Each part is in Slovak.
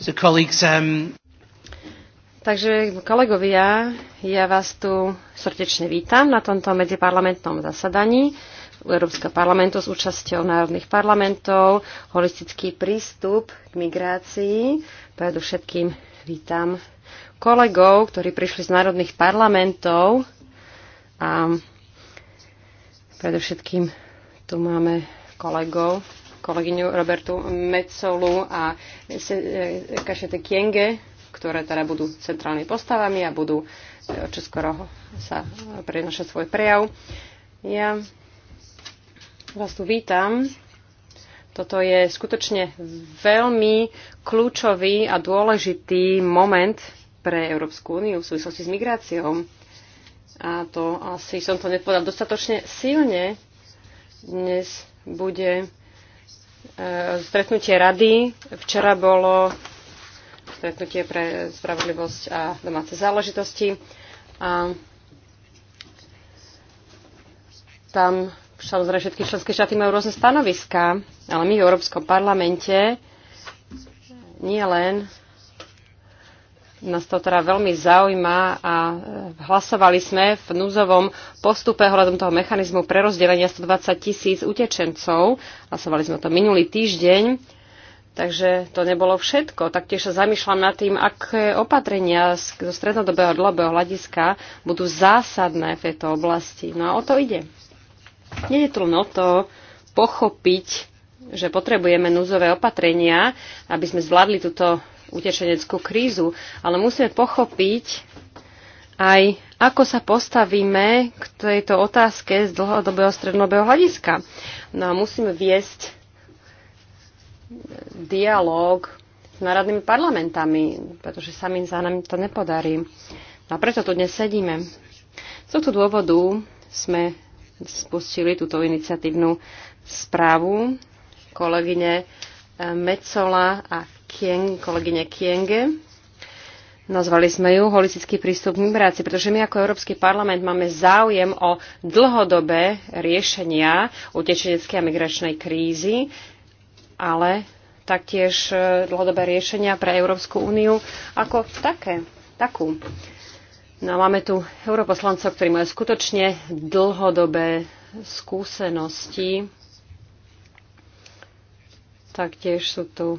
So colleagues, um... Takže kolegovia, ja vás tu srdečne vítam na tomto medziparlamentnom zasadaní Európskeho parlamentu s účasťou národných parlamentov, holistický prístup k migrácii. Predovšetkým vítam kolegov, ktorí prišli z národných parlamentov a predovšetkým tu máme kolegov kolegyňu Robertu Metzolu a e, Kašete Kienge, ktoré teda budú centrálnymi postavami a budú e, čoskoro sa prenašať svoj prejav. Ja vás tu vítam. Toto je skutočne veľmi kľúčový a dôležitý moment pre Európsku úniu v súvislosti s migráciou. A to asi som to nepovedal dostatočne silne. Dnes bude E, stretnutie rady včera bolo stretnutie pre spravodlivosť a domáce záležitosti. A tam samozrejme všetky členské štáty majú rôzne stanoviská, ale my v Európskom parlamente nie len nás to teda veľmi zaujíma a e, hlasovali sme v núzovom postupe hľadom toho mechanizmu prerozdelenia 120 tisíc utečencov. Hlasovali sme to minulý týždeň, takže to nebolo všetko. Taktiež sa zamýšľam nad tým, aké opatrenia zo strednodobého a dlhodobého hľadiska budú zásadné v tejto oblasti. No a o to ide. Nie je to len o to pochopiť, že potrebujeme núzové opatrenia, aby sme zvládli túto utečeneckú krízu, ale musíme pochopiť aj, ako sa postavíme k tejto otázke z dlhodobého strednodobého hľadiska. No a musíme viesť dialog s národnými parlamentami, pretože sami za nami to nepodarí. No a preto tu dnes sedíme. Z tohto dôvodu sme spustili túto iniciatívnu správu kolegyne Mecola a Kieng, kolegyne Kienge. Nazvali sme ju holistický prístup k migrácii, pretože my ako Európsky parlament máme záujem o dlhodobé riešenia utečeneckej a migračnej krízy, ale taktiež e, dlhodobé riešenia pre Európsku úniu ako také, takú. No a máme tu europoslancov, ktorí majú skutočne dlhodobé skúsenosti. Taktiež sú tu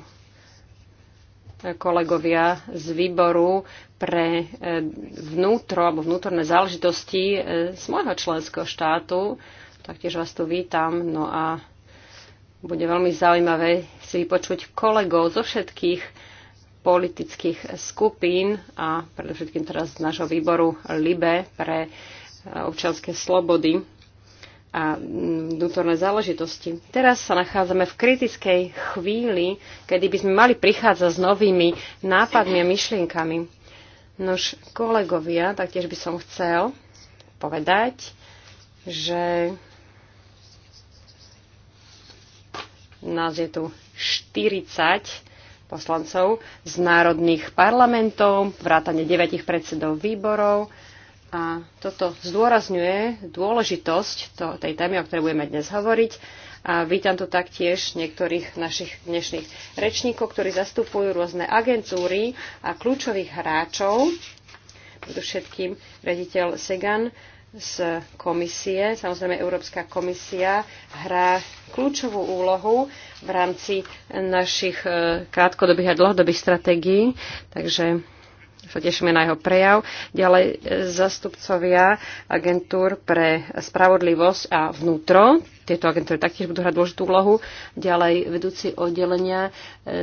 kolegovia z výboru pre e, vnútro alebo vnútorné záležitosti e, z môjho členského štátu. Taktiež vás tu vítam. No a bude veľmi zaujímavé si vypočuť kolegov zo všetkých politických skupín a predovšetkým teraz z nášho výboru LIBE pre e, občanské slobody a mm, vnútorné záležitosti. Teraz sa nachádzame v kritickej chvíli, kedy by sme mali prichádzať s novými nápadmi a myšlienkami. Nož kolegovia, taktiež by som chcel povedať, že nás je tu 40 poslancov z národných parlamentov, vrátane 9 predsedov výborov, a toto zdôrazňuje dôležitosť to, tej témy, o ktorej budeme dnes hovoriť. A vítam tu taktiež niektorých našich dnešných rečníkov, ktorí zastupujú rôzne agentúry a kľúčových hráčov, predovšetkým rediteľ Segan z komisie. Samozrejme, Európska komisia hrá kľúčovú úlohu v rámci našich eh, krátkodobých a dlhodobých stratégií. Takže sa tešíme na jeho prejav. Ďalej e, zastupcovia agentúr pre spravodlivosť a vnútro. Tieto agentúry taktiež budú hrať dôležitú úlohu. Ďalej vedúci oddelenia e, e,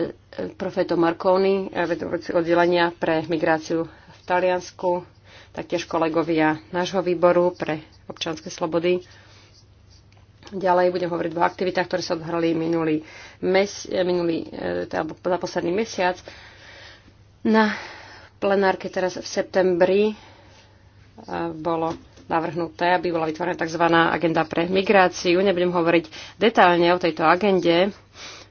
profeto Marconi, vedúci oddelenia pre migráciu v Taliansku, taktiež kolegovia nášho výboru pre občanské slobody. Ďalej budem hovoriť o aktivitách, ktoré sa odhrali minulý, mes, minulý teda za posledný mesiac na plenárke teraz v septembri e, bolo navrhnuté, aby bola vytvorená tzv. agenda pre migráciu. Nebudem hovoriť detálne o tejto agende,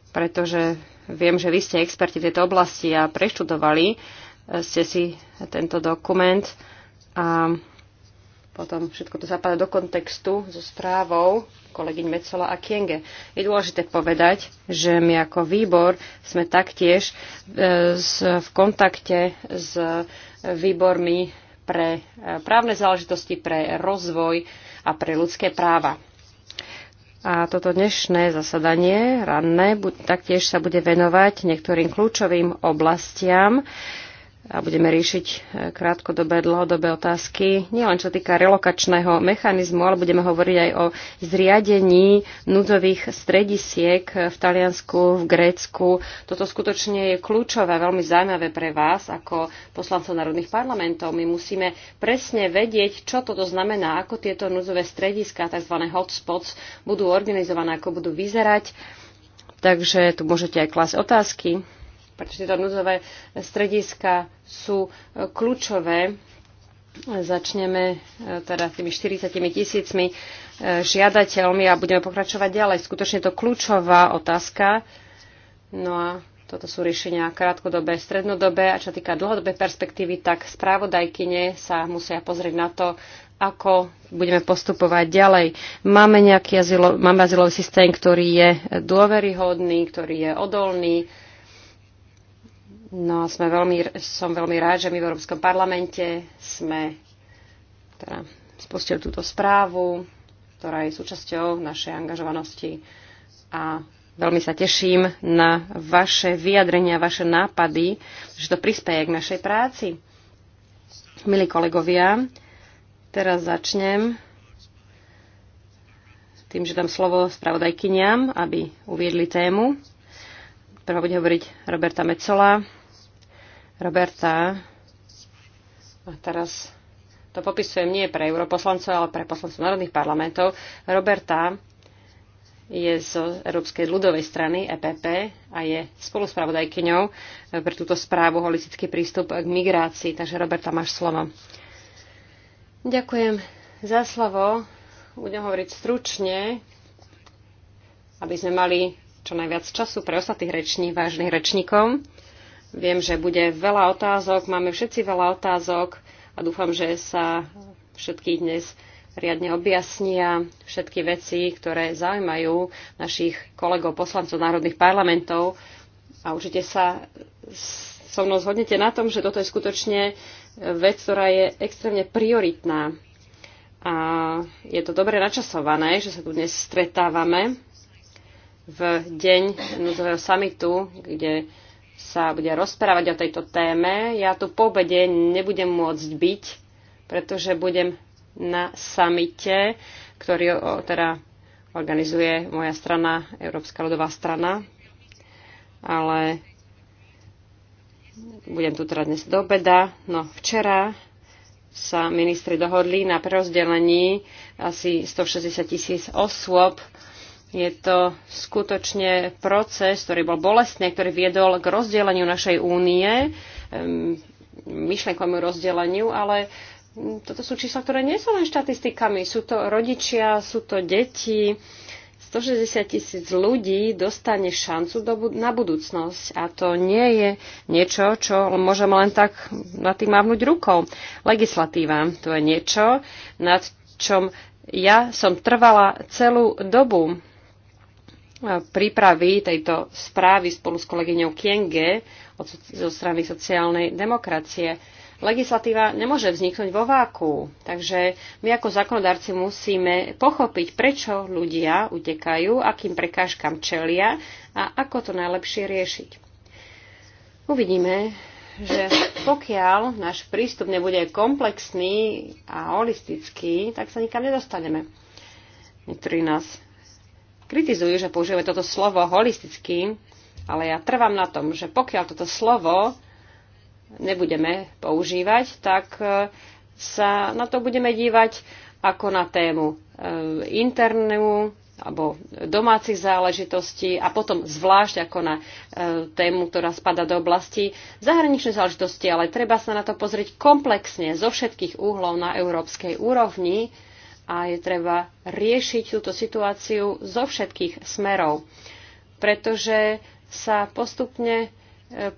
pretože viem, že vy ste experti v tejto oblasti a preštudovali e, ste si tento dokument. A potom všetko to zapadá do kontextu so správou kolegyň Mecola a Kienge. Je dôležité povedať, že my ako výbor sme taktiež e, v kontakte s výbormi pre e, právne záležitosti, pre rozvoj a pre ľudské práva. A toto dnešné zasadanie, ranné, taktiež sa bude venovať niektorým kľúčovým oblastiam, a budeme riešiť e, krátkodobé, dlhodobé otázky, nielen čo týka relokačného mechanizmu, ale budeme hovoriť aj o zriadení núdzových stredisiek v Taliansku, v Grécku. Toto skutočne je kľúčové, veľmi zaujímavé pre vás ako poslancov národných parlamentov. My musíme presne vedieť, čo toto znamená, ako tieto núdzové strediska, tzv. hotspots, budú organizované, ako budú vyzerať. Takže tu môžete aj klasť otázky pretože tieto núdzové strediska sú e, kľúčové. Začneme e, teda tými 40 tisícmi e, žiadateľmi a budeme pokračovať ďalej. Skutočne je to kľúčová otázka. No a toto sú riešenia krátkodobé, strednodobé a čo týka dlhodobé perspektívy, tak správodajkyne sa musia pozrieť na to, ako budeme postupovať ďalej. Máme nejaký azylo, máme azylový systém, ktorý je dôveryhodný, ktorý je odolný, No, sme veľmi, som veľmi rád, že my v Európskom parlamente sme teda, spustili túto správu, ktorá je súčasťou našej angažovanosti a veľmi sa teším na vaše vyjadrenia, vaše nápady, že to prispieje k našej práci. Milí kolegovia, teraz začnem tým, že dám slovo spravodajkyniam, aby uviedli tému. Prvá bude hovoriť Roberta Mecola, Roberta. A teraz to popisujem nie pre europoslancov, ale pre poslancov národných parlamentov. Roberta je z Európskej ľudovej strany EPP a je spoluspravodajkyňou pre túto správu holistický prístup k migrácii. Takže Roberta, máš slovo. Ďakujem za slovo. Budem hovoriť stručne, aby sme mali čo najviac času pre ostatných reční, vážnych rečníkov. Viem, že bude veľa otázok, máme všetci veľa otázok a dúfam, že sa všetky dnes riadne objasnia všetky veci, ktoré zaujímajú našich kolegov poslancov národných parlamentov a určite sa so mnou zhodnete na tom, že toto je skutočne vec, ktorá je extrémne prioritná. A je to dobre načasované, že sa tu dnes stretávame v deň núzového samitu, kde sa bude rozprávať o tejto téme. Ja tu po obede nebudem môcť byť, pretože budem na samite, ktorý teda organizuje moja strana, Európska ľudová strana. Ale budem tu teda dnes do obeda. No včera sa ministri dohodli na prerozdelení asi 160 tisíc osôb je to skutočne proces, ktorý bol bolestný, ktorý viedol k rozdeleniu našej únie, myšlenkovému rozdeleniu, ale mm, toto sú čísla, ktoré nie sú len štatistikami. Sú to rodičia, sú to deti. 160 tisíc ľudí dostane šancu do, na budúcnosť a to nie je niečo, čo môžeme len tak nad tým mávnuť rukou. Legislatíva to je niečo, nad čom ja som trvala celú dobu prípravy tejto správy spolu s kolegyňou Kienge od, zo strany sociálnej demokracie. Legislatíva nemôže vzniknúť vo váku, takže my ako zákonodárci musíme pochopiť, prečo ľudia utekajú, akým prekážkam čelia a ako to najlepšie riešiť. Uvidíme, že pokiaľ náš prístup nebude komplexný a holistický, tak sa nikam nedostaneme. Niektorí nás kritizujú, že používame toto slovo holisticky, ale ja trvám na tom, že pokiaľ toto slovo nebudeme používať, tak e, sa na to budeme dívať ako na tému e, internú alebo domácich záležitostí a potom zvlášť ako na e, tému, ktorá spada do oblasti zahraničnej záležitosti, ale treba sa na to pozrieť komplexne zo všetkých úhlov na európskej úrovni, a je treba riešiť túto situáciu zo všetkých smerov, pretože sa postupne eh,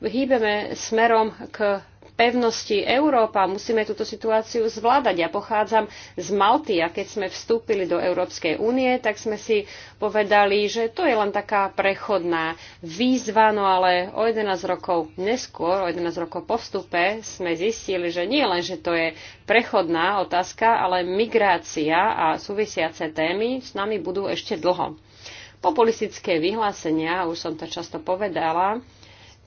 hýbeme smerom k pevnosti Európa. Musíme túto situáciu zvládať. Ja pochádzam z Malty a keď sme vstúpili do Európskej únie, tak sme si povedali, že to je len taká prechodná výzva, no ale o 11 rokov neskôr, o 11 rokov po vstupe sme zistili, že nie len, že to je prechodná otázka, ale migrácia a súvisiace témy s nami budú ešte dlho populistické vyhlásenia, už som to často povedala,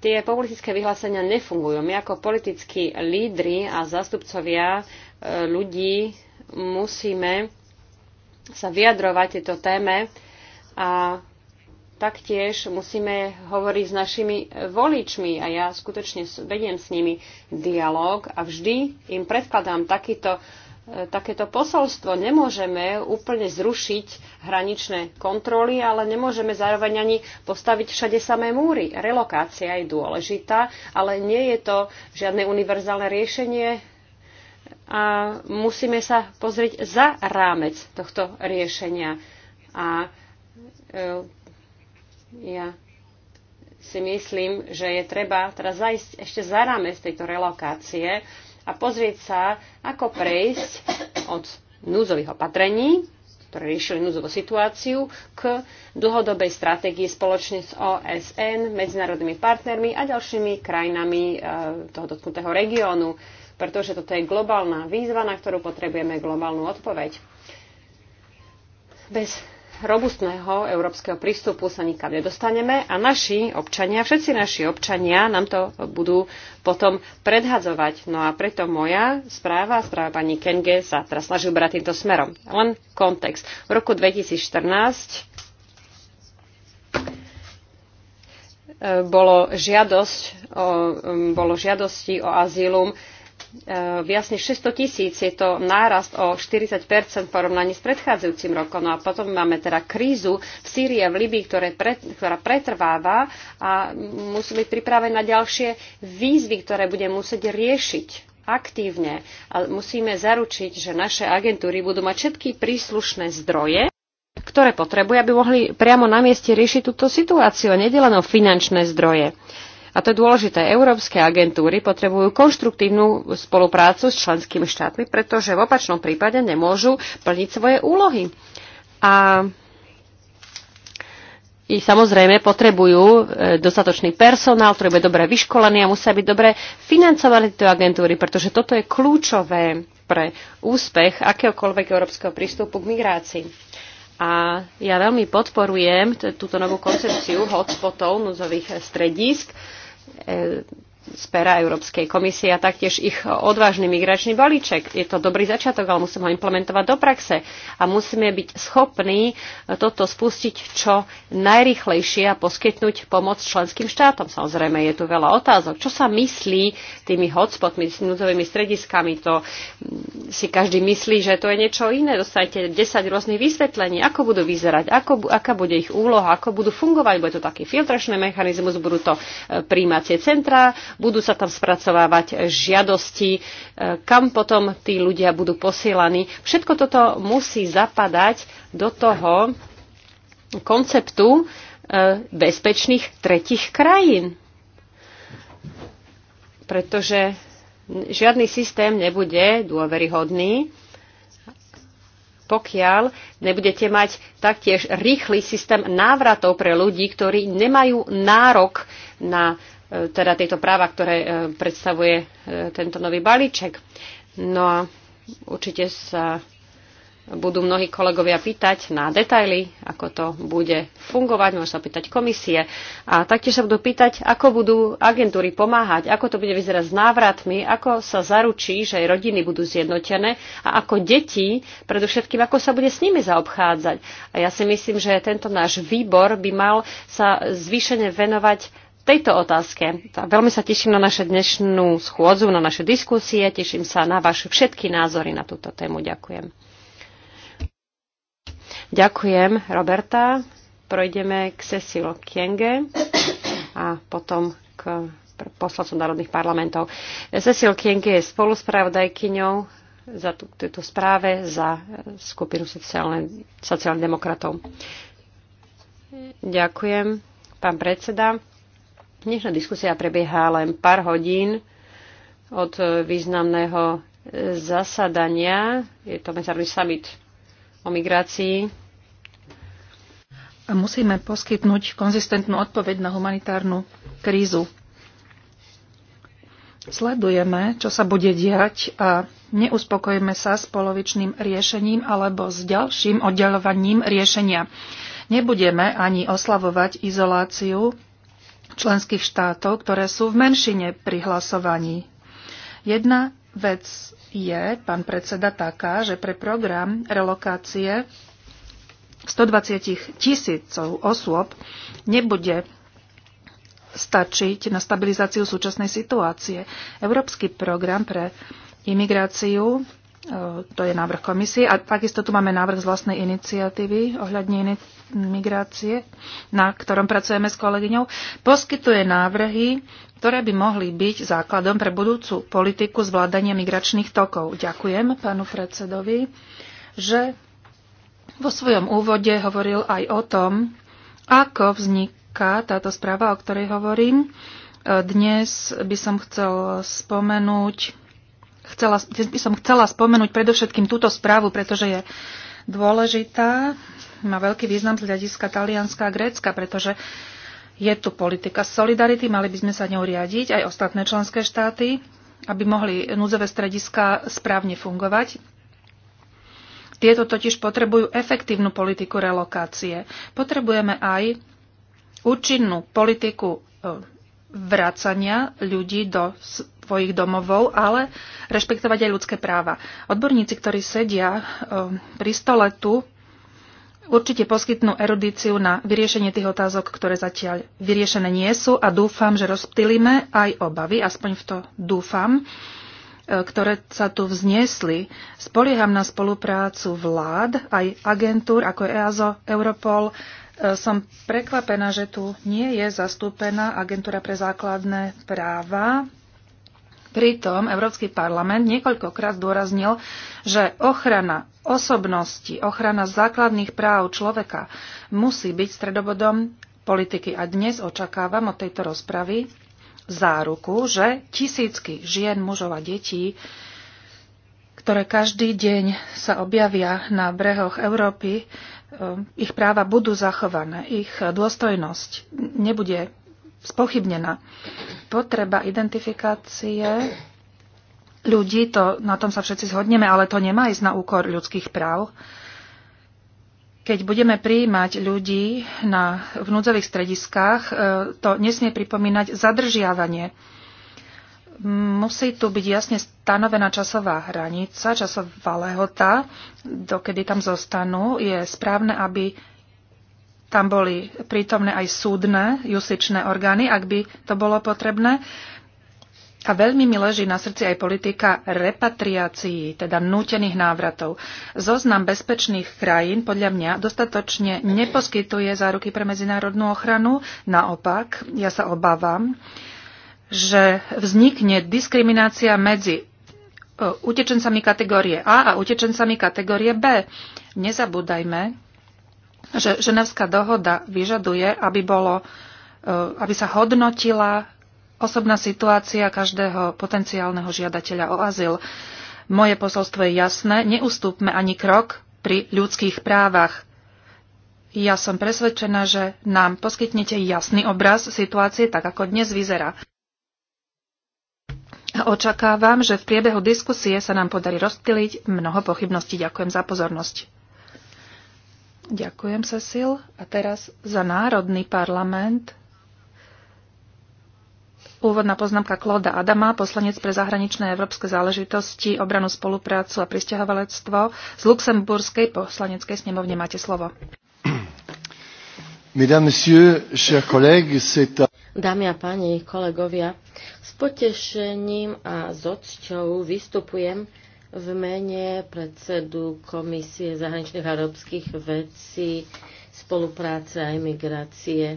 tie populistické vyhlásenia nefungujú. My ako politickí lídry a zástupcovia e, ľudí musíme sa vyjadrovať tieto téme a taktiež musíme hovoriť s našimi voličmi a ja skutočne vediem s nimi dialog a vždy im predkladám takýto takéto posolstvo. Nemôžeme úplne zrušiť hraničné kontroly, ale nemôžeme zároveň ani postaviť všade samé múry. Relokácia je dôležitá, ale nie je to žiadne univerzálne riešenie a musíme sa pozrieť za rámec tohto riešenia. A e, ja si myslím, že je treba teraz zajsť ešte za rámec tejto relokácie, a pozrieť sa, ako prejsť od núzových opatrení, ktoré riešili núzovú situáciu, k dlhodobej stratégii spoločne s OSN, medzinárodnými partnermi a ďalšími krajinami e, toho dotknutého regiónu, pretože toto je globálna výzva, na ktorú potrebujeme globálnu odpoveď. Bez robustného európskeho prístupu sa nikam nedostaneme a naši občania, všetci naši občania nám to budú potom predhadzovať. No a preto moja správa, správa pani Kenge sa teraz snaží ubrať týmto smerom. Len kontext. V roku 2014 e, bolo žiadosť o, bolo žiadosti o azylum Eh, viac než 600 tisíc. Je to nárast o 40 v porovnaní s predchádzajúcim rokom. No a potom máme teda krízu v Sýrii a v Libii, ktoré pre, ktorá pretrváva a musí byť pripravená na ďalšie výzvy, ktoré bude musieť riešiť aktívne. A musíme zaručiť, že naše agentúry budú mať všetky príslušné zdroje, ktoré potrebujú, aby mohli priamo na mieste riešiť túto situáciu a nedelenou finančné zdroje a to je dôležité, európske agentúry potrebujú konštruktívnu spoluprácu s členskými štátmi, pretože v opačnom prípade nemôžu plniť svoje úlohy. A i samozrejme potrebujú e, dostatočný personál, ktorý bude dobre vyškolený a musia byť dobre financované tieto agentúry, pretože toto je kľúčové pre úspech akéhokoľvek európskeho prístupu k migrácii. A ja veľmi podporujem túto novú koncepciu hotspotov, núzových stredísk. E, z pera Európskej komisie a taktiež ich odvážny migračný balíček. Je to dobrý začiatok, ale musíme ho implementovať do praxe a musíme byť schopní toto spustiť čo najrychlejšie a poskytnúť pomoc členským štátom. Samozrejme, je tu veľa otázok. Čo sa myslí tými hotspotmi, s núdzovými strediskami? To mm, si každý myslí, že to je niečo iné. Dostanete 10 rôznych vysvetlení, ako budú vyzerať, ako, aká bude ich úloha, ako budú fungovať. Bude to taký filtračný mechanizmus, budú to e, príjmacie centra, budú sa tam spracovávať žiadosti, e, kam potom tí ľudia budú posielaní. Všetko toto musí zapadať do toho konceptu e, bezpečných tretich krajín. Pretože žiadny systém nebude dôveryhodný, pokiaľ nebudete mať taktiež rýchly systém návratov pre ľudí, ktorí nemajú nárok na E, teda tieto práva, ktoré e, predstavuje e, tento nový balíček. No a určite sa budú mnohí kolegovia pýtať na detaily, ako to bude fungovať, môžu sa pýtať komisie a taktiež sa budú pýtať, ako budú agentúry pomáhať, ako to bude vyzerať s návratmi, ako sa zaručí, že aj rodiny budú zjednotené a ako deti, predovšetkým ako sa bude s nimi zaobchádzať. A ja si myslím, že tento náš výbor by mal sa zvýšene venovať tejto otázke. Veľmi sa teším na našu dnešnú schôdzu, na naše diskusie, teším sa na vaše všetky názory na túto tému. Ďakujem. Ďakujem, Roberta. Projdeme k Cecil Kienge a potom k poslancom národných parlamentov. Cecil Kienge je spoluspravodajkyňou za túto správe za e, skupinu sociálnych sociálne demokratov. Ďakujem, pán predseda. Dnešná diskusia prebieha len pár hodín od významného e, zasadania. Je to medzinárodný summit o migrácii. Musíme poskytnúť konzistentnú odpoveď na humanitárnu krízu. Sledujeme, čo sa bude diať a neuspokojíme sa s polovičným riešením alebo s ďalším oddelovaním riešenia. Nebudeme ani oslavovať izoláciu členských štátov, ktoré sú v menšine pri hlasovaní. Jedna vec je, pán predseda, taká, že pre program relokácie 120 tisícov osôb nebude stačiť na stabilizáciu súčasnej situácie. Európsky program pre imigráciu E, to je návrh komisie. A takisto tu máme návrh z vlastnej iniciatívy ohľadne migrácie, na ktorom pracujeme s kolegyňou. Poskytuje návrhy, ktoré by mohli byť základom pre budúcu politiku zvládania migračných tokov. Ďakujem pánu predsedovi, že vo svojom úvode hovoril aj o tom, ako vzniká táto správa, o ktorej hovorím. E, dnes by som chcel spomenúť chcela, dnes by som chcela spomenúť predovšetkým túto správu, pretože je dôležitá, má veľký význam z hľadiska Talianska a Grécka, pretože je tu politika solidarity, mali by sme sa ňou riadiť, aj ostatné členské štáty, aby mohli núdzové strediska správne fungovať. Tieto totiž potrebujú efektívnu politiku relokácie. Potrebujeme aj účinnú politiku e, vracania ľudí do svojich domovov, ale rešpektovať aj ľudské práva. Odborníci, ktorí sedia e, pri stole tu, určite poskytnú erudíciu na vyriešenie tých otázok, ktoré zatiaľ vyriešené nie sú a dúfam, že rozptýlime aj obavy, aspoň v to dúfam, e, ktoré sa tu vzniesli. Spolieham na spoluprácu vlád, aj agentúr ako EASO, Europol. E, som prekvapená, že tu nie je zastúpená agentúra pre základné práva, Pritom Európsky parlament niekoľkokrát zdôraznil, že ochrana osobnosti, ochrana základných práv človeka musí byť stredobodom politiky. A dnes očakávam od tejto rozpravy záruku, že tisícky žien, mužov a detí, ktoré každý deň sa objavia na brehoch Európy, eh, ich práva budú zachované, ich dôstojnosť nebude spochybnená. Potreba identifikácie ľudí, to, na tom sa všetci zhodneme, ale to nemá ísť na úkor ľudských práv. Keď budeme prijímať ľudí na vnúdzových strediskách, e, to nesmie pripomínať zadržiavanie. Musí tu byť jasne stanovená časová hranica, časová lehota, dokedy tam zostanú. Je správne, aby tam boli prítomné aj súdne, justičné orgány, ak by to bolo potrebné. A veľmi mi leží na srdci aj politika repatriácií, teda nútených návratov. Zoznam bezpečných krajín podľa mňa dostatočne neposkytuje záruky pre medzinárodnú ochranu. Naopak, ja sa obávam, že vznikne diskriminácia medzi e, utečencami kategórie A a utečencami kategórie B. Nezabúdajme, že Ženevská dohoda vyžaduje, aby, bolo, e, aby sa hodnotila osobná situácia každého potenciálneho žiadateľa o azyl. Moje posolstvo je jasné, neustúpme ani krok pri ľudských právach. Ja som presvedčená, že nám poskytnete jasný obraz situácie, tak ako dnes vyzerá. A očakávam, že v priebehu diskusie sa nám podarí rozptýliť mnoho pochybností. Ďakujem za pozornosť. Ďakujem, Cecil. A teraz za Národný parlament Úvodná poznámka Kloda Adama, poslanec pre zahraničné európske záležitosti, obranu spoluprácu a pristahovalectvo z Luxemburskej poslaneckej snemovne. Máte slovo. Dámy a páni, kolegovia, s potešením a s odsťou vystupujem v mene predsedu Komisie zahraničných a európskych vecí, spolupráce a imigrácie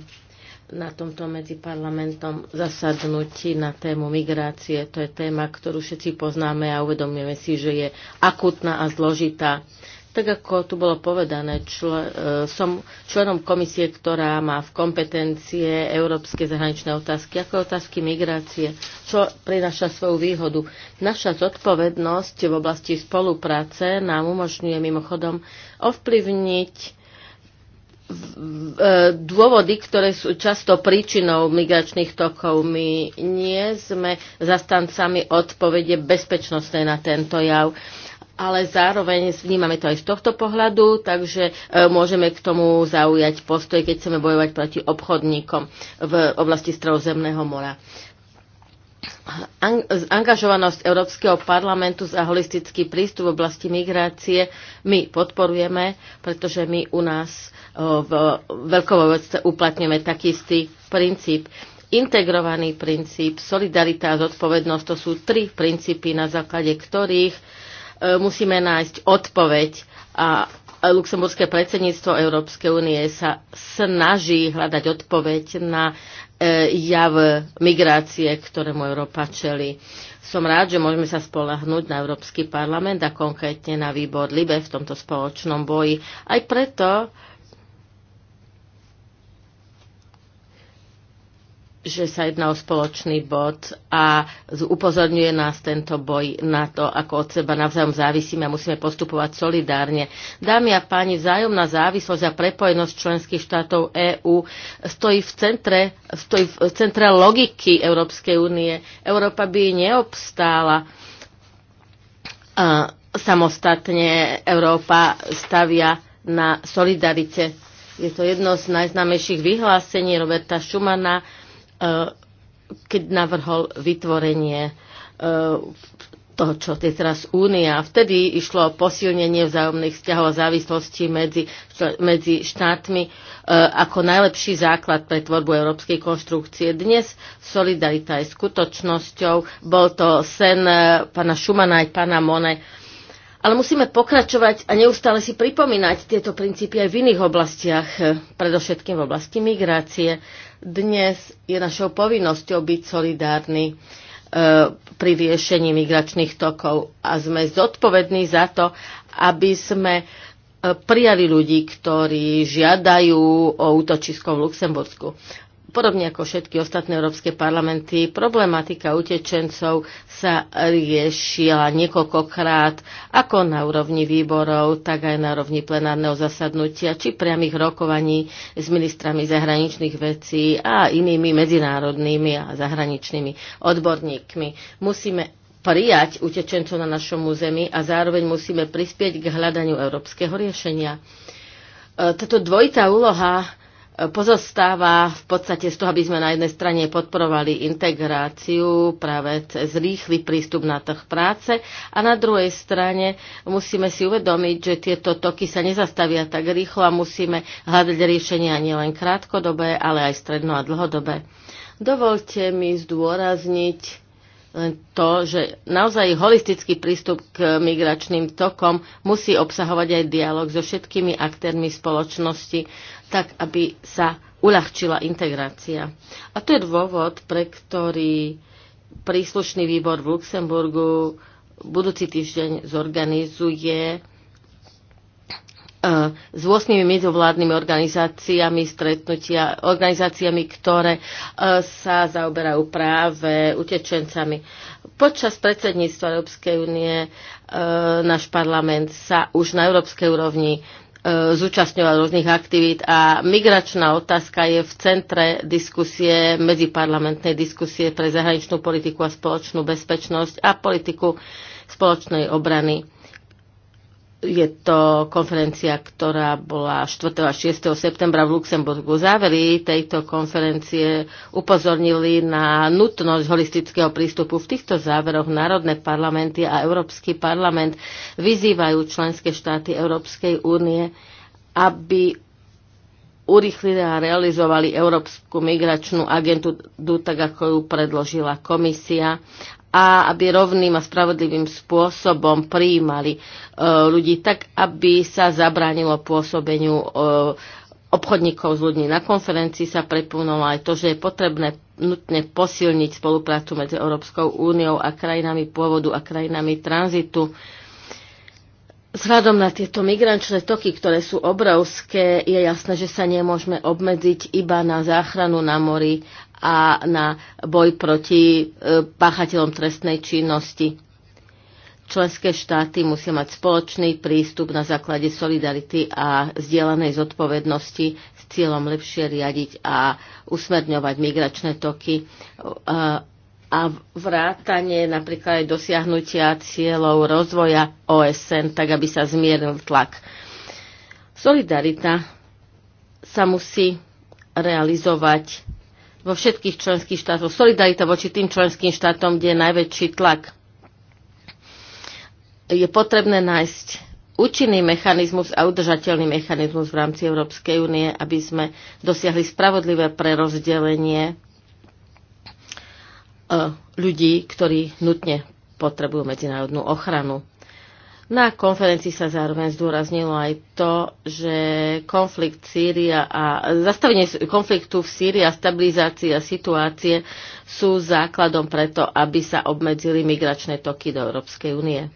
na tomto medzi parlamentom zasadnutí na tému migrácie. To je téma, ktorú všetci poznáme a uvedomujeme si, že je akutná a zložitá. Tak ako tu bolo povedané, čl- e, som členom komisie, ktorá má v kompetencie európske zahraničné otázky, ako otázky migrácie, čo prináša svoju výhodu. Naša zodpovednosť v oblasti spolupráce nám umožňuje mimochodom ovplyvniť e, dôvody, ktoré sú často príčinou migračných tokov. My nie sme zastancami odpovede bezpečnostnej na tento jav ale zároveň vnímame to aj z tohto pohľadu, takže e, môžeme k tomu zaujať postoj, keď chceme bojovať proti obchodníkom v oblasti Stredozemného mora. Angažovanosť Európskeho parlamentu za holistický prístup v oblasti migrácie my podporujeme, pretože my u nás e, v veľkovovedce uplatňujeme taký istý princíp integrovaný princíp, solidarita a zodpovednosť, to sú tri princípy, na základe ktorých E, musíme nájsť odpoveď a luxemburské predsedníctvo Európskej únie sa snaží hľadať odpoveď na e, jav migrácie, ktorému Európa čeli. Som rád, že môžeme sa spolahnúť na Európsky parlament a konkrétne na výbor LIBE v tomto spoločnom boji. Aj preto, že sa jedná o spoločný bod a upozorňuje nás tento boj na to, ako od seba navzájom závisíme a musíme postupovať solidárne. Dámy a páni, vzájomná závislosť a prepojenosť členských štátov EÚ stojí v centre, stojí v centre logiky Európskej únie. Európa by neobstála. A samostatne Európa stavia na solidarite. Je to jedno z najznámejších vyhlásení Roberta Schumana, E, keď navrhol vytvorenie e, toho, čo je teraz únia. Vtedy išlo o posilnenie vzájomných vzťahov a závislostí medzi, medzi štátmi e, ako najlepší základ pre tvorbu európskej konštrukcie. Dnes solidarita je skutočnosťou. Bol to sen e, pana Šumana aj pana Mone. Ale musíme pokračovať a neustále si pripomínať tieto princípy aj v iných oblastiach, predovšetkým v oblasti migrácie. Dnes je našou povinnosťou byť solidárny e, pri riešení migračných tokov a sme zodpovední za to, aby sme e, prijali ľudí, ktorí žiadajú o útočisko v Luxembursku. Podobne ako všetky ostatné európske parlamenty, problematika utečencov sa riešila niekoľkokrát, ako na úrovni výborov, tak aj na úrovni plenárneho zasadnutia, či priamých rokovaní s ministrami zahraničných vecí a inými medzinárodnými a zahraničnými odborníkmi. Musíme prijať utečencov na našom území a zároveň musíme prispieť k hľadaniu európskeho riešenia. E, táto dvojitá úloha pozostáva v podstate z toho, aby sme na jednej strane podporovali integráciu práve cez rýchly prístup na trh práce a na druhej strane musíme si uvedomiť, že tieto toky sa nezastavia tak rýchlo a musíme hľadať riešenia nielen krátkodobé, ale aj stredno a dlhodobé. Dovolte mi zdôrazniť to, že naozaj holistický prístup k migračným tokom musí obsahovať aj dialog so všetkými aktérmi spoločnosti, tak aby sa uľahčila integrácia. A to je dôvod, pre ktorý príslušný výbor v Luxemburgu budúci týždeň zorganizuje s 8 medzovládnymi organizáciami, stretnutia, organizáciami, ktoré e, sa zaoberajú práve utečencami. Počas predsedníctva Európskej únie e, náš parlament sa už na európskej úrovni e, zúčastňoval rôznych aktivít a migračná otázka je v centre diskusie, medziparlamentnej diskusie pre zahraničnú politiku a spoločnú bezpečnosť a politiku spoločnej obrany je to konferencia, ktorá bola 4. a 6. septembra v Luxemburgu. Závery tejto konferencie upozornili na nutnosť holistického prístupu. V týchto záveroch národné parlamenty a Európsky parlament vyzývajú členské štáty Európskej únie, aby urychlili a realizovali Európsku migračnú agentu tak, ako ju predložila komisia a aby rovným a spravodlivým spôsobom prijímali e, ľudí tak, aby sa zabránilo pôsobeniu e, obchodníkov s ľuďmi. Na konferencii sa prepúnulo aj to, že je potrebné nutne posilniť spoluprácu medzi Európskou úniou a krajinami pôvodu a krajinami tranzitu. Vzhľadom na tieto migrančné toky, ktoré sú obrovské, je jasné, že sa nemôžeme obmedziť iba na záchranu na mori a na boj proti e, páchateľom trestnej činnosti. Členské štáty musia mať spoločný prístup na základe solidarity a zdieľanej zodpovednosti s cieľom lepšie riadiť a usmerňovať migračné toky e, a vrátanie napríklad aj dosiahnutia cieľov rozvoja OSN, tak aby sa zmieril tlak. Solidarita sa musí realizovať vo všetkých členských štátoch. Solidarita voči tým členským štátom, kde je najväčší tlak. Je potrebné nájsť účinný mechanizmus a udržateľný mechanizmus v rámci Európskej únie, aby sme dosiahli spravodlivé prerozdelenie e, ľudí, ktorí nutne potrebujú medzinárodnú ochranu. Na konferencii sa zároveň zdôraznilo aj to, že konflikt Sýria a zastavenie konfliktu v Sýrii a stabilizácia situácie sú základom preto, aby sa obmedzili migračné toky do Európskej únie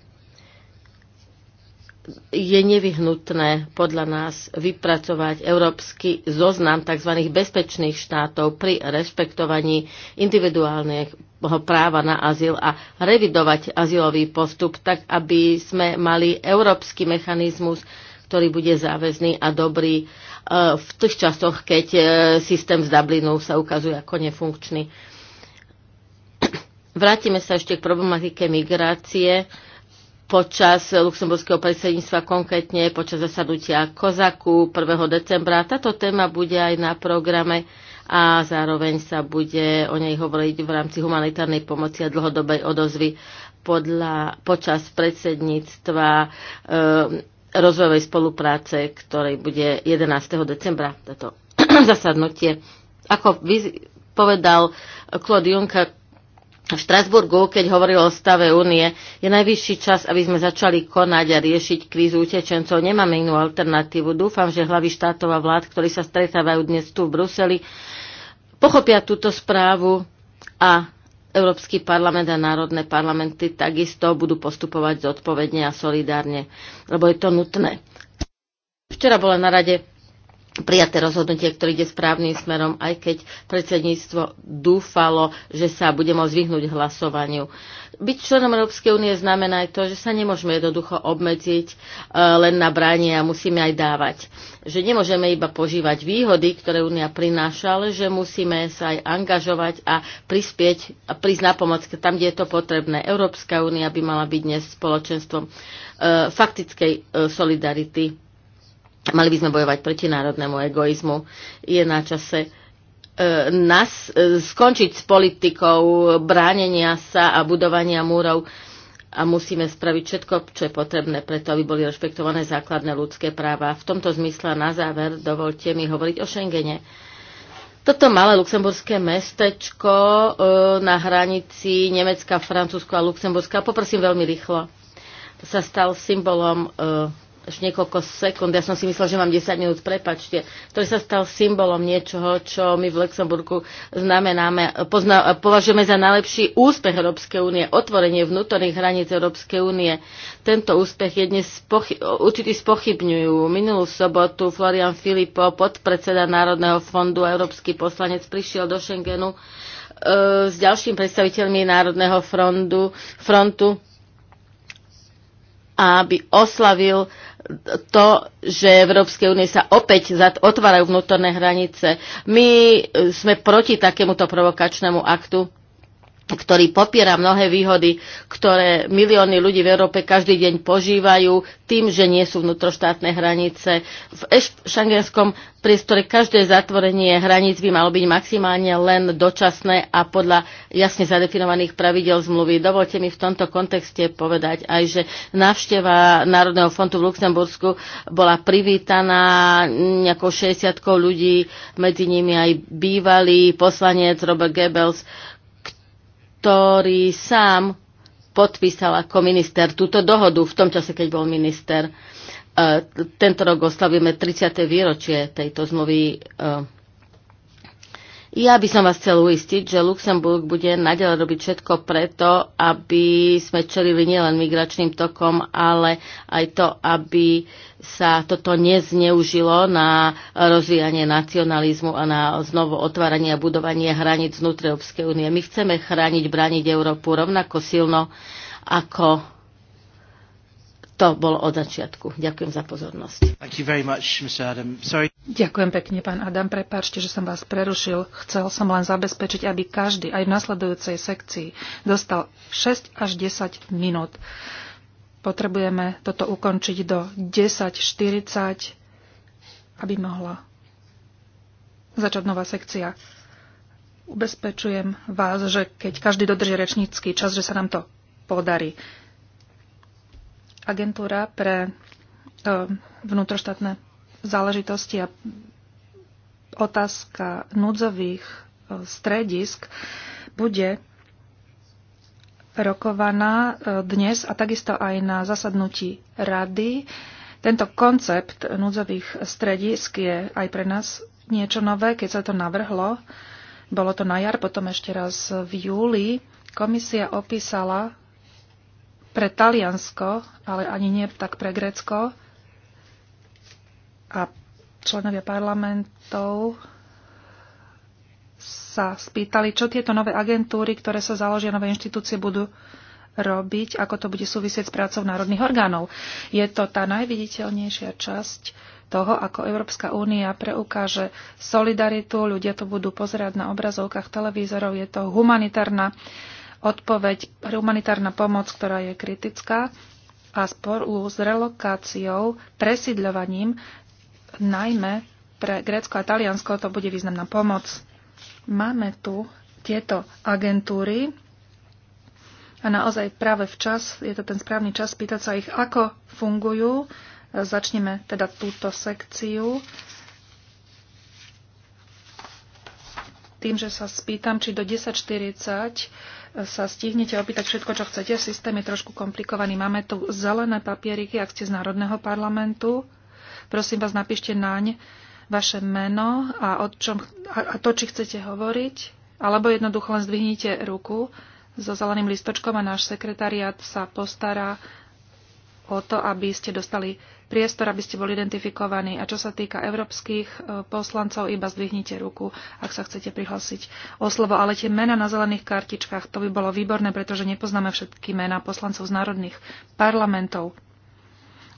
je nevyhnutné podľa nás vypracovať európsky zoznam tzv. bezpečných štátov pri rešpektovaní individuálneho práva na azyl a revidovať azylový postup tak, aby sme mali európsky mechanizmus, ktorý bude záväzný a dobrý e, v tých časoch, keď e, systém z Dublinu sa ukazuje ako nefunkčný. Vrátime sa ešte k problematike migrácie počas luxemburského predsedníctva, konkrétne počas zasadnutia Kozaku 1. decembra. Táto téma bude aj na programe a zároveň sa bude o nej hovoriť v rámci humanitárnej pomoci a dlhodobej odozvy podľa, počas predsedníctva e, rozvojovej spolupráce, ktorej bude 11. decembra toto zasadnutie. Ako povedal Claude Juncker, v Štrasburgu, keď hovoril o stave únie, je najvyšší čas, aby sme začali konať a riešiť krízu utečencov. Nemáme inú alternatívu. Dúfam, že hlavy štátov a vlád, ktorí sa stretávajú dnes tu v Bruseli, pochopia túto správu a Európsky parlament a národné parlamenty takisto budú postupovať zodpovedne a solidárne, lebo je to nutné. Včera bola na rade prijaté rozhodnutie, ktoré ide správnym smerom, aj keď predsedníctvo dúfalo, že sa bude môcť vyhnúť hlasovaniu. Byť členom Európskej únie znamená aj to, že sa nemôžeme jednoducho obmedziť e, len na branie a musíme aj dávať. Že nemôžeme iba požívať výhody, ktoré únia prináša, ale že musíme sa aj angažovať a prispieť a prísť na pomoc tam, kde je to potrebné. Európska únia by mala byť dnes spoločenstvom e, faktickej e, solidarity Mali by sme bojovať proti národnému egoizmu. Je na čase e, nás, e, skončiť s politikou bránenia sa a budovania múrov a musíme spraviť všetko, čo je potrebné preto, aby boli rešpektované základné ľudské práva. V tomto zmysle na záver dovolte mi hovoriť o Schengene. Toto malé luxemburské mestečko e, na hranici Nemecka, Francúzsko a Luxemburska, poprosím veľmi rýchlo, sa stal symbolom e, až niekoľko sekúnd, ja som si myslel, že mám 10 minút, prepačte, ktorý sa stal symbolom niečoho, čo my v Luxemburgu znamenáme, pozna, považujeme za najlepší úspech Európskej únie, otvorenie vnútorných hraníc Európskej únie. Tento úspech je dnes určitý spochybňujú. Minulú sobotu Florian Filipo, podpredseda Národného fondu, európsky poslanec, prišiel do Schengenu e, s ďalšími predstaviteľmi Národného frontu, frontu a aby oslavil to, že Európskej únie sa opäť otvárajú vnútorné hranice. My sme proti takémuto provokačnému aktu ktorý popiera mnohé výhody, ktoré milióny ľudí v Európe každý deň požívajú tým, že nie sú vnútroštátne hranice. V šangenskom priestore každé zatvorenie hraníc by malo byť maximálne len dočasné a podľa jasne zadefinovaných pravidel zmluvy. Dovolte mi v tomto kontexte povedať aj, že návšteva Národného fondu v Luxembursku bola privítaná nejakou 60 ľudí, medzi nimi aj bývalý poslanec Robert Goebbels, ktorý sám podpísal ako minister túto dohodu v tom čase, keď bol minister. E, tento rok oslavíme 30. výročie tejto zmluvy e, ja by som vás chcel uistiť, že Luxemburg bude naďalej robiť všetko preto, aby sme čelili nielen migračným tokom, ale aj to, aby sa toto nezneužilo na rozvíjanie nacionalizmu a na znovu otváranie a budovanie hraníc vnútri Európskej únie. My chceme chrániť, braniť Európu rovnako silno, ako to bolo od začiatku. Ďakujem za pozornosť. Much, Ďakujem pekne, pán Adam. Prepáčte, že som vás prerušil. Chcel som len zabezpečiť, aby každý aj v nasledujúcej sekcii dostal 6 až 10 minút. Potrebujeme toto ukončiť do 10.40, aby mohla začať nová sekcia. Ubezpečujem vás, že keď každý dodrží rečnícky čas, že sa nám to podarí agentúra pre e, vnútroštátne záležitosti a otázka núdzových e, stredisk bude rokovaná e, dnes a takisto aj na zasadnutí rady. Tento koncept núdzových stredisk je aj pre nás niečo nové, keď sa to navrhlo. Bolo to na jar, potom ešte raz v júli. Komisia opísala pre Taliansko, ale ani nie tak pre Grécko. A členovia parlamentov sa spýtali, čo tieto nové agentúry, ktoré sa založia, nové inštitúcie budú robiť, ako to bude súvisieť s prácou národných orgánov. Je to tá najviditeľnejšia časť toho, ako Európska únia preukáže solidaritu, ľudia to budú pozerať na obrazovkách televízorov, je to humanitárna uh, odpoveď humanitárna pomoc, ktorá je kritická a spolu s relokáciou, presídľovaním, najmä pre Grécko a Taliansko to bude významná pomoc. Máme tu tieto agentúry a naozaj práve včas, je to ten správny čas pýtať sa ich, ako fungujú. Začneme teda túto sekciu. Tým, že sa spýtam, či do 10.40 sa stihnete opýtať všetko, čo chcete. Systém je trošku komplikovaný. Máme tu zelené papieriky, ak ste z Národného parlamentu. Prosím vás, napíšte naň vaše meno a, o čom, a to, či chcete hovoriť. Alebo jednoducho len zdvihnite ruku so zeleným listočkom a náš sekretariat sa postará o to, aby ste dostali priestor, aby ste boli identifikovaní. A čo sa týka európskych e, poslancov, iba zdvihnite ruku, ak sa chcete prihlásiť o slovo. Ale tie mena na zelených kartičkách, to by bolo výborné, pretože nepoznáme všetky mena poslancov z národných parlamentov.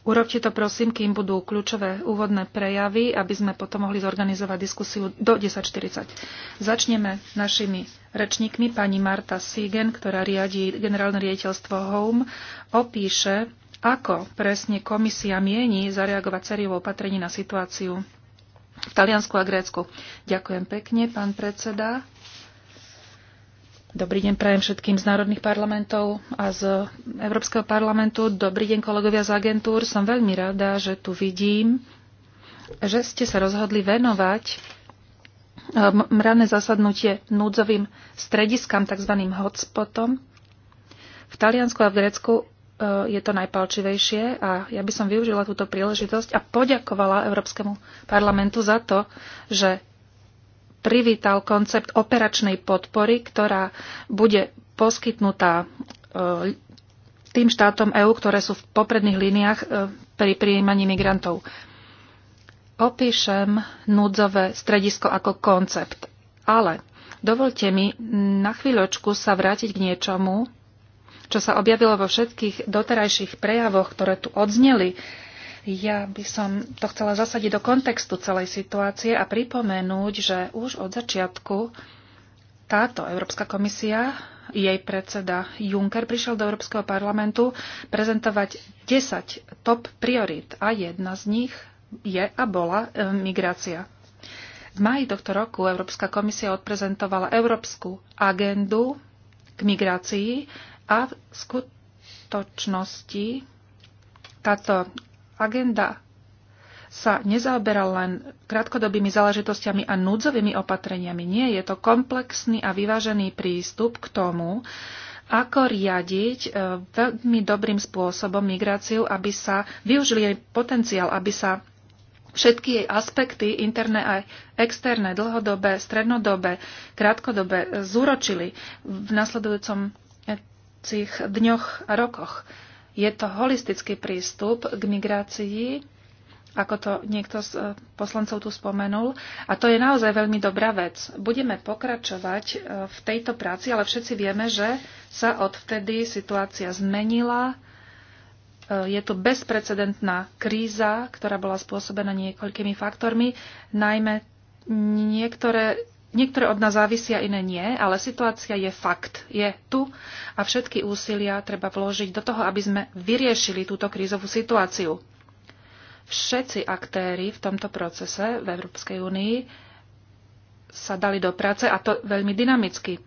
Urobte to prosím, kým budú kľúčové úvodné prejavy, aby sme potom mohli zorganizovať diskusiu do 10.40. Začneme našimi rečníkmi. Pani Marta Siegen, ktorá riadi generálne riaditeľstvo HOME, opíše ako presne komisia mieni zareagovať sériou opatrení na situáciu v Taliansku a Grécku? Ďakujem pekne, pán predseda. Dobrý deň prajem všetkým z národných parlamentov a z Európskeho parlamentu. Dobrý deň kolegovia z agentúr. Som veľmi rada, že tu vidím, že ste sa rozhodli venovať ehm, ranné zasadnutie núdzovým strediskám, tzv. hotspotom. V Taliansku a v Grécku Eh, je to najpalčivejšie a ja by som využila túto príležitosť a poďakovala Európskemu parlamentu za to, že privítal koncept operačnej podpory, ktorá bude poskytnutá eh, tým štátom EÚ, ktoré sú v popredných líniách eh, pri prijímaní migrantov. Opíšem núdzové stredisko ako koncept, ale dovolte mi na chvíľočku sa vrátiť k niečomu, čo sa objavilo vo všetkých doterajších prejavoch, ktoré tu odzneli. Ja by som to chcela zasadiť do kontextu celej situácie a pripomenúť, že už od začiatku táto Európska komisia jej predseda Juncker prišiel do Európskeho parlamentu prezentovať 10 top priorit a jedna z nich je a bola e, migrácia. V maji tohto roku Európska komisia odprezentovala Európsku agendu k migrácii a v skutočnosti táto agenda sa nezaoberá len krátkodobými záležitostiami a núdzovými opatreniami. Nie, je to komplexný a vyvážený prístup k tomu, ako riadiť e, veľmi dobrým spôsobom migráciu, aby sa využili jej potenciál, aby sa všetky jej aspekty, interné aj externé, dlhodobé, strednodobé, krátkodobé, e, zúročili v nasledujúcom budúcich dňoch a rokoch. Je to holistický prístup k migrácii, ako to niekto z e, poslancov tu spomenul. A to je naozaj veľmi dobrá vec. Budeme pokračovať e, v tejto práci, ale všetci vieme, že sa odvtedy situácia zmenila. E, je tu bezprecedentná kríza, ktorá bola spôsobená niekoľkými faktormi, najmä niektoré Niektoré od nás závisia, iné nie, ale situácia je fakt. Je tu a všetky úsilia treba vložiť do toho, aby sme vyriešili túto krízovú situáciu. Všetci aktéry v tomto procese v Európskej únii sa dali do práce a to veľmi dynamicky.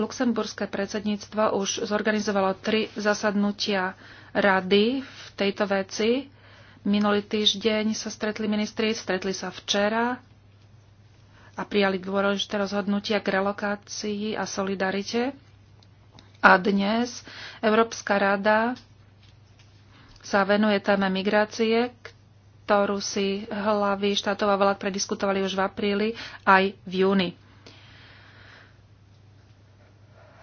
Luxemburské predsedníctvo už zorganizovalo tri zasadnutia rady v tejto veci. Minulý týždeň sa stretli ministri, stretli sa včera a prijali dôležité rozhodnutia k relokácii a solidarite. A dnes Európska rada sa venuje téme migrácie, ktorú si hlavy štátov a vlád prediskutovali už v apríli aj v júni.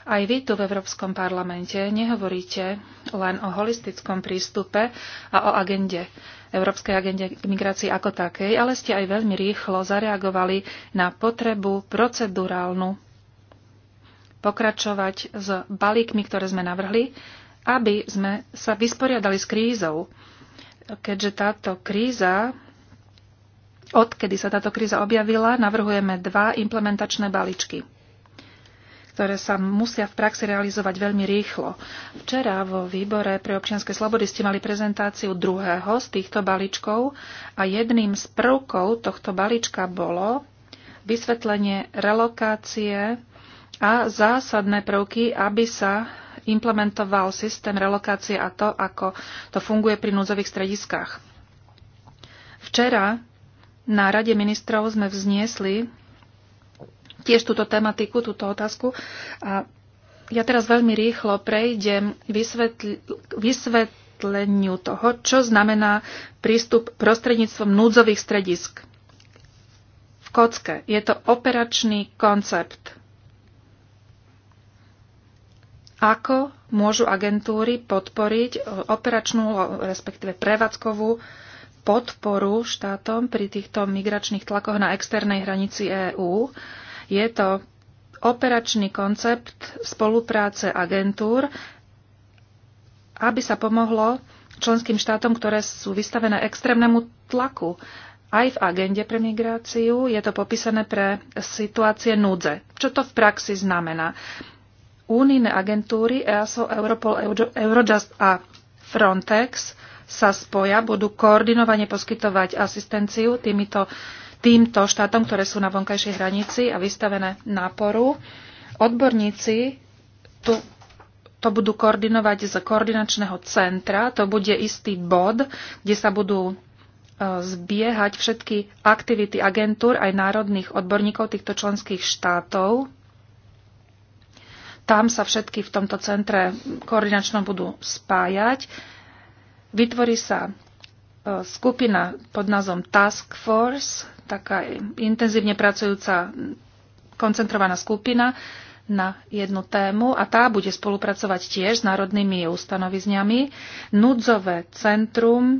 Aj vy tu v Európskom parlamente nehovoríte len o holistickom prístupe a o agende, Európskej agende k migrácii ako takej, ale ste aj veľmi rýchlo zareagovali na potrebu procedurálnu pokračovať s balíkmi, ktoré sme navrhli, aby sme sa vysporiadali s krízou. Keďže táto kríza Odkedy sa táto kríza objavila, navrhujeme dva implementačné balíčky ktoré sa musia v praxi realizovať veľmi rýchlo. Včera vo výbore pre občianske slobody ste mali prezentáciu druhého z týchto balíčkov a jedným z prvkov tohto balíčka bolo vysvetlenie relokácie a zásadné prvky, aby sa implementoval systém relokácie a to, ako to funguje pri núdzových strediskách. Včera na Rade ministrov sme vzniesli tiež túto tematiku, túto otázku. A ja teraz veľmi rýchlo prejdem vysvetl- vysvetleniu toho, čo znamená prístup prostredníctvom núdzových stredisk. V kocke je to operačný koncept. Ako môžu agentúry podporiť e, operačnú, respektíve prevádzkovú podporu štátom pri týchto migračných tlakoch na externej hranici EÚ? Je to operačný koncept spolupráce agentúr, aby sa pomohlo členským štátom, ktoré sú vystavené extrémnemu tlaku. Aj v agende pre migráciu je to popísané pre situácie núdze. Čo to v praxi znamená? Únijné agentúry EASO, Europol, Eurojust a Frontex sa spoja, budú koordinovane poskytovať asistenciu týmito týmto štátom, ktoré sú na vonkajšej hranici a vystavené náporu. Odborníci tu, to budú koordinovať z koordinačného centra. To bude istý bod, kde sa budú e, zbiehať všetky aktivity agentúr aj národných odborníkov týchto členských štátov. Tam sa všetky v tomto centre koordinačnom budú spájať. Vytvorí sa skupina pod názvom Task Force, taká intenzívne pracujúca koncentrovaná skupina na jednu tému a tá bude spolupracovať tiež s národnými ustanovizňami. Núdzové centrum e,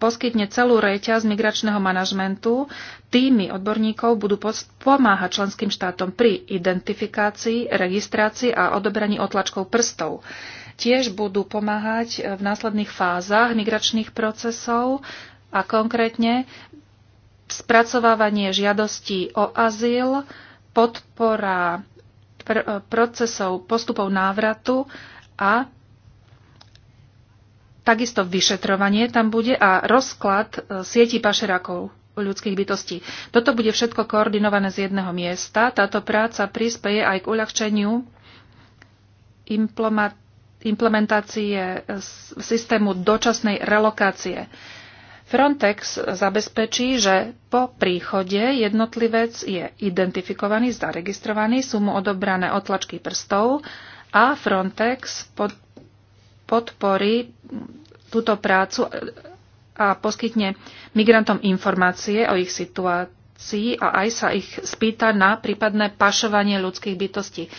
poskytne celú reťaz migračného manažmentu. Týmy odborníkov budú pomáhať členským štátom pri identifikácii, registrácii a odobraní otlačkov prstov tiež budú pomáhať e, v následných fázach migračných procesov a konkrétne spracovávanie žiadostí o azyl, podpora pr- e, procesov postupov návratu a takisto vyšetrovanie tam bude a rozklad e, sieti pašerakov ľudských bytostí. Toto bude všetko koordinované z jedného miesta. Táto práca prispeje aj k uľahčeniu implementácie eh, systému dočasnej relokácie. Frontex zabezpečí, že po príchode jednotlivec je identifikovaný, zaregistrovaný, sú mu odobrané otlačky prstov a Frontex pod, podporí túto prácu eh, a poskytne migrantom informácie o ich situácii a aj sa ich spýta na prípadné pašovanie ľudských bytostí. Eh,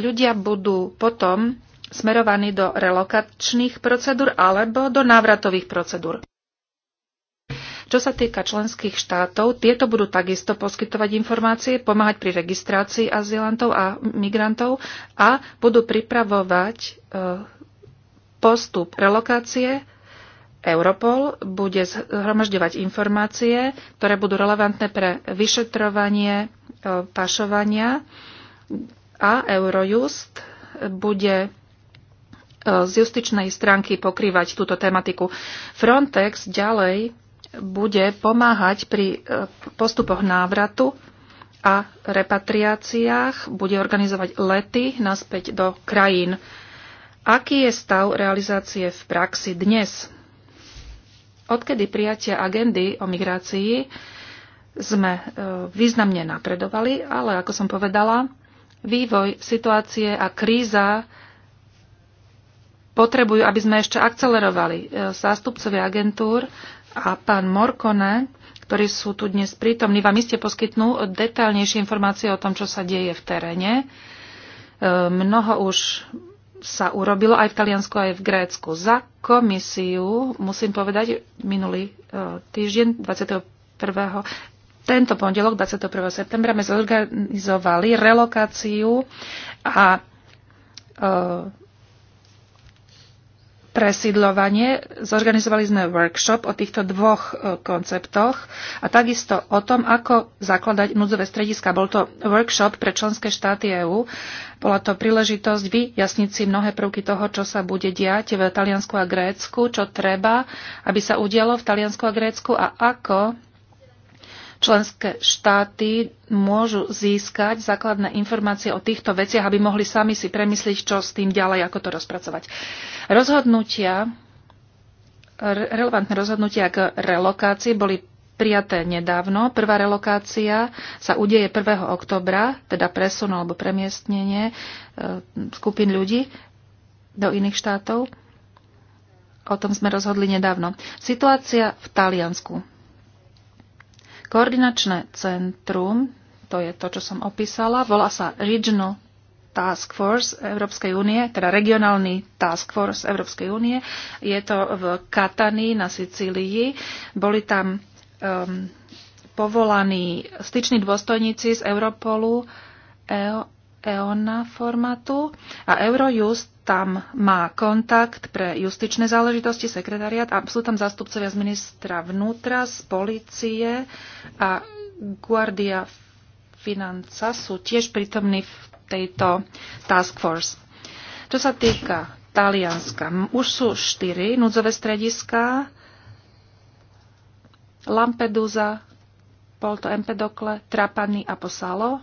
ľudia budú potom smerovaní do relokačných procedúr alebo do návratových procedúr. Čo sa týka členských štátov, tieto budú takisto poskytovať informácie, pomáhať pri registrácii azylantov a migrantov a budú pripravovať e, postup relokácie. Europol bude zhromažďovať informácie, ktoré budú relevantné pre vyšetrovanie e, pašovania a Eurojust bude z justičnej stránky pokrývať túto tematiku. Frontex ďalej bude pomáhať pri e, postupoch návratu a repatriáciách, bude organizovať lety naspäť do krajín. Aký je stav realizácie v praxi dnes? Odkedy prijatia agendy o migrácii sme e, významne napredovali, ale ako som povedala, vývoj situácie a kríza potrebujú, aby sme ešte akcelerovali. E, zástupcovia agentúr a pán Morkone, ktorí sú tu dnes prítomní, vám iste poskytnú detailnejšie informácie o tom, čo sa deje v teréne. E, mnoho už sa urobilo aj v Taliansku, aj v Grécku. Za komisiu, musím povedať, minulý e, týždeň 21. Tento pondelok 21. septembra sme zorganizovali relokáciu a presídlovanie. Zorganizovali sme workshop o týchto dvoch e, konceptoch a takisto o tom, ako zakladať núdzové strediska. Bol to workshop pre členské štáty EÚ. Bola to príležitosť vyjasniť si mnohé prvky toho, čo sa bude diať v Taliansku a Grécku, čo treba, aby sa udialo v Taliansku a Grécku a ako Členské štáty môžu získať základné informácie o týchto veciach, aby mohli sami si premyslieť, čo s tým ďalej, ako to rozpracovať. Rozhodnutia, relevantné rozhodnutia k relokácii boli prijaté nedávno. Prvá relokácia sa udeje 1. oktobra, teda presun alebo premiestnenie e, skupín ľudí do iných štátov. O tom sme rozhodli nedávno. Situácia v Taliansku. Koordinačné centrum, to je to, čo som opísala, volá sa Regional Task Force Európskej únie, teda regionálny Task Force Európskej únie. Je to v Katani na Sicílii. Boli tam um, povolaní styční dôstojníci z Europolu, EO, EONA formátu a Eurojust tam má kontakt pre justičné záležitosti, sekretariat a sú tam zástupcovia z ministra vnútra, z policie a Guardia Financa sú tiež prítomní v tejto task force. Čo sa týka Talianska, už sú štyri núdzové strediska. Lampedusa, Polto Empedokle, Trapani a Posalo.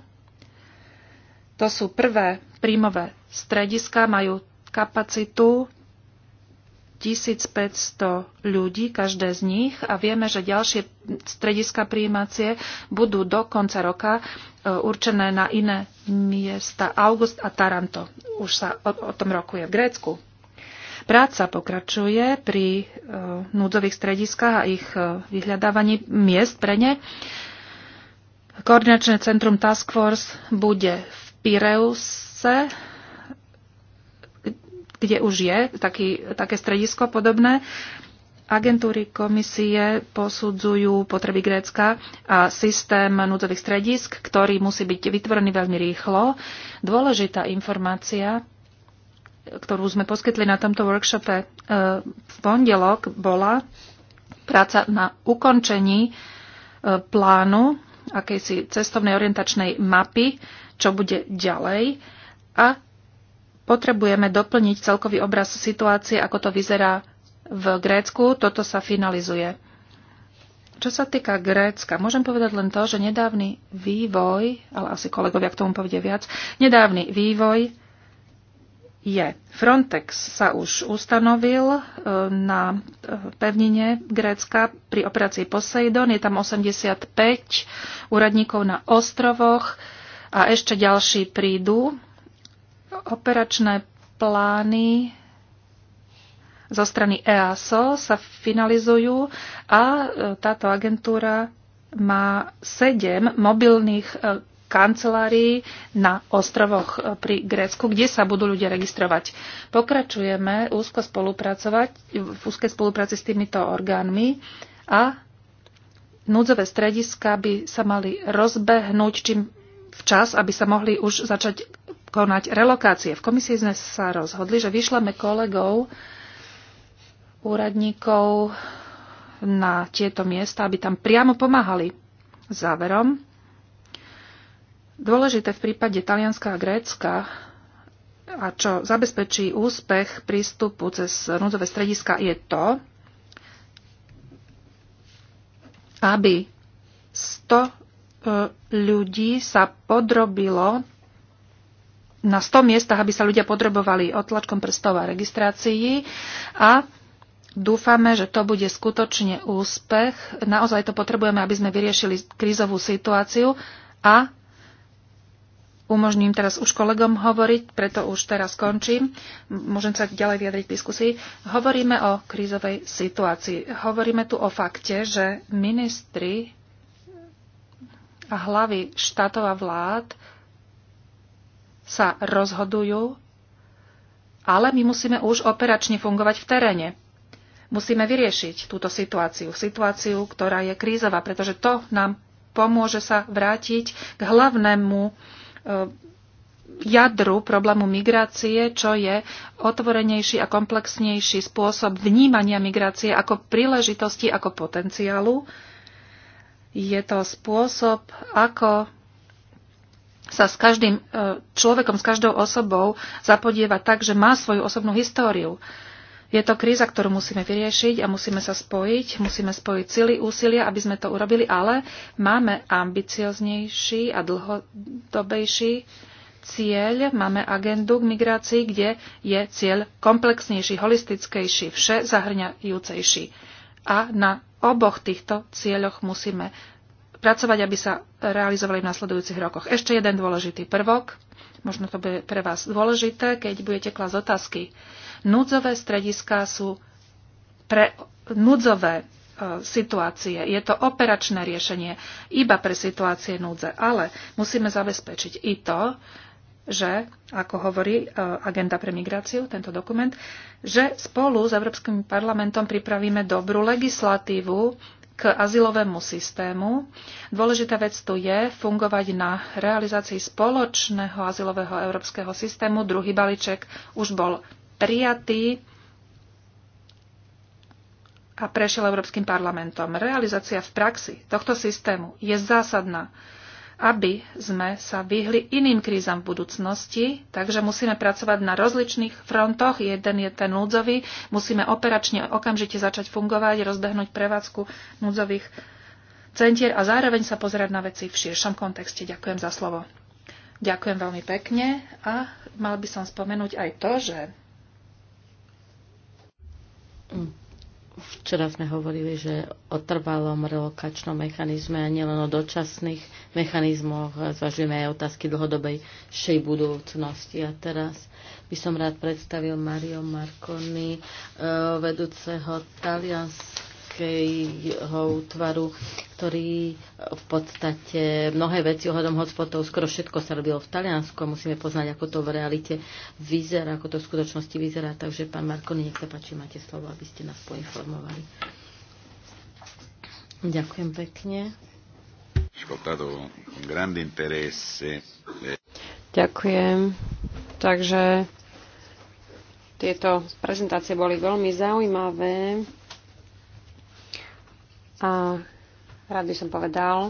To sú prvé príjmové strediska, majú kapacitu 1500 ľudí, každé z nich a vieme, že ďalšie strediska príjímacie budú do konca roka e, určené na iné miesta August a Taranto. Už sa o, o tom rokuje v Grécku. Práca pokračuje pri e, núdzových strediskách a ich e, vyhľadávaní miest pre ne. Koordinačné centrum Task Force bude v Pireuse kde už je taký, také stredisko podobné. Agentúry komisie posudzujú potreby Grécka a systém núdzových stredisk, ktorý musí byť vytvorený veľmi rýchlo. Dôležitá informácia, ktorú sme poskytli na tomto workshope e, v pondelok, bola práca na ukončení e, plánu akejsi cestovnej orientačnej mapy, čo bude ďalej a potrebujeme doplniť celkový obraz situácie, ako to vyzerá v Grécku. Toto sa finalizuje. Čo sa týka Grécka, môžem povedať len to, že nedávny vývoj, ale asi kolegovia k tomu povedia viac, nedávny vývoj je. Frontex sa už ustanovil e, na e, pevnine Grécka pri operácii Poseidon. Je tam 85 úradníkov na ostrovoch a ešte ďalší prídu Operačné plány zo strany EASO sa finalizujú a e, táto agentúra má sedem mobilných e, kancelárií na ostrovoch e, pri Grécku, kde sa budú ľudia registrovať. Pokračujeme úzko spolupracovať, v úzkej spolupráci s týmito orgánmi a núdzové strediska by sa mali rozbehnúť čím včas, aby sa mohli už začať konať relokácie. V komisii sme sa rozhodli, že vyšleme kolegov, úradníkov na tieto miesta, aby tam priamo pomáhali. Záverom, dôležité v prípade Talianska a Grécka a čo zabezpečí úspech prístupu cez núdzové strediska je to, aby 100 ľudí sa podrobilo na 100 miestach, aby sa ľudia podrobovali otlačkom prstov a registrácií a dúfame, že to bude skutočne úspech. Naozaj to potrebujeme, aby sme vyriešili krízovú situáciu a umožním teraz už kolegom hovoriť, preto už teraz končím. Môžem sa ďalej vyjadriť v diskusii. Hovoríme o krízovej situácii. Hovoríme tu o fakte, že ministri a hlavy štátov a vlád sa rozhodujú, ale my musíme už operačne fungovať v teréne. Musíme vyriešiť túto situáciu, situáciu, ktorá je krízová, pretože to nám pomôže sa vrátiť k hlavnému e, jadru problému migrácie, čo je otvorenejší a komplexnejší spôsob vnímania migrácie ako príležitosti, ako potenciálu, je to spôsob, ako sa s každým e, človekom, s každou osobou zapodieva tak, že má svoju osobnú históriu. Je to kríza, ktorú musíme vyriešiť a musíme sa spojiť, musíme spojiť sily, úsilia, aby sme to urobili, ale máme ambicioznejší a dlhodobejší cieľ, máme agendu k migrácii, kde je cieľ komplexnejší, holistickejší, vše zahrňajúcejší. A na oboch týchto cieľoch musíme pracovať, aby sa realizovali v nasledujúcich rokoch. Ešte jeden dôležitý prvok, možno to bude pre vás dôležité, keď budete klásť otázky. Núdzové strediská sú pre núdzové e, situácie. Je to operačné riešenie iba pre situácie núdze, ale musíme zabezpečiť i to, že, ako hovorí e, Agenda pre migráciu, tento dokument, že spolu s Európskym parlamentom pripravíme dobrú legislatívu k azylovému systému. Dôležitá vec tu je fungovať na realizácii spoločného azylového európskeho systému. Druhý balíček už bol prijatý a prešiel Európskym parlamentom. Realizácia v praxi tohto systému je zásadná aby sme sa vyhli iným krízam v budúcnosti, takže musíme pracovať na rozličných frontoch. Jeden je ten núdzový, musíme operačne okamžite začať fungovať, rozbehnúť prevádzku núdzových centier a zároveň sa pozerať na veci v širšom kontexte. Ďakujem za slovo. Ďakujem veľmi pekne a mal by som spomenúť aj to, že mm. Včera sme hovorili, že o trvalom relokačnom mechanizme a nielen o dočasných mechanizmoch zvažujeme aj otázky dlhodobejšej budúcnosti. A teraz by som rád predstavil Mario Marconi, eh, vedúceho talianského hospodárskeho útvaru, ktorý v podstate mnohé veci ohľadom hotspotov, skoro všetko sa robilo v Taliansku a musíme poznať, ako to v realite vyzerá, ako to v skutočnosti vyzerá. Takže, pán Markoni, nech sa páči, máte slovo, aby ste nás poinformovali. Ďakujem pekne. Ďakujem. Takže tieto prezentácie boli veľmi zaujímavé. A rád by som povedal,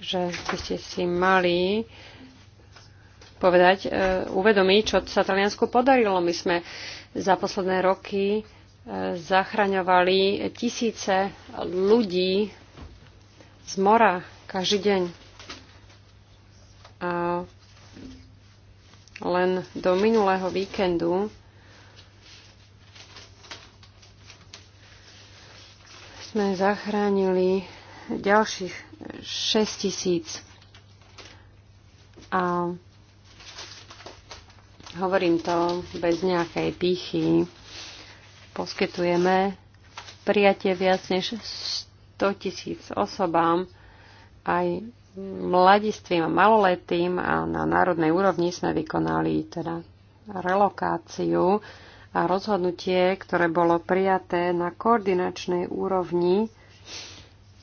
že by ste si mali povedať, e, uvedomiť, čo sa Taliansku podarilo. My sme za posledné roky e, zachraňovali tisíce ľudí z mora každý deň. A len do minulého víkendu sme zachránili ďalších 6 tisíc. A hovorím to bez nejakej pýchy. Poskytujeme prijatie viac než 100 tisíc osobám, aj mladistvým a maloletým a na národnej úrovni sme vykonali teda relokáciu a rozhodnutie, ktoré bolo prijaté na koordinačnej úrovni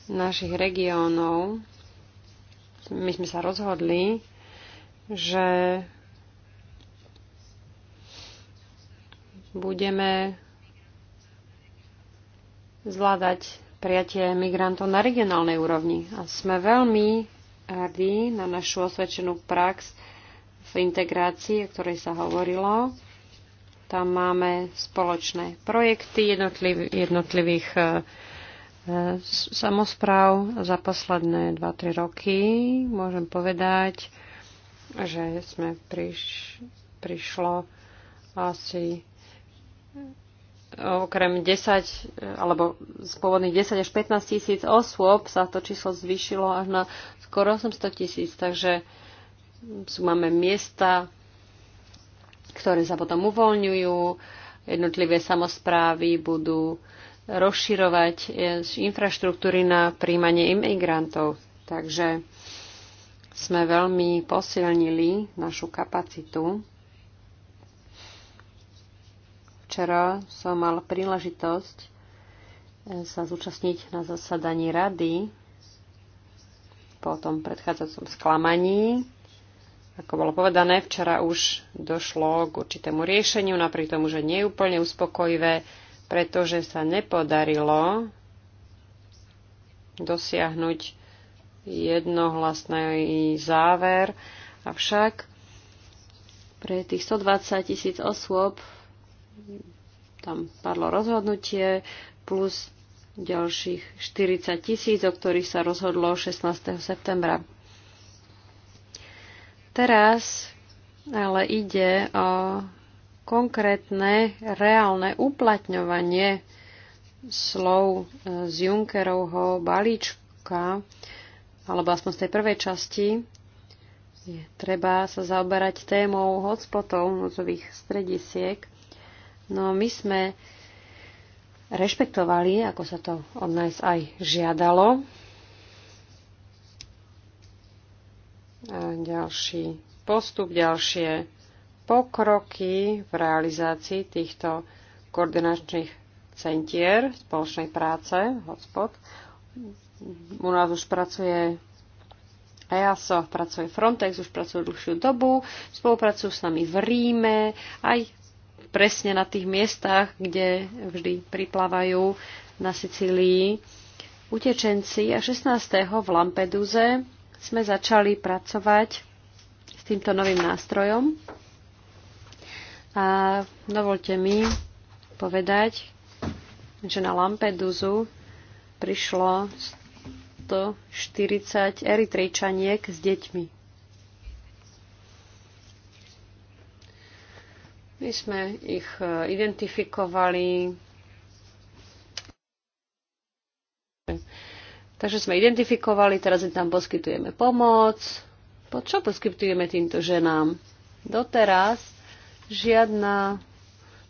našich regiónov, my sme sa rozhodli, že budeme zvládať prijatie migrantov na regionálnej úrovni. A sme veľmi hrdí na našu osvedčenú prax v integrácii, o ktorej sa hovorilo. Tam máme spoločné projekty jednotliv, jednotlivých e, e, samozpráv za posledné 2-3 roky. Môžem povedať, že sme priš, prišlo asi e, okrem 10, alebo z pôvodných 10 až 15 tisíc osôb sa to číslo zvýšilo až na skoro 800 tisíc, takže sú máme miesta, ktoré sa potom uvoľňujú. Jednotlivé samozprávy budú rozširovať e, infraštruktúry na príjmanie imigrantov. Takže sme veľmi posilnili našu kapacitu. Včera som mal príležitosť e, sa zúčastniť na zasadaní rady po tom predchádzajúcom sklamaní. Ako bolo povedané, včera už došlo k určitému riešeniu, napriek tomu, že nie je úplne uspokojivé, pretože sa nepodarilo dosiahnuť jednohlasný záver. Avšak pre tých 120 tisíc osôb tam padlo rozhodnutie plus ďalších 40 tisíc, o ktorých sa rozhodlo 16. septembra. Teraz ale ide o konkrétne, reálne uplatňovanie slov e, z Junckerovho balíčka, alebo aspoň z tej prvej časti, je treba sa zaoberať témou hotspotov, nocových stredisiek. No my sme rešpektovali, ako sa to od nás aj žiadalo, ďalší postup, ďalšie pokroky v realizácii týchto koordinačných centier spoločnej práce, hotspot. U nás už pracuje EASO, pracuje Frontex, už pracuje dlhšiu dobu, spolupracujú s nami v Ríme, aj presne na tých miestach, kde vždy priplávajú na Sicílii utečenci a 16. v Lampeduze sme začali pracovať s týmto novým nástrojom. A dovolte mi povedať, že na Lampedusu prišlo 140 eritrejčaniek s deťmi. My sme ich eh, identifikovali, Takže sme identifikovali, teraz im tam poskytujeme pomoc. Po čo poskytujeme týmto ženám? Doteraz žiadna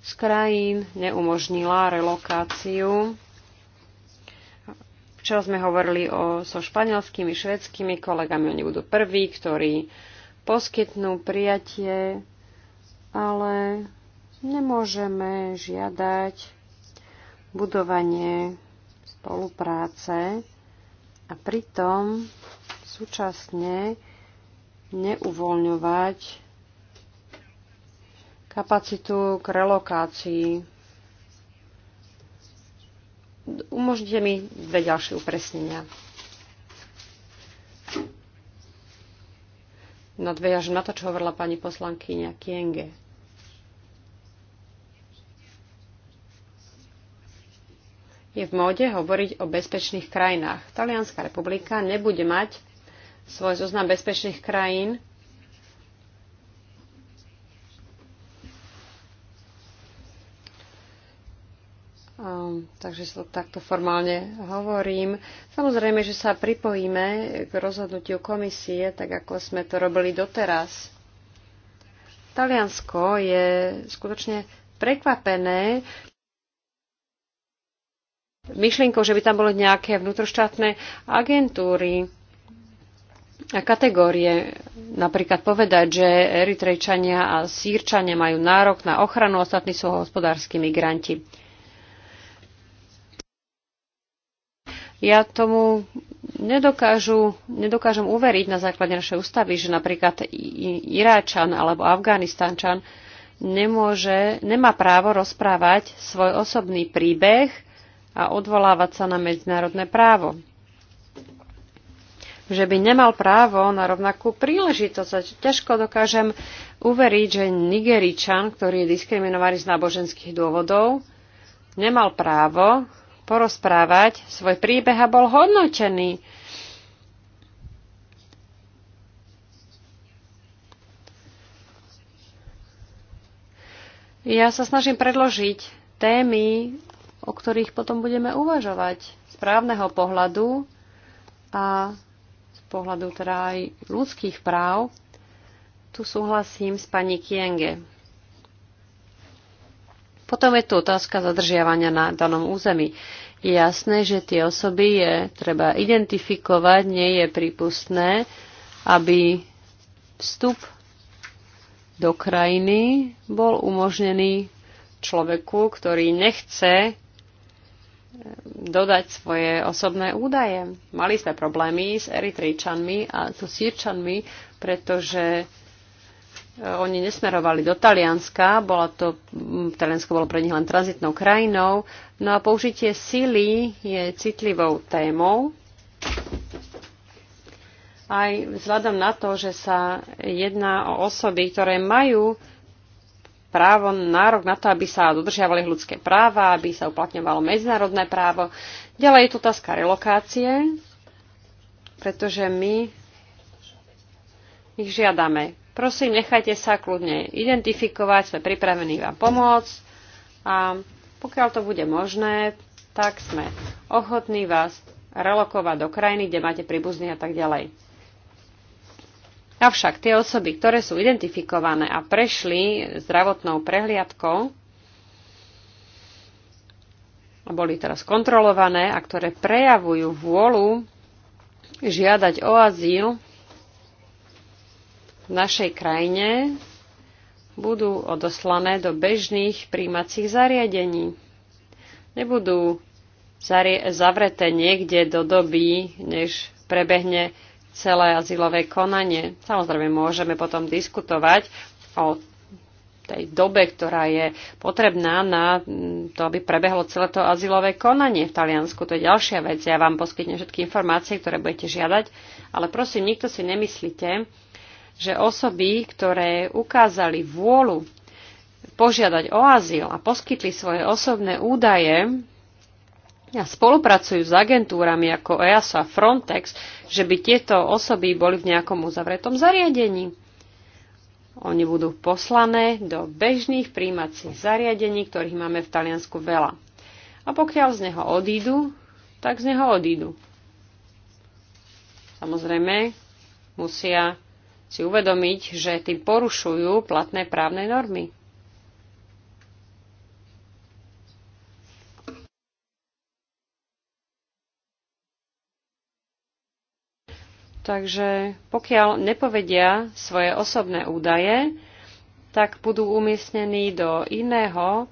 z krajín neumožnila relokáciu. Včera sme hovorili o, so španielskými, švedskými kolegami, oni budú prví, ktorí poskytnú prijatie, ale nemôžeme žiadať budovanie spolupráce a pritom súčasne neuvoľňovať kapacitu k relokácii. Umožnite mi dve ďalšie upresnenia. Nadviažem na to, čo hovorila pani poslankyňa Kienge. je v móde hovoriť o bezpečných krajinách. Talianská republika nebude mať svoj zoznam bezpečných krajín. Um, takže to takto formálne hovorím. Samozrejme, že sa pripojíme k rozhodnutiu komisie, tak ako sme to robili doteraz. Taliansko je skutočne prekvapené, myšlienkou, že by tam boli nejaké vnútroštátne agentúry a kategórie. Napríklad povedať, že Eritrejčania a Sýrčania majú nárok na ochranu, ostatní sú hospodárski migranti. Ja tomu nedokážu, nedokážem uveriť na základe našej ústavy, že napríklad Iráčan alebo Afganistančan nemôže, nemá právo rozprávať svoj osobný príbeh a odvolávať sa na medzinárodné právo. Že by nemal právo na rovnakú príležitosť. Ťažko dokážem uveriť, že Nigeričan, ktorý je diskriminovaný z náboženských dôvodov, nemal právo porozprávať svoj príbeh a bol hodnotený. Ja sa snažím predložiť témy, o ktorých potom budeme uvažovať z právneho pohľadu a z pohľadu teda aj ľudských práv. Tu súhlasím s pani Kienge. Potom je tu otázka zadržiavania na danom území. Je jasné, že tie osoby je treba identifikovať, nie je prípustné, aby vstup do krajiny bol umožnený človeku, ktorý nechce dodať svoje osobné údaje. Mali sme problémy s eritrejčanmi a so Sírčanmi, pretože e, oni nesmerovali do Talianska, bola to, Taliansko bolo pre nich len tranzitnou krajinou, no a použitie sily je citlivou témou. Aj vzhľadom na to, že sa jedná o osoby, ktoré majú právo, nárok na to, aby sa dodržiavali ľudské práva, aby sa uplatňovalo medzinárodné právo. Ďalej je tu otázka relokácie, pretože my ich žiadame. Prosím, nechajte sa kľudne identifikovať, sme pripravení vám pomôcť a pokiaľ to bude možné, tak sme ochotní vás relokovať do krajiny, kde máte príbuzných a tak ďalej. Avšak tie osoby, ktoré sú identifikované a prešli zdravotnou prehliadkou a boli teraz kontrolované a ktoré prejavujú vôľu žiadať o azyl v našej krajine, budú odoslané do bežných príjmacích zariadení. Nebudú zavreté niekde do doby, než prebehne celé azylové konanie. Samozrejme, môžeme potom diskutovať o tej dobe, ktorá je potrebná na to, aby prebehlo celé to azylové konanie v Taliansku. To je ďalšia vec. Ja vám poskytnem všetky informácie, ktoré budete žiadať. Ale prosím, nikto si nemyslíte, že osoby, ktoré ukázali vôľu požiadať o azyl a poskytli svoje osobné údaje, a spolupracujú s agentúrami ako EASO a Frontex, že by tieto osoby boli v nejakom uzavretom zariadení. Oni budú poslané do bežných príjmacích zariadení, ktorých máme v Taliansku veľa. A pokiaľ z neho odídu, tak z neho odídu. Samozrejme, musia si uvedomiť, že tým porušujú platné právne normy. Takže pokiaľ nepovedia svoje osobné údaje, tak budú umiestnení do iného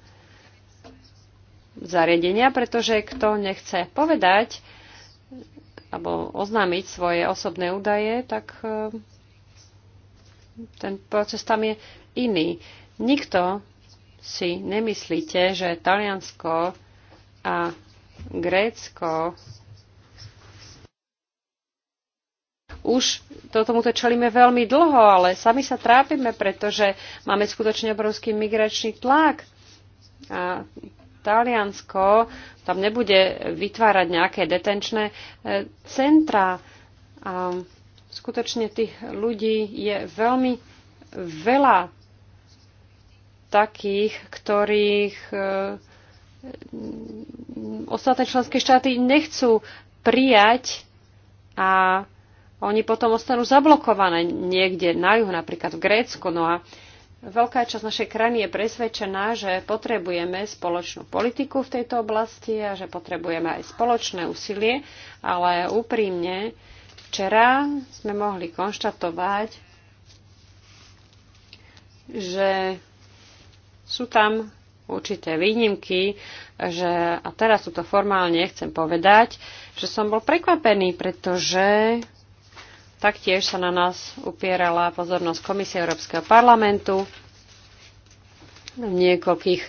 zariadenia, pretože kto nechce povedať alebo oznámiť svoje osobné údaje, tak e, ten proces tam je iný. Nikto si nemyslíte, že Taliansko a Grécko už to tomuto čelíme veľmi dlho, ale sami sa trápime, pretože máme skutočne obrovský migračný tlak. A Taliansko tam nebude vytvárať nejaké detenčné e, centra. A skutočne tých ľudí je veľmi veľa takých, ktorých e, ostatné členské štáty nechcú prijať a oni potom ostanú zablokované niekde na juh, napríklad v Grécku. No a veľká časť našej krajiny je presvedčená, že potrebujeme spoločnú politiku v tejto oblasti a že potrebujeme aj spoločné úsilie, ale úprimne včera sme mohli konštatovať, že sú tam určité výnimky, že, a teraz sú to formálne chcem povedať, že som bol prekvapený, pretože Taktiež sa na nás upierala pozornosť Komisie Európskeho parlamentu v niekoľkých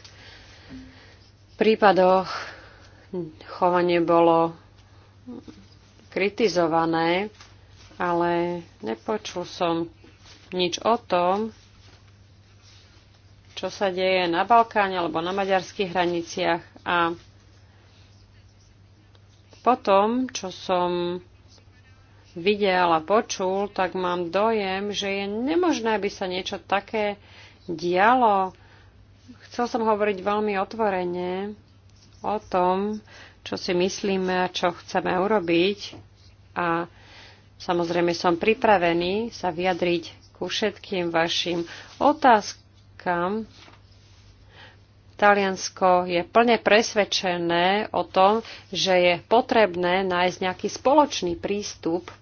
prípadoch chovanie bolo kritizované, ale nepočul som nič o tom, čo sa deje na Balkáne alebo na maďarských hraniciach. A potom, čo som videl a počul, tak mám dojem, že je nemožné, aby sa niečo také dialo. Chcel som hovoriť veľmi otvorene o tom, čo si myslíme a čo chceme urobiť. A samozrejme som pripravený sa vyjadriť ku všetkým vašim otázkam, Taliansko je plne presvedčené o tom, že je potrebné nájsť nejaký spoločný prístup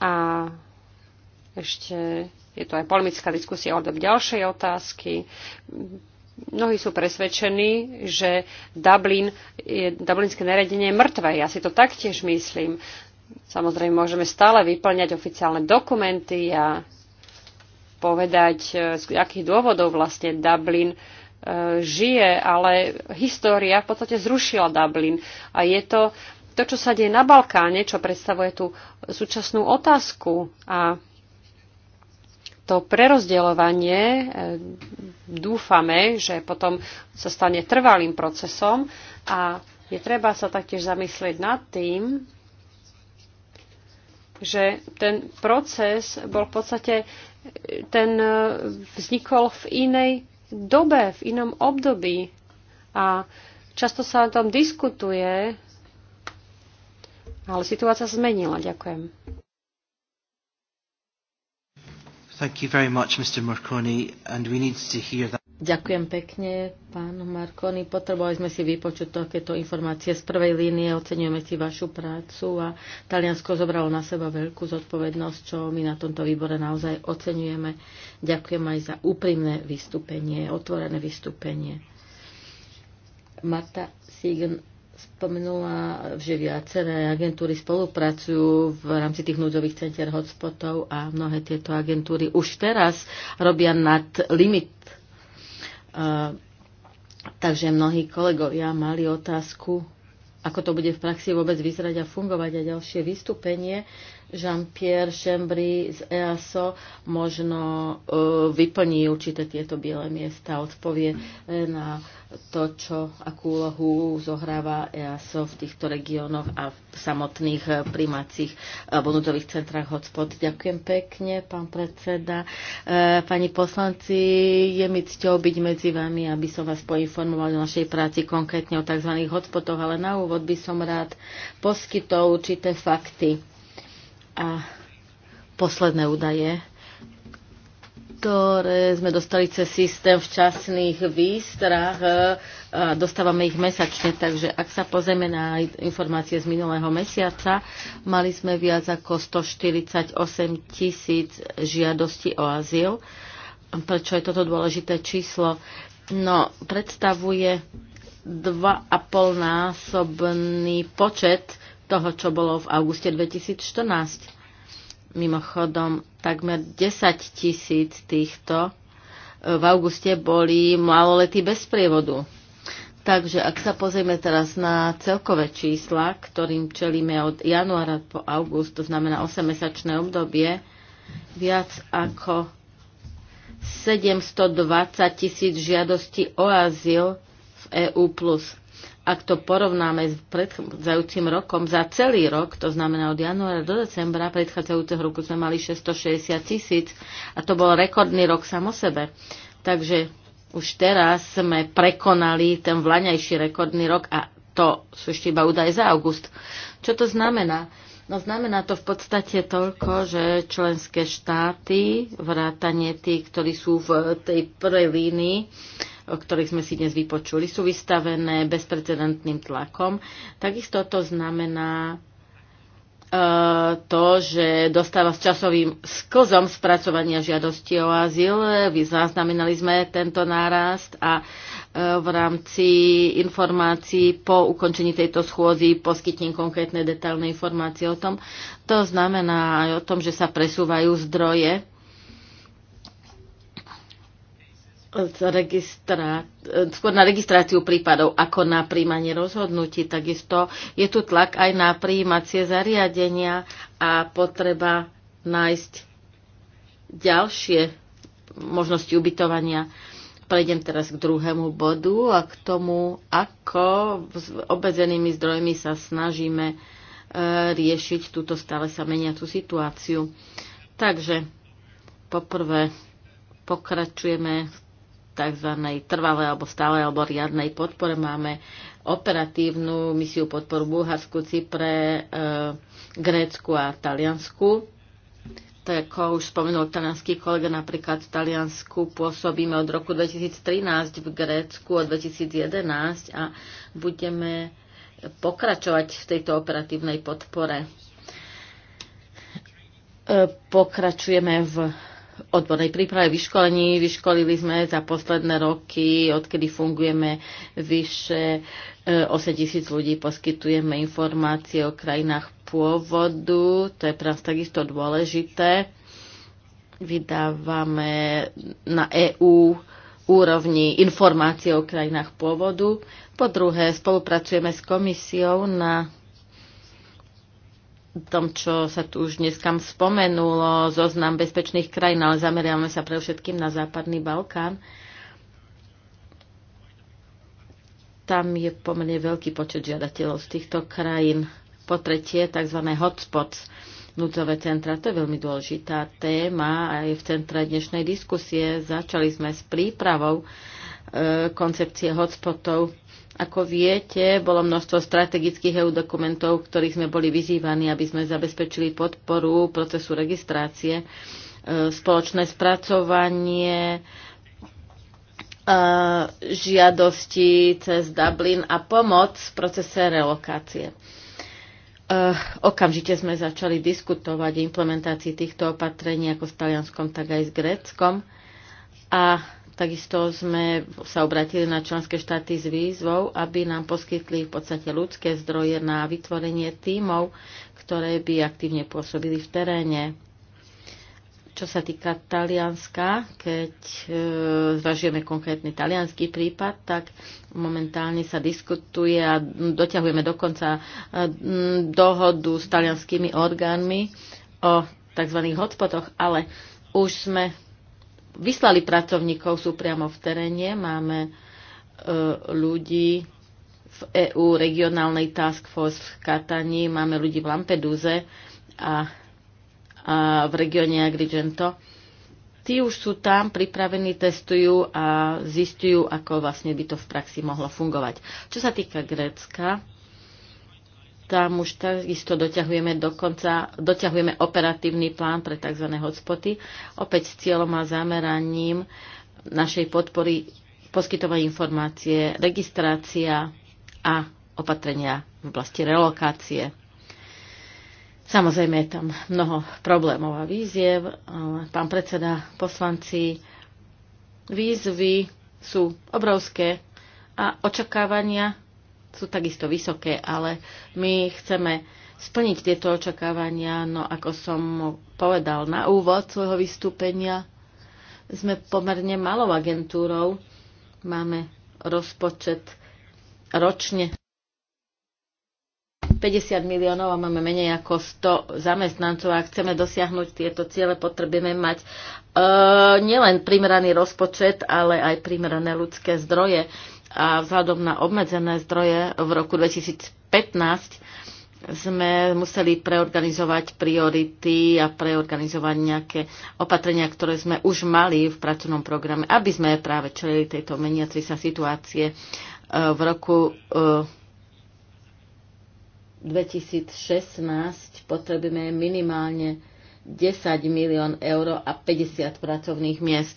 a ešte je tu aj polemická diskusia o ďalšej otázky. Mnohí sú presvedčení, že Dublin, je, dublinské nariadenie je mŕtve. Ja si to taktiež myslím. Samozrejme, môžeme stále vyplňať oficiálne dokumenty a povedať, e, z akých dôvodov vlastne Dublin e, žije, ale história v podstate zrušila Dublin. A je to to, čo sa deje na Balkáne, čo predstavuje tú súčasnú otázku a to prerozdeľovanie e, dúfame, že potom sa stane trvalým procesom a je treba sa taktiež zamyslieť nad tým, že ten proces bol v podstate, e, ten e, vznikol v inej dobe, v inom období. A často sa o tom diskutuje, ale situácia zmenila. Ďakujem. Thank you very much, Mr. Marconi, and we need to hear that. Ďakujem pekne, pán Markony. Potrebovali sme si vypočuť takéto informácie z prvej línie. Oceňujeme si vašu prácu a Taliansko zobralo na seba veľkú zodpovednosť, čo my na tomto výbore naozaj oceňujeme. Ďakujem aj za úprimné vystúpenie, otvorené vystúpenie. Marta Sign spomenula, že viaceré agentúry spolupracujú v rámci tých núdzových centier hotspotov a mnohé tieto agentúry už teraz robia nad limit. Takže mnohí kolegovia mali otázku, ako to bude v praxi vôbec vyzerať a fungovať a ďalšie vystúpenie Jean-Pierre Chambry z EASO možno e, vyplní určité tieto biele miesta, odpovie e, na to, čo, akú úlohu zohráva EASO v týchto regiónoch a v samotných e, primacích vnútorných centrách hotspot. Ďakujem pekne, pán predseda. Pani poslanci, je mi cťou byť medzi vami, aby som vás poinformoval o našej práci konkrétne o tzv. hotspotoch, ale na úvod by som rád poskytol určité fakty a posledné údaje, ktoré sme dostali cez systém včasných výstrach, e, a dostávame ich mesačne, takže ak sa pozrieme na informácie z minulého mesiaca, mali sme viac ako 148 tisíc žiadostí o azyl. Prečo je toto dôležité číslo? No, predstavuje 2,5 násobný počet toho, čo bolo v auguste 2014. Mimochodom, takmer 10 tisíc týchto e, v auguste boli maloletí bez prievodu. Takže ak sa pozrieme teraz na celkové čísla, ktorým čelíme od januára po august, to znamená 8-mesačné obdobie, viac ako 720 tisíc žiadostí o azyl v EU+ ak to porovnáme s predchádzajúcim rokom, za celý rok, to znamená od januára do decembra predchádzajúceho roku sme mali 660 tisíc a to bol rekordný rok sam o sebe. Takže už teraz sme prekonali ten vlaňajší rekordný rok a to sú ešte iba údaje za august. Čo to znamená? No znamená to v podstate toľko, že členské štáty, vrátanie tých, ktorí sú v tej prvej línii, o ktorých sme si dnes vypočuli, sú vystavené bezprecedentným tlakom. Takisto to znamená e, to, že dostáva s časovým sklzom spracovania žiadosti o azyl. Zaznamenali sme tento nárast a e, v rámci informácií po ukončení tejto schôzy poskytnem konkrétne detailné informácie o tom. To znamená aj o tom, že sa presúvajú zdroje registrá... skôr na registráciu prípadov ako na príjmanie rozhodnutí. Takisto je tu tlak aj na príjmacie zariadenia a potreba nájsť ďalšie možnosti ubytovania. Prejdem teraz k druhému bodu a k tomu, ako s obmedzenými zdrojmi sa snažíme e, riešiť túto stále sa meniacu situáciu. Takže poprvé pokračujeme v tzv. trvalej alebo stálej alebo riadnej podpore. Máme operatívnu misiu podporu Bulharsku, Cypre, e, Grécku a Taliansku. To ako už spomenul talianský kolega, napríklad v Taliansku pôsobíme od roku 2013, v Grécku od 2011 a budeme pokračovať v tejto operatívnej podpore. E, pokračujeme v odbornej príprave vyškolení. Vyškolili sme za posledné roky, odkedy fungujeme, vyše 8 e, tisíc ľudí. Poskytujeme informácie o krajinách pôvodu, to je pre nás takisto dôležité. Vydávame na EÚ úrovni informácie o krajinách pôvodu. Po druhé, spolupracujeme s komisiou na tom, čo sa tu už dneskam spomenulo, zoznam bezpečných krajín, ale zameriame sa pre všetkým na Západný Balkán. Tam je pomerne veľký počet žiadateľov z týchto krajín. Po tretie, tzv. hotspots, núdzové centra. To je veľmi dôležitá téma aj v centre dnešnej diskusie. Začali sme s prípravou e, koncepcie hotspotov ako viete, bolo množstvo strategických EU dokumentov, ktorých sme boli vyzývaní, aby sme zabezpečili podporu procesu registrácie, e, spoločné spracovanie, e, žiadosti cez Dublin a pomoc v procese relokácie. E, okamžite sme začali diskutovať o implementácii týchto opatrení ako s Talianskom, tak aj s Gréckom a Takisto sme sa obratili na členské štáty s výzvou, aby nám poskytli v podstate ľudské zdroje na vytvorenie tímov, ktoré by aktívne pôsobili v teréne. Čo sa týka Talianska, keď e, zvažujeme konkrétny talianský prípad, tak momentálne sa diskutuje a doťahujeme dokonca e, dohodu s talianskými orgánmi o tzv. hotspotoch, ale už sme vyslali pracovníkov, sú priamo v teréne. Máme e, ľudí v EU regionálnej task force v Katani, máme ľudí v Lampeduze a, a v regióne Agrigento. Tí už sú tam, pripravení, testujú a zistujú, ako vlastne by to v praxi mohlo fungovať. Čo sa týka Grécka, tam už takisto doťahujeme dokonca, doťahujeme operatívny plán pre tzv. hotspoty, opäť s cieľom a zameraním našej podpory poskytovať informácie, registrácia a opatrenia v oblasti relokácie. Samozrejme je tam mnoho problémov a víziev. Pán predseda, poslanci, výzvy sú obrovské a očakávania sú takisto vysoké, ale my chceme splniť tieto očakávania. No ako som povedal na úvod svojho vystúpenia, sme pomerne malou agentúrou. Máme rozpočet ročne 50 miliónov a máme menej ako 100 zamestnancov a ak chceme dosiahnuť tieto ciele, potrebujeme mať e, nielen primeraný rozpočet, ale aj primerané ľudské zdroje a vzhľadom na obmedzené zdroje v roku 2015 sme museli preorganizovať priority a preorganizovať nejaké opatrenia, ktoré sme už mali v pracovnom programe, aby sme práve čelili tejto meniacej sa situácie e, v roku 2016 e, potrebujeme minimálne 10 milión eur a 50 pracovných miest.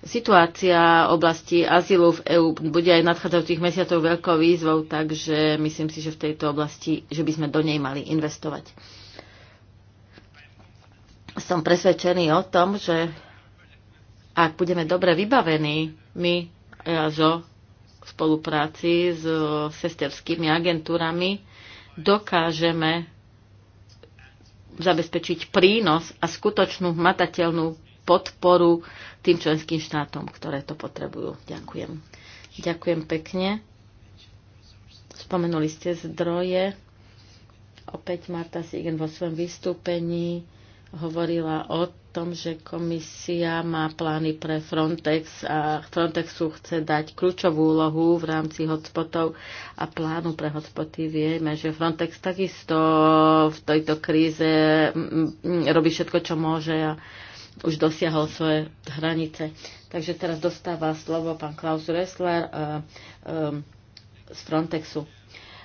Situácia oblasti azylu v EÚ bude aj v nadchádzajúcich mesiacoch veľkou výzvou, takže myslím si, že v tejto oblasti, že by sme do nej mali investovať. Som presvedčený o tom, že ak budeme dobre vybavení, my, zo v spolupráci s sesterskými agentúrami, dokážeme zabezpečiť prínos a skutočnú matateľnú podporu tým členským štátom, ktoré to potrebujú. Ďakujem. Ďakujem pekne. Spomenuli ste zdroje. Opäť Marta Sigen vo svojom vystúpení hovorila o tom, že komisia má plány pre Frontex a Frontexu chce dať kľúčovú úlohu v rámci hotspotov a plánu pre hotspoty. Vieme, že Frontex takisto v tejto kríze mm, mm, robí všetko, čo môže a už dosiahol svoje hranice. Takže teraz dostáva slovo pán Klaus Ressler eh, eh, z Frontexu.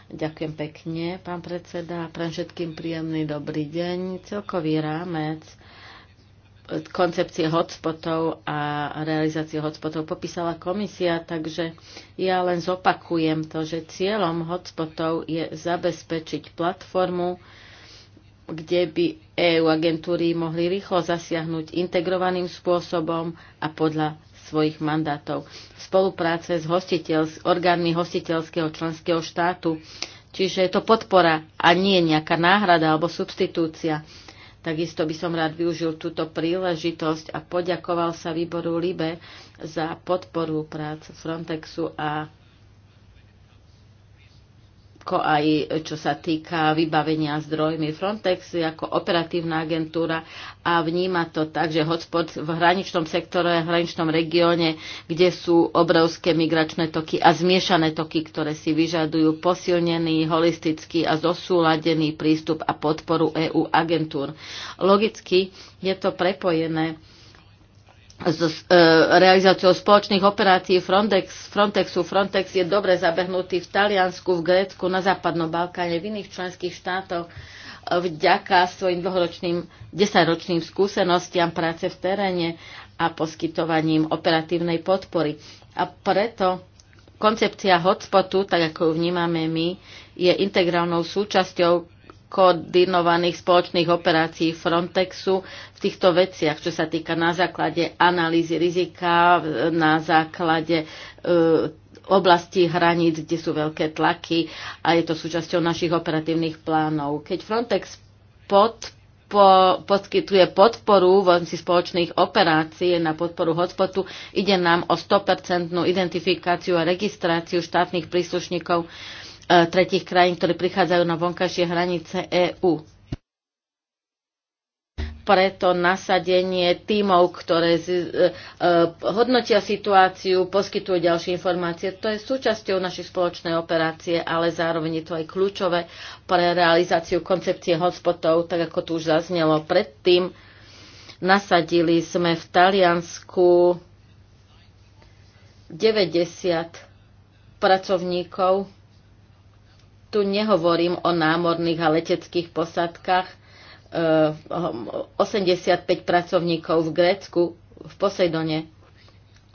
Ďakujem pekne, pán predseda. pre všetkým príjemný dobrý deň. Celkový rámec eh, koncepcie hotspotov a realizácie hotspotov popísala komisia, takže ja len zopakujem to, že cieľom hotspotov je zabezpečiť platformu, kde by EU agentúry mohli rýchlo zasiahnuť integrovaným spôsobom a podľa svojich mandátov. v Spolupráce s, hostiteľ, s orgánmi hostiteľského členského štátu, čiže je to podpora a nie nejaká náhrada alebo substitúcia. Takisto by som rád využil túto príležitosť a poďakoval sa výboru LIBE za podporu prác Frontexu a ako aj čo sa týka vybavenia zdrojmi. Frontex ako operatívna agentúra a vníma to tak, že hotspot v hraničnom sektore, v hraničnom regióne, kde sú obrovské migračné toky a zmiešané toky, ktoré si vyžadujú posilnený, holistický a zosúladený prístup a podporu EU agentúr. Logicky je to prepojené s e, realizáciou spoločných operácií Frontex, Frontexu. Frontex je dobre zabehnutý v Taliansku, v Grécku, na Západnom Balkáne, v iných členských štátoch e, vďaka svojim dlhoročným, desaťročným skúsenostiam práce v teréne a poskytovaním operatívnej podpory. A preto koncepcia hotspotu, tak ako ju vnímame my, je integrálnou súčasťou koordinovaných spoločných operácií Frontexu v týchto veciach, čo sa týka na základe analýzy rizika, na základe e, oblasti hraníc, kde sú veľké tlaky a je to súčasťou našich operatívnych plánov. Keď Frontex pod po, poskytuje podporu v rámci spoločných operácií na podporu hotspotu. Ide nám o 100% identifikáciu a registráciu štátnych príslušníkov E, tretich krajín, ktorí prichádzajú na vonkajšie hranice EÚ. Preto nasadenie tímov, ktoré e, e, hodnotia situáciu, poskytujú ďalšie informácie, to je súčasťou našej spoločnej operácie, ale zároveň je to aj kľúčové pre realizáciu koncepcie hotspotov, tak ako tu už zaznelo predtým. Nasadili sme v Taliansku 90 pracovníkov tu nehovorím o námorných a leteckých posadkách. 85 ehm, pracovníkov v Grécku, v Posejdone.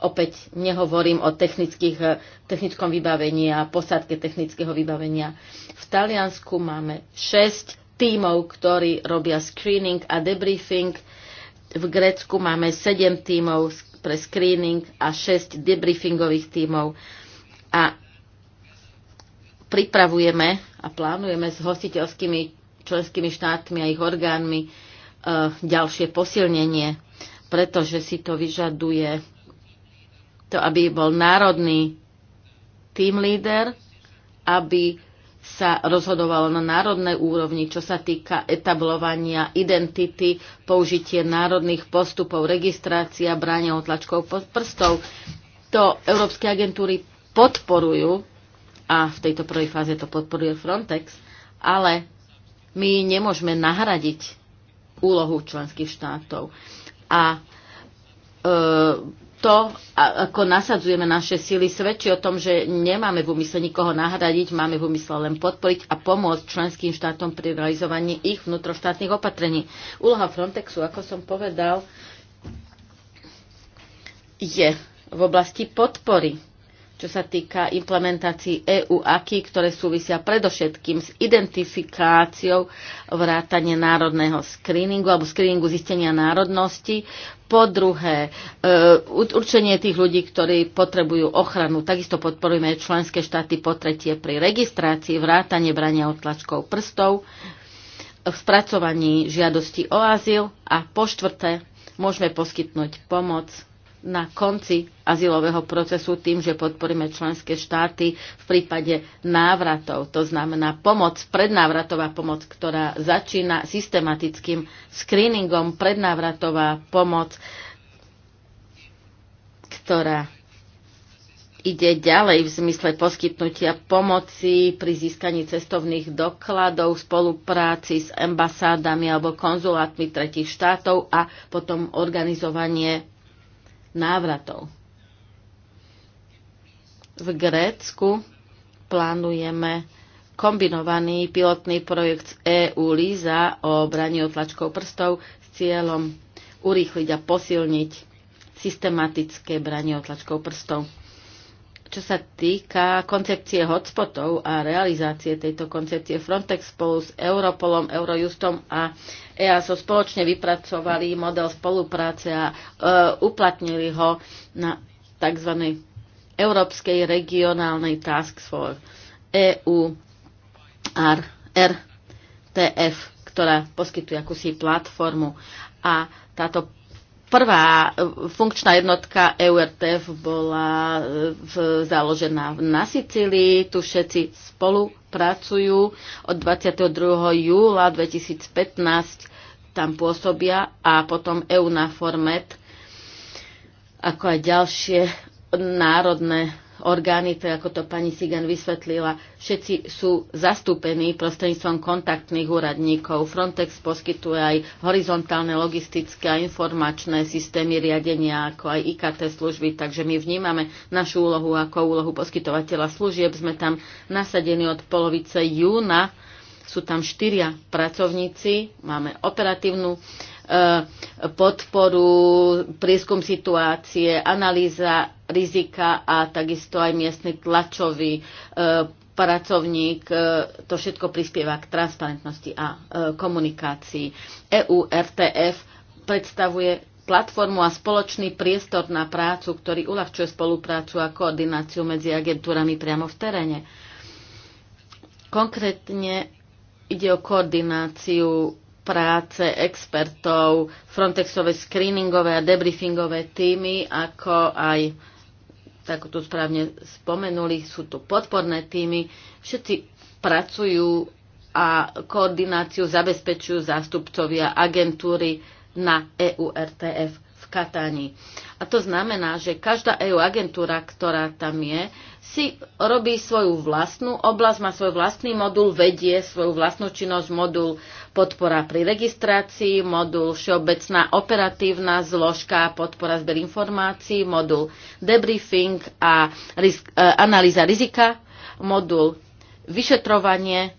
Opäť nehovorím o e, technickom vybavení a posádke technického vybavenia. V Taliansku máme 6 tímov, ktorí robia screening a debriefing. V Grécku máme 7 tímov pre screening a 6 debriefingových tímov. A pripravujeme a plánujeme s hostiteľskými členskými štátmi a ich orgánmi e, ďalšie posilnenie, pretože si to vyžaduje to, aby bol národný team leader, aby sa rozhodovalo na národnej úrovni, čo sa týka etablovania identity, použitie národných postupov, registrácia, bráňa otlačkov prstov. To európske agentúry podporujú a v tejto prvej fáze to podporuje Frontex, ale my nemôžeme nahradiť úlohu členských štátov. A e, to, ako nasadzujeme naše síly, svedčí o tom, že nemáme v úmysle nikoho nahradiť, máme v úmysle len podporiť a pomôcť členským štátom pri realizovaní ich vnútroštátnych opatrení. Úloha Frontexu, ako som povedal, je v oblasti podpory čo sa týka implementácií EU aky, ktoré súvisia predovšetkým s identifikáciou vrátane národného screeningu alebo screeningu zistenia národnosti. Po druhé, e, určenie tých ľudí, ktorí potrebujú ochranu. Takisto podporujeme členské štáty po tretie pri registrácii vrátane brania odtlačkov prstov v spracovaní žiadosti o azyl a po štvrté môžeme poskytnúť pomoc na konci azylového procesu tým, že podporíme členské štáty v prípade návratov. To znamená pomoc, prednávratová pomoc, ktorá začína systematickým screeningom, prednávratová pomoc, ktorá ide ďalej v zmysle poskytnutia pomoci pri získaní cestovných dokladov, spolupráci s ambasádami alebo konzulátmi tretich štátov a potom organizovanie návratov. V Grécku plánujeme kombinovaný pilotný projekt EU LISA o braní otlačkov prstov s cieľom urýchliť a posilniť systematické branie otlačkov prstov čo sa týka koncepcie hotspotov a realizácie tejto koncepcie, Frontex spolu s Europolom, Eurojustom a EASO spoločne vypracovali model spolupráce a e, uplatnili ho na tzv. Európskej regionálnej task force EU RTF, ktorá poskytuje akúsi platformu a táto Prvá e, funkčná jednotka EURTF bola e, v, založená na Sicílii. Tu všetci spolupracujú od 22. júla 2015 tam pôsobia a potom EU na formet, ako aj ďalšie národné orgány, tak ako to pani Sigan vysvetlila, všetci sú zastúpení prostredníctvom kontaktných úradníkov. Frontex poskytuje aj horizontálne logistické a informačné systémy riadenia, ako aj IKT služby, takže my vnímame našu úlohu ako úlohu poskytovateľa služieb. Sme tam nasadení od polovice júna, sú tam štyria pracovníci, máme operatívnu Eh, podporu, prieskum situácie, analýza rizika a takisto aj miestny tlačový eh, pracovník, eh, to všetko prispieva k transparentnosti a komunikácii. EU RTF predstavuje platformu a spoločný priestor na prácu, ktorý uľahčuje spoluprácu a koordináciu medzi agentúrami priamo v teréne. Konkrétne ide o koordináciu práce expertov, Frontexové screeningové a debriefingové týmy, ako aj, tak tu správne spomenuli, sú tu podporné týmy. Všetci pracujú a koordináciu zabezpečujú zástupcovia agentúry na EURTF v Katani. A to znamená, že každá EU agentúra, ktorá tam je, si robí svoju vlastnú oblasť, má svoj vlastný modul, vedie svoju vlastnú činnosť, modul podpora pri registrácii, modul všeobecná operatívna zložka, podpora zber informácií, modul debriefing a risk, e, analýza rizika, modul vyšetrovanie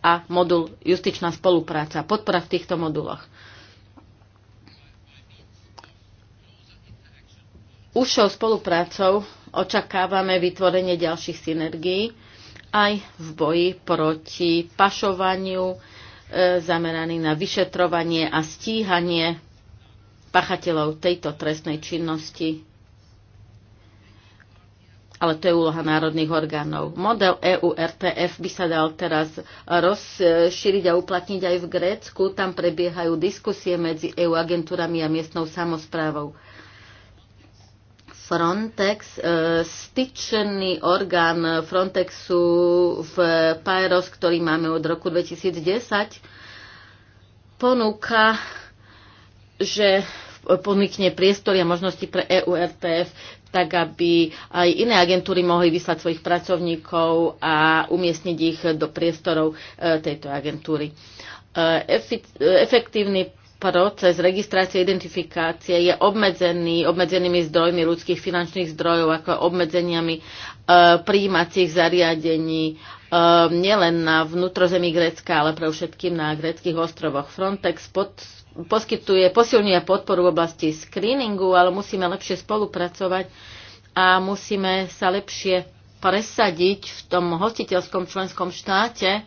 a modul justičná spolupráca, podpora v týchto moduloch. Užšou spoluprácou očakávame vytvorenie ďalších synergií aj v boji proti pašovaniu, E, zameraný na vyšetrovanie a stíhanie pachateľov tejto trestnej činnosti. Ale to je úloha národných orgánov. Model EURTF RTF by sa dal teraz rozšíriť a uplatniť aj v Grécku. Tam prebiehajú diskusie medzi EU agentúrami a miestnou samozprávou. Frontex, e, styčný orgán Frontexu v Pairos, ktorý máme od roku 2010, ponúka, že ponúkne priestory a možnosti pre EURTF, tak aby aj iné agentúry mohli vyslať svojich pracovníkov a umiestniť ich do priestorov e, tejto agentúry. E, efektívny proces registrácie identifikácie je obmedzený obmedzenými zdrojmi ľudských finančných zdrojov, ako obmedzeniami e, príjímacích zariadení, e, nielen na vnútrozemí Grécka, ale pre všetkým na gréckých ostrovoch. Frontex pod, poskytuje, posilňuje podporu v oblasti screeningu, ale musíme lepšie spolupracovať a musíme sa lepšie presadiť v tom hostiteľskom členskom štáte,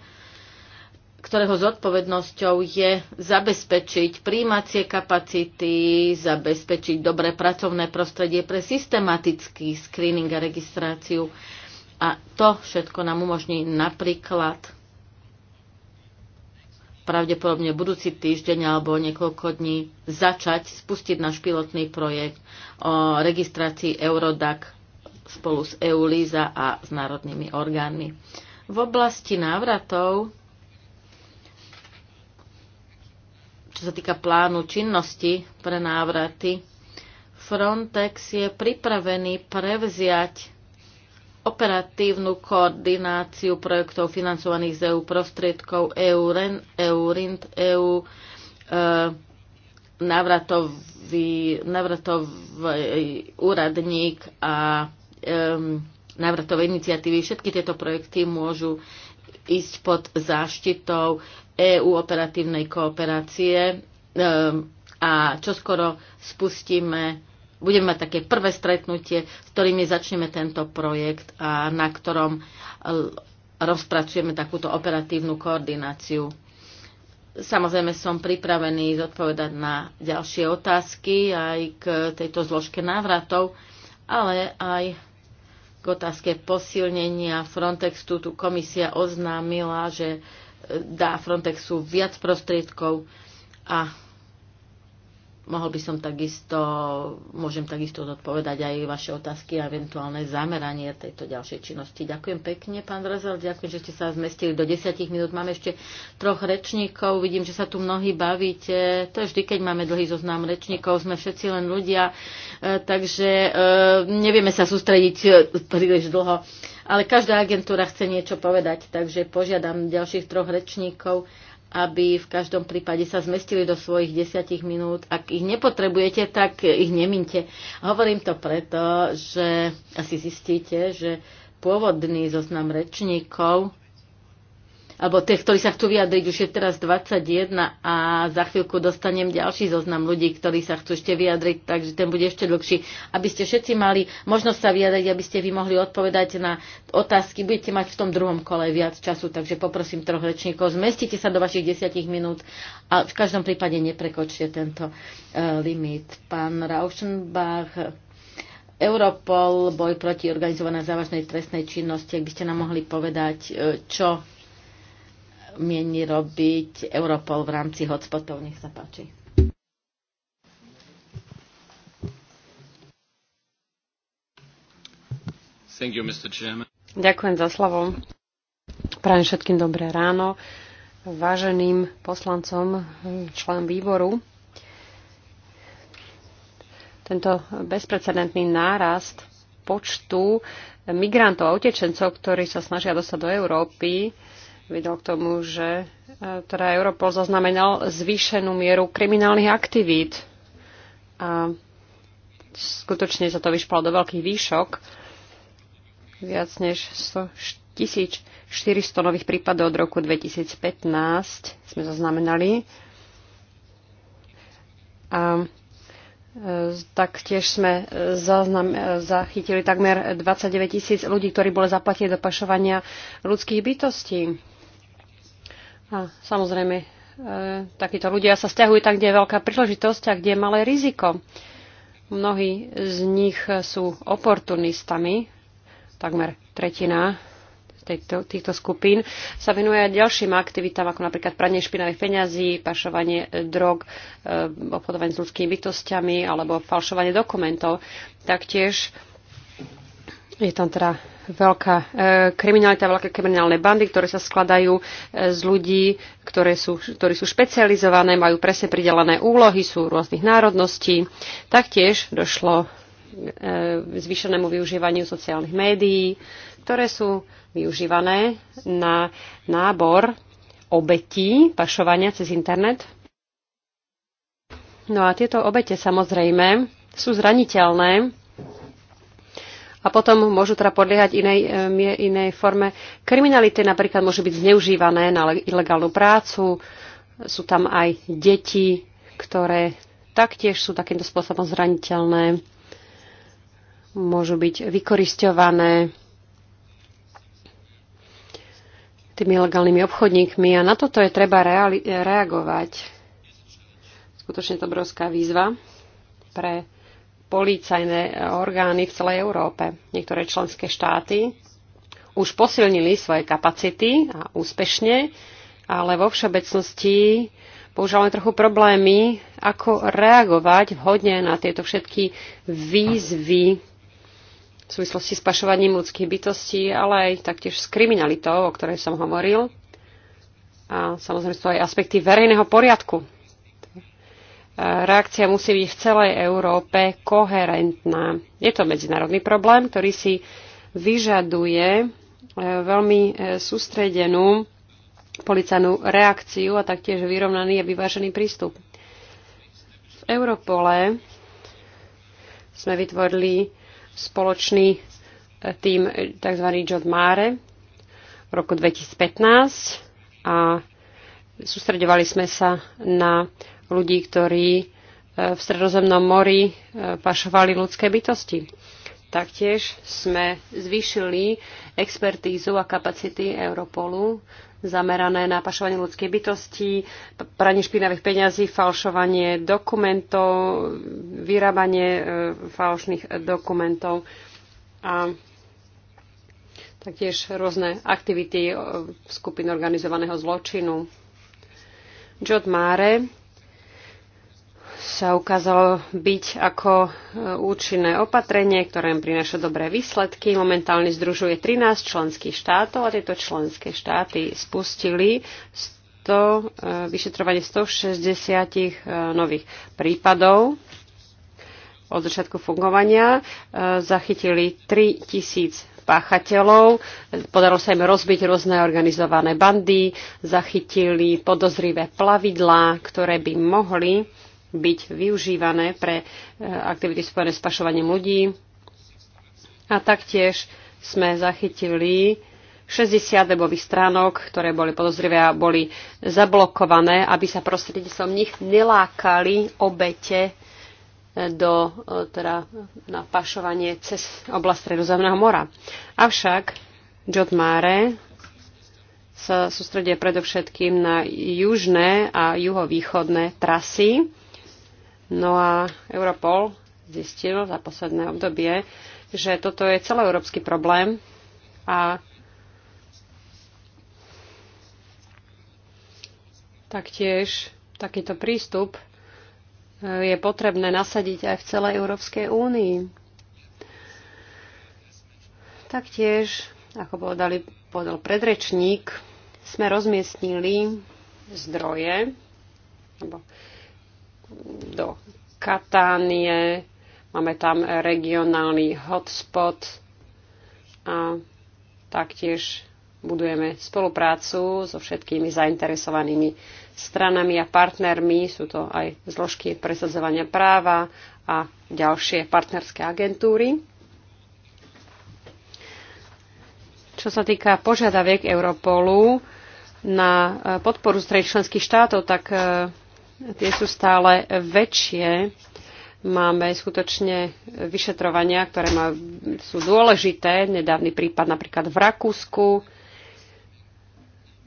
ktorého zodpovednosťou je zabezpečiť príjmacie kapacity, zabezpečiť dobré pracovné prostredie pre systematický screening a registráciu. A to všetko nám umožní napríklad pravdepodobne budúci týždeň alebo niekoľko dní začať spustiť náš pilotný projekt o registrácii Eurodac spolu s EULISA a s národnými orgánmi. V oblasti návratov čo sa týka plánu činnosti pre návraty, Frontex je pripravený prevziať operatívnu koordináciu projektov financovaných z EU prostriedkov EU, EURINT, e EU e, návratový, návratový úradník a e, návratové iniciatívy. Všetky tieto projekty môžu ísť pod záštitou EU operatívnej kooperácie ehm, a čoskoro spustíme, budeme mať také prvé stretnutie, s ktorými začneme tento projekt a na ktorom e, rozpracujeme takúto operatívnu koordináciu. Samozrejme som pripravený zodpovedať na ďalšie otázky aj k tejto zložke návratov, ale aj k otázke posilnenia Frontextu tu komisia oznámila, že dá Frontexu viac prostriedkov a mohol by som takisto, môžem takisto zodpovedať aj vaše otázky a eventuálne zameranie tejto ďalšej činnosti. Ďakujem pekne, pán Drazel, ďakujem, že ste sa zmestili do desiatich minút. Máme ešte troch rečníkov, vidím, že sa tu mnohí bavíte. To je vždy, keď máme dlhý zoznam rečníkov, sme všetci len ľudia, e, takže e, nevieme sa sústrediť e, príliš dlho ale každá agentúra chce niečo povedať, takže požiadam ďalších troch rečníkov, aby v každom prípade sa zmestili do svojich desiatich minút. Ak ich nepotrebujete, tak ich nemínte. Hovorím to preto, že asi zistíte, že pôvodný zoznam rečníkov alebo tých, ktorí sa chcú vyjadriť, už je teraz 21 a za chvíľku dostanem ďalší zoznam ľudí, ktorí sa chcú ešte vyjadriť, takže ten bude ešte dlhší. Aby ste všetci mali možnosť sa vyjadriť, aby ste vy mohli odpovedať na otázky, budete mať v tom druhom kole viac času, takže poprosím troch rečníkov, zmestite sa do vašich desiatich minút a v každom prípade neprekočte tento uh, limit. Pán Rauschenbach, Europol, boj proti organizovanej závažnej trestnej činnosti, ak by ste nám mohli povedať, e, čo mieni robiť Europol v rámci hotspotov. Nech sa páči. Thank you, Mr. Ďakujem za slovo. Prajem všetkým dobré ráno. Váženým poslancom, členom výboru, tento bezprecedentný nárast počtu migrantov a utečencov, ktorí sa snažia dostať do Európy, vedol k tomu, že e, teda Europol zaznamenal zvýšenú mieru kriminálnych aktivít. A skutočne sa to vyšplalo do veľkých výšok. Viac než 100, 1400 nových prípadov od roku 2015 sme zaznamenali. A e, taktiež sme e, zaznam, zachytili takmer 29 tisíc ľudí, ktorí boli zaplatení do pašovania ľudských bytostí. A samozrejme, e, takíto ľudia sa stiahujú tak, kde je veľká príležitosť a kde je malé riziko. Mnohí z nich sú oportunistami, takmer tretina tejto, týchto skupín sa venuje aj ďalším aktivitám, ako napríklad pranie špinavých peňazí, pašovanie drog, e, obchodovanie s ľudskými bytostiami alebo falšovanie dokumentov. Taktiež je tam teda veľká e, kriminalita, veľké kriminálne bandy, ktoré sa skladajú e, z ľudí, ktoré sú, ktorí sú špecializované, majú presne pridelené úlohy, sú rôznych národností. Taktiež došlo e, zvýšenému využívaniu sociálnych médií, ktoré sú využívané na nábor obetí pašovania cez internet. No a tieto obete samozrejme sú zraniteľné a potom môžu teda podliehať inej, e, inej forme kriminality. Napríklad môžu byť zneužívané na ilegálnu prácu. Sú tam aj deti, ktoré taktiež sú takýmto spôsobom zraniteľné. Môžu byť vykoristované tými ilegálnymi obchodníkmi a na toto je treba reagovať. Skutočne to obrovská výzva pre policajné orgány v celej Európe. Niektoré členské štáty už posilnili svoje kapacity a úspešne, ale vo všeobecnosti používame trochu problémy, ako reagovať vhodne na tieto všetky výzvy v súvislosti s pašovaním ľudských bytostí, ale aj taktiež s kriminalitou, o ktorej som hovoril. A samozrejme sú to aj aspekty verejného poriadku, reakcia musí byť v celej Európe koherentná. Je to medzinárodný problém, ktorý si vyžaduje e, veľmi e, sústredenú policajnú reakciu a taktiež vyrovnaný a vyvážený prístup. V Europole sme vytvorili spoločný e, tým tzv. John Mare v roku 2015 a sústredovali sme sa na ľudí, ktorí e, v Stredozemnom mori e, pašovali ľudské bytosti. Taktiež sme zvýšili expertízu a kapacity Europolu zamerané na pašovanie ľudskej bytosti, pranie špinavých peňazí, falšovanie dokumentov, vyrábanie e, falošných dokumentov a taktiež rôzne aktivity skupín organizovaného zločinu. Jod Mare sa ukázalo byť ako e, účinné opatrenie, ktoré im prináša dobré výsledky. Momentálne združuje 13 členských štátov a tieto členské štáty spustili 100, e, vyšetrovanie 160 e, nových prípadov od začiatku fungovania. Zachytili 3000 páchateľov. Podarilo sa im rozbiť rôzne organizované bandy, zachytili podozrivé plavidlá, ktoré by mohli byť využívané pre e, aktivity spojené s pašovaním ľudí. A taktiež sme zachytili 60 webových stránok, ktoré boli podozrivé a boli zablokované, aby sa prostredníctvom nich nelákali obete e, do, e, teda, na pašovanie cez oblast Stredozemného mora. Avšak Jod Mare sa sústredie predovšetkým na južné a juhovýchodné trasy No a Europol zistil za posledné obdobie, že toto je celoeurópsky problém a taktiež takýto prístup eh, je potrebné nasadiť aj v celej Európskej únii. Taktiež, ako povedali, povedal predrečník, sme rozmiestnili zdroje, alebo do Katánie, máme tam regionálny hotspot a taktiež budujeme spoluprácu so všetkými zainteresovanými stranami a partnermi. Sú to aj zložky presadzovania práva a ďalšie partnerské agentúry. Čo sa týka požiadaviek Europolu na podporu z členských štátov, tak Tie sú stále väčšie. Máme skutočne vyšetrovania, ktoré má, sú dôležité. Nedávny prípad napríklad v Rakúsku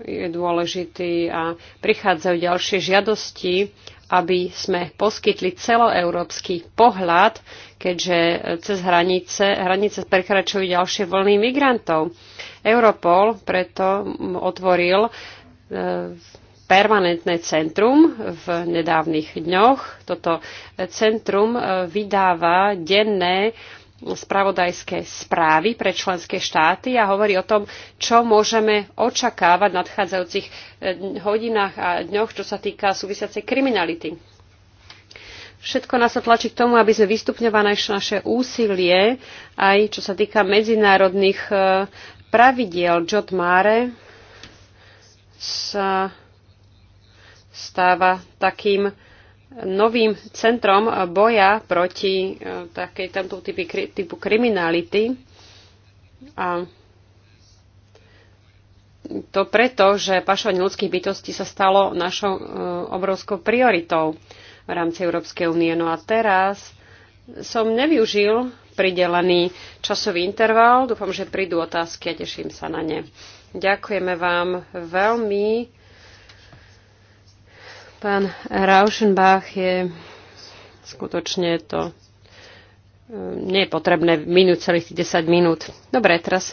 je dôležitý a prichádzajú ďalšie žiadosti, aby sme poskytli celoeurópsky pohľad, keďže cez hranice, hranice prekračujú ďalšie vlny migrantov. Europol preto otvoril e, permanentné centrum v nedávnych dňoch. Toto centrum e, vydáva denné spravodajské správy pre členské štáty a hovorí o tom, čo môžeme očakávať v nadchádzajúcich e, hodinách a dňoch, čo sa týka súvisiacej kriminality. Všetko nás sa tlačí k tomu, aby sme vystupňovali naše úsilie, aj čo sa týka medzinárodných e, pravidiel. Jot Mare sa stáva takým novým centrom boja proti e, takej tamto typu, typu kriminality. A to preto, že pašovanie ľudských bytostí sa stalo našou e, obrovskou prioritou v rámci Európskej únie. No a teraz som nevyužil pridelený časový interval. Dúfam, že prídu otázky a teším sa na ne. Ďakujeme vám veľmi Pán Rauschenbach je skutočne to e, nie je potrebné minúť celých 10 minút. Dobre, teraz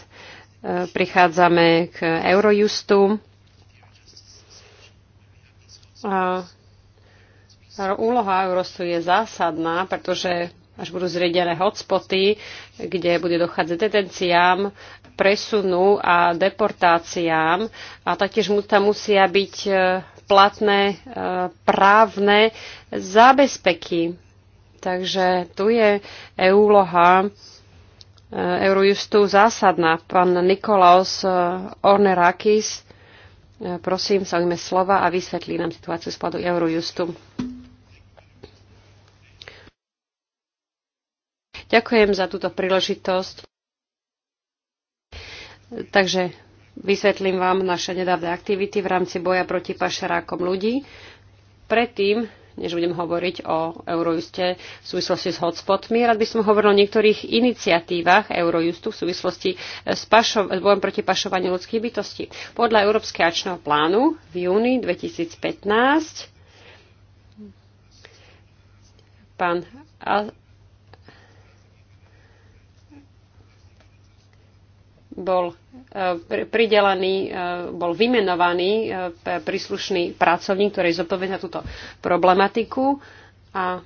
e, prichádzame k Eurojustu. A úloha Eurostu je zásadná, pretože až budú zriedené hotspoty, kde bude dochádzať detenciám, presunu a deportáciám. A taktiež mu tam musia byť e, platné e, právne zábezpeky. Takže tu je e úloha Eurojustu zásadná. Pán Nikolaus e, Ornerakis, e, prosím, zaujme slova a vysvetlí nám situáciu spadu Eurojustu. Ďakujem za túto príležitosť. Takže Vysvetlím vám naše nedávne aktivity v rámci boja proti pašerákom ľudí. Predtým, než budem hovoriť o Eurojuste v súvislosti s hotspotmi, rád by som hovoril o niektorých iniciatívach Eurojustu v súvislosti s, pašo- s bojom proti pašovaniu ľudských bytostí. Podľa Európskeho akčného plánu v júni 2015 pán Al- bol pridelený, e, bol vymenovaný e, príslušný pracovník, ktorý zodpovedá túto problematiku a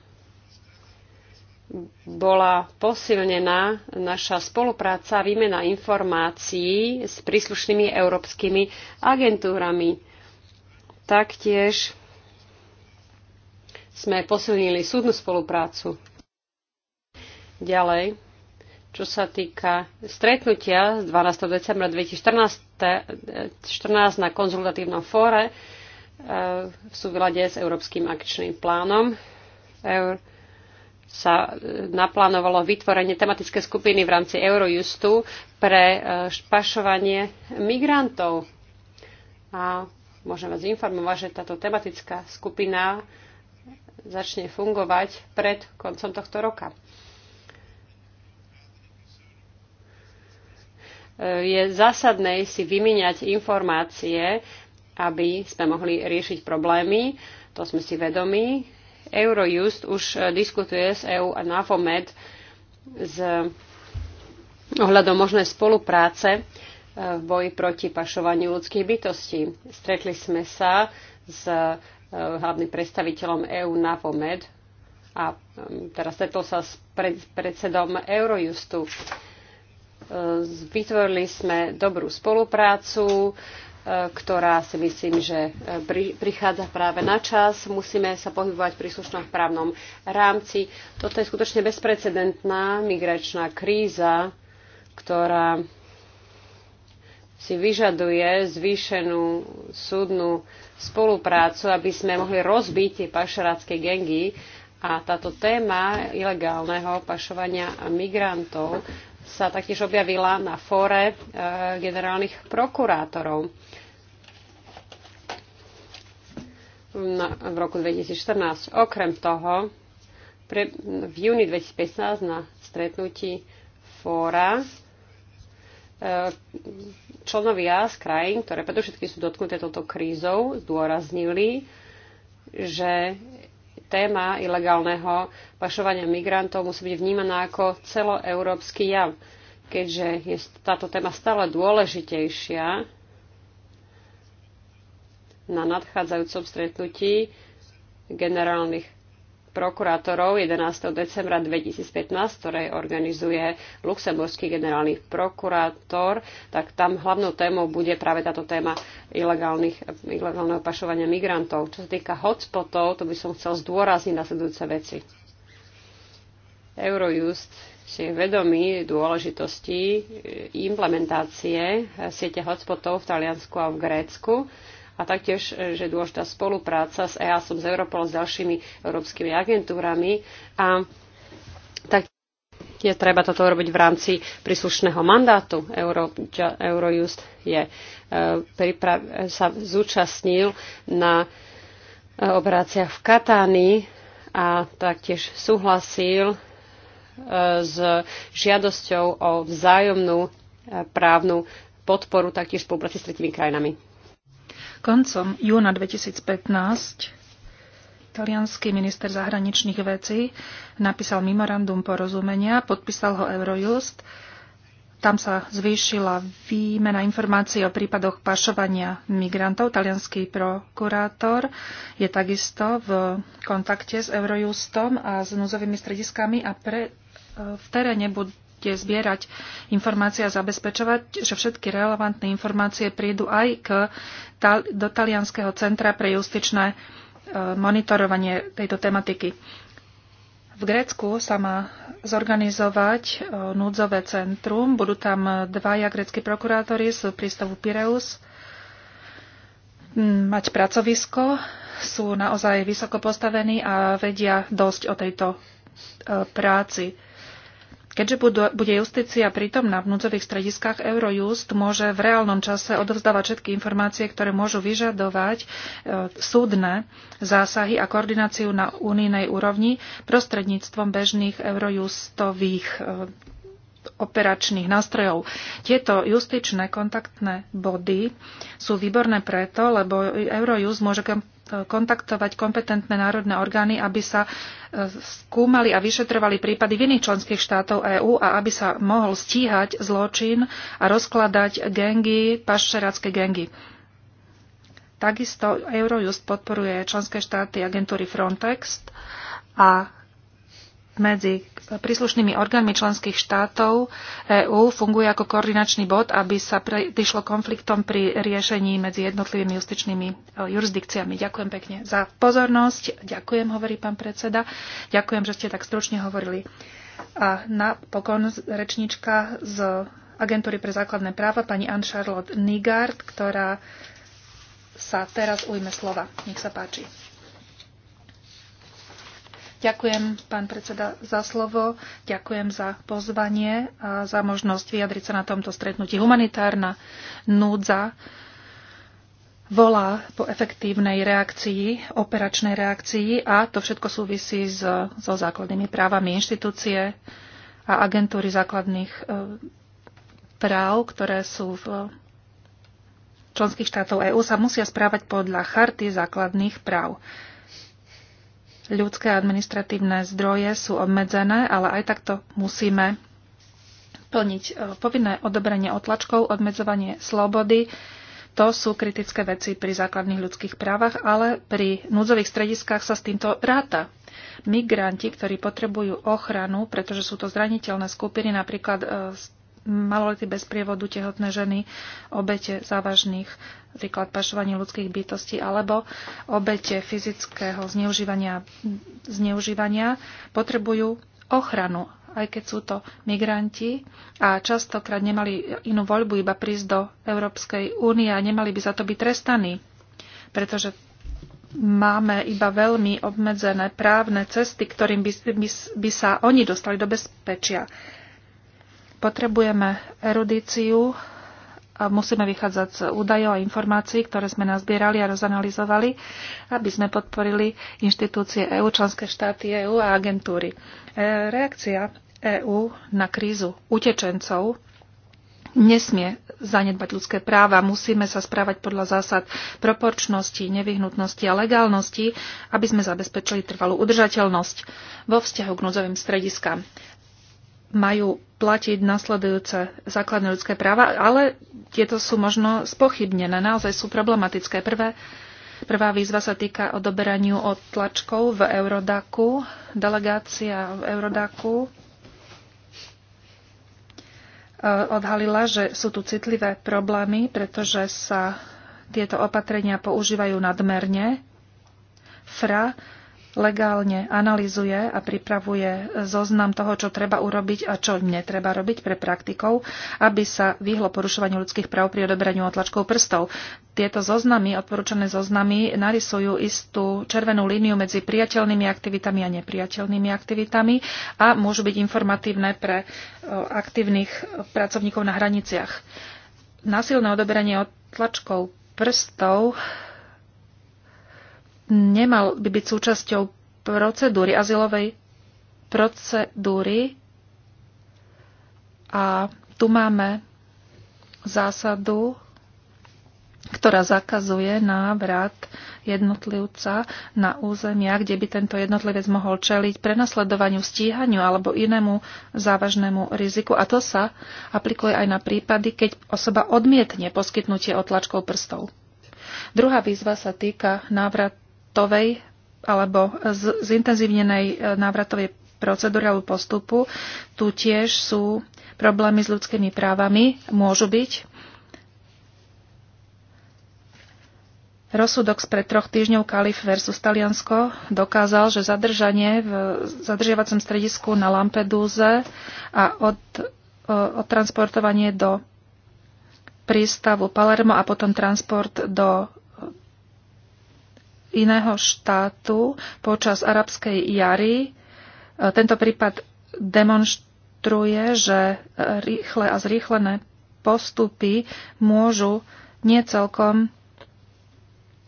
bola posilnená naša spolupráca, výmena informácií s príslušnými európskymi agentúrami. Taktiež sme posilnili súdnu spoluprácu. Ďalej čo sa týka stretnutia z 12. decembra 2014 na konzultatívnom fóre e, v súvlade s Európskym akčným plánom, Eur sa e, naplánovalo vytvorenie tematické skupiny v rámci Eurojustu pre špašovanie e, migrantov. A môžem vás informovať, že táto tematická skupina začne fungovať pred koncom tohto roka. je zásadné si vymieňať informácie, aby sme mohli riešiť problémy. To sme si vedomi. Eurojust už e, diskutuje s EU a NAFOMED s ohľadom možnej spolupráce e, v boji proti pašovaniu ľudských bytostí. Stretli sme sa s e, hlavným predstaviteľom EU NAVOMED a teraz stretol sa s predsedom Eurojustu. Vytvorili sme dobrú spoluprácu, e, ktorá si myslím, že e, prichádza práve na čas. Musíme sa pohybovať v príslušnom právnom rámci. Toto je skutočne bezprecedentná migračná kríza, ktorá si vyžaduje zvýšenú súdnu spoluprácu, aby sme mohli rozbiť tie pašerácké gengy. A táto téma ilegálneho pašovania migrantov sa taktiež objavila na fóre e, generálnych prokurátorov v roku 2014. Okrem toho, pre, v júni 2015 na stretnutí fóra e, členovia z krajín, ktoré predovšetky sú dotknuté touto krízou, zdôraznili, že téma ilegálneho pašovania migrantov musí byť vnímaná ako celoeurópsky jav, keďže je táto téma stále dôležitejšia. Na nadchádzajúcom stretnutí generálnych prokurátorov 11. decembra 2015, ktoré organizuje luxemburský generálny prokurátor, tak tam hlavnou témou bude práve táto téma ilegálneho pašovania migrantov. Čo sa týka hotspotov, to by som chcel zdôrazniť nasledujúce veci. Eurojust si je vedomý dôležitosti implementácie siete hotspotov v Taliansku a v Grécku a taktiež, e, že je dôležitá spolupráca s EASom, s Europolom, s ďalšími európskymi agentúrami a tak je treba toto robiť v rámci príslušného mandátu. Euro, Eurojust je, e, pripra- sa zúčastnil na e, operáciách v Katánii a taktiež súhlasil s žiadosťou o vzájomnú právnu podporu taktiež spolupráci s tretimi krajinami. Koncom júna 2015 talianský minister zahraničných vecí napísal memorandum porozumenia, podpísal ho Eurojust. Tam sa zvýšila výmena informácií o prípadoch pašovania migrantov. Talianský prokurátor je takisto v kontakte s Eurojustom a s núzovými strediskami a pre, v teréne budú bude zbierať informácie a zabezpečovať, že všetky relevantné informácie prídu aj k, do Talianského centra pre justičné e, monitorovanie tejto tematiky. V Grécku sa má zorganizovať e, núdzové centrum. Budú tam dvaja grécky prokurátori z prístavu Pireus mm, mať pracovisko, sú naozaj vysoko postavení a vedia dosť o tejto e, práci. Keďže bude justícia pritom v núdzových strediskách, Eurojust môže v reálnom čase odovzdávať všetky informácie, ktoré môžu vyžadovať e, súdne zásahy a koordináciu na unijnej úrovni prostredníctvom bežných Eurojustových e, operačných nástrojov. Tieto justičné kontaktné body sú výborné preto, lebo Eurojust môže kontaktovať kompetentné národné orgány, aby sa e, skúmali a vyšetrovali prípady v iných členských štátov EÚ a aby sa mohol stíhať zločin a rozkladať gengy, pašerácké gengy. Takisto Eurojust podporuje členské štáty agentúry Frontex a medzi príslušnými orgánmi členských štátov EÚ funguje ako koordinačný bod, aby sa prišlo konfliktom pri riešení medzi jednotlivými justičnými e, jurisdikciami. Ďakujem pekne za pozornosť. Ďakujem, hovorí pán predseda. Ďakujem, že ste tak stručne hovorili. A napokon rečnička z Agentúry pre základné práva, pani Anne-Charlotte Nigard, ktorá sa teraz ujme slova. Nech sa páči. Ďakujem, pán predseda, za slovo. Ďakujem za pozvanie a za možnosť vyjadriť sa na tomto stretnutí. Humanitárna núdza volá po efektívnej reakcii, operačnej reakcii a to všetko súvisí s, so základnými právami inštitúcie a agentúry základných e, práv, ktoré sú v členských štátov EÚ, sa musia správať podľa charty základných práv ľudské administratívne zdroje sú obmedzené, ale aj takto musíme plniť e, povinné odobrenie otlačkov, obmedzovanie slobody. To sú kritické veci pri základných ľudských právach, ale pri núdzových strediskách sa s týmto ráta. Migranti, ktorí potrebujú ochranu, pretože sú to zraniteľné skupiny, napríklad e, malolety bez prievodu, tehotné ženy, obete závažných, príklad pašovanie ľudských bytostí, alebo obete fyzického zneužívania, zneužívania potrebujú ochranu, aj keď sú to migranti a častokrát nemali inú voľbu iba prísť do Európskej únie a nemali by za to byť trestaní, pretože máme iba veľmi obmedzené právne cesty, ktorým by, by, by sa oni dostali do bezpečia. Potrebujeme erudíciu a musíme vychádzať z údajov a informácií, ktoré sme nazbierali a rozanalizovali, aby sme podporili inštitúcie EÚ, členské štáty EÚ a agentúry. E, reakcia EÚ na krízu utečencov nesmie zanedbať ľudské práva. Musíme sa správať podľa zásad proporčnosti, nevyhnutnosti a legálnosti, aby sme zabezpečili trvalú udržateľnosť vo vzťahu k núdzovým strediskám majú platiť nasledujúce základné ľudské práva, ale tieto sú možno spochybnené, naozaj sú problematické. Prvé, prvá výzva sa týka odoberaniu od tlačkov v Eurodaku, delegácia v Eurodaku e, odhalila, že sú tu citlivé problémy, pretože sa tieto opatrenia používajú nadmerne. FRA legálne analizuje a pripravuje zoznam toho, čo treba urobiť a čo netreba robiť pre praktikov, aby sa vyhlo porušovaniu ľudských práv pri odobraniu otlačkov prstov. Tieto zoznamy, odporúčané zoznamy, narysujú istú červenú líniu medzi priateľnými aktivitami a nepriateľnými aktivitami a môžu byť informatívne pre e, aktívnych pracovníkov na hraniciach. Násilné odoberanie otlačkov prstov nemal by byť súčasťou procedúry, azylovej procedúry. A tu máme zásadu, ktorá zakazuje návrat jednotlivca na územia, kde by tento jednotlivec mohol čeliť prenasledovaniu, stíhaniu alebo inému závažnému riziku. A to sa aplikuje aj na prípady, keď osoba odmietne poskytnutie otlačkov prstov. Druhá výzva sa týka návrat návratovej alebo z, zintenzívnenej e, návratovej procedúry alebo postupu. Tu tiež sú problémy s ľudskými právami, môžu byť. Rozsudok spred troch týždňov Kalif versus Taliansko dokázal, že zadržanie v zadržiavacom stredisku na Lampedúze a od, e, transportovanie do prístavu Palermo a potom transport do iného štátu počas arabskej jary. E, tento prípad demonstruje, že rýchle a zrýchlené postupy môžu nie celkom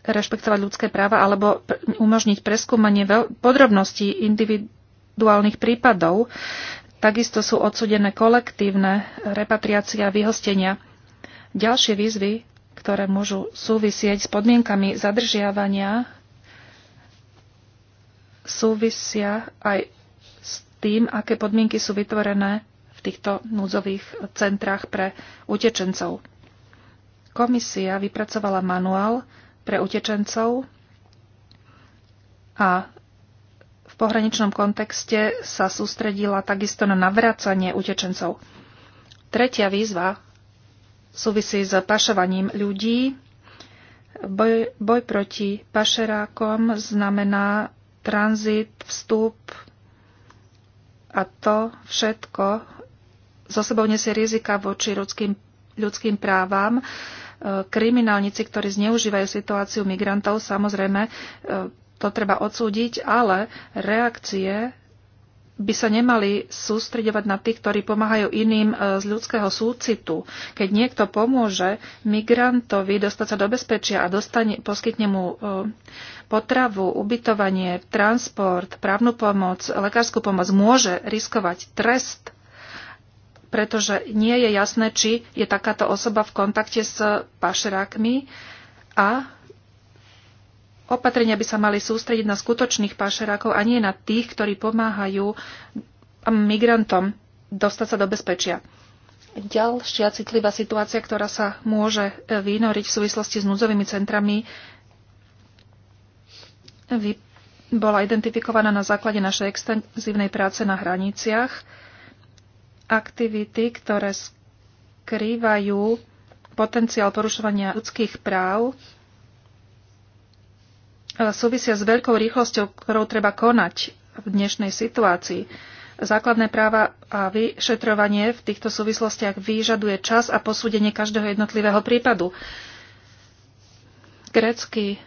rešpektovať ľudské práva alebo umožniť preskúmanie podrobností individuálnych prípadov. Takisto sú odsudené kolektívne repatriácia a vyhostenia. Ďalšie výzvy, ktoré môžu súvisieť s podmienkami zadržiavania súvisia aj s tým, aké podmienky sú vytvorené v týchto núdzových centrách pre utečencov. Komisia vypracovala manuál pre utečencov a v pohraničnom kontexte sa sústredila takisto na navracanie utečencov. Tretia výzva súvisí s pašovaním ľudí. Boj, boj proti pašerákom znamená tranzit, vstup a to všetko zo sebou nesie rizika voči ľudským, ľudským právam. E, kriminálnici, ktorí zneužívajú situáciu migrantov, samozrejme, e, to treba odsúdiť, ale reakcie by sa nemali sústredovať na tých, ktorí pomáhajú iným e, z ľudského súcitu. Keď niekto pomôže migrantovi dostať sa do bezpečia a dostane, poskytne mu e, potravu, ubytovanie, transport, právnu pomoc, lekárskú pomoc, môže riskovať trest, pretože nie je jasné, či je takáto osoba v kontakte s pašerákmi a opatrenia by sa mali sústrediť na skutočných pašerákov a nie na tých, ktorí pomáhajú um, migrantom dostať sa do bezpečia. Ďalšia citlivá situácia, ktorá sa môže e, vynoriť v súvislosti s núdzovými centrami, bola identifikovaná na základe našej extenzívnej práce na hraniciach. Aktivity, ktoré skrývajú potenciál porušovania ľudských práv E, súvisia s veľkou rýchlosťou, ktorou treba konať v dnešnej situácii. Základné práva a vyšetrovanie v týchto súvislostiach vyžaduje čas a posúdenie každého jednotlivého prípadu. Grécky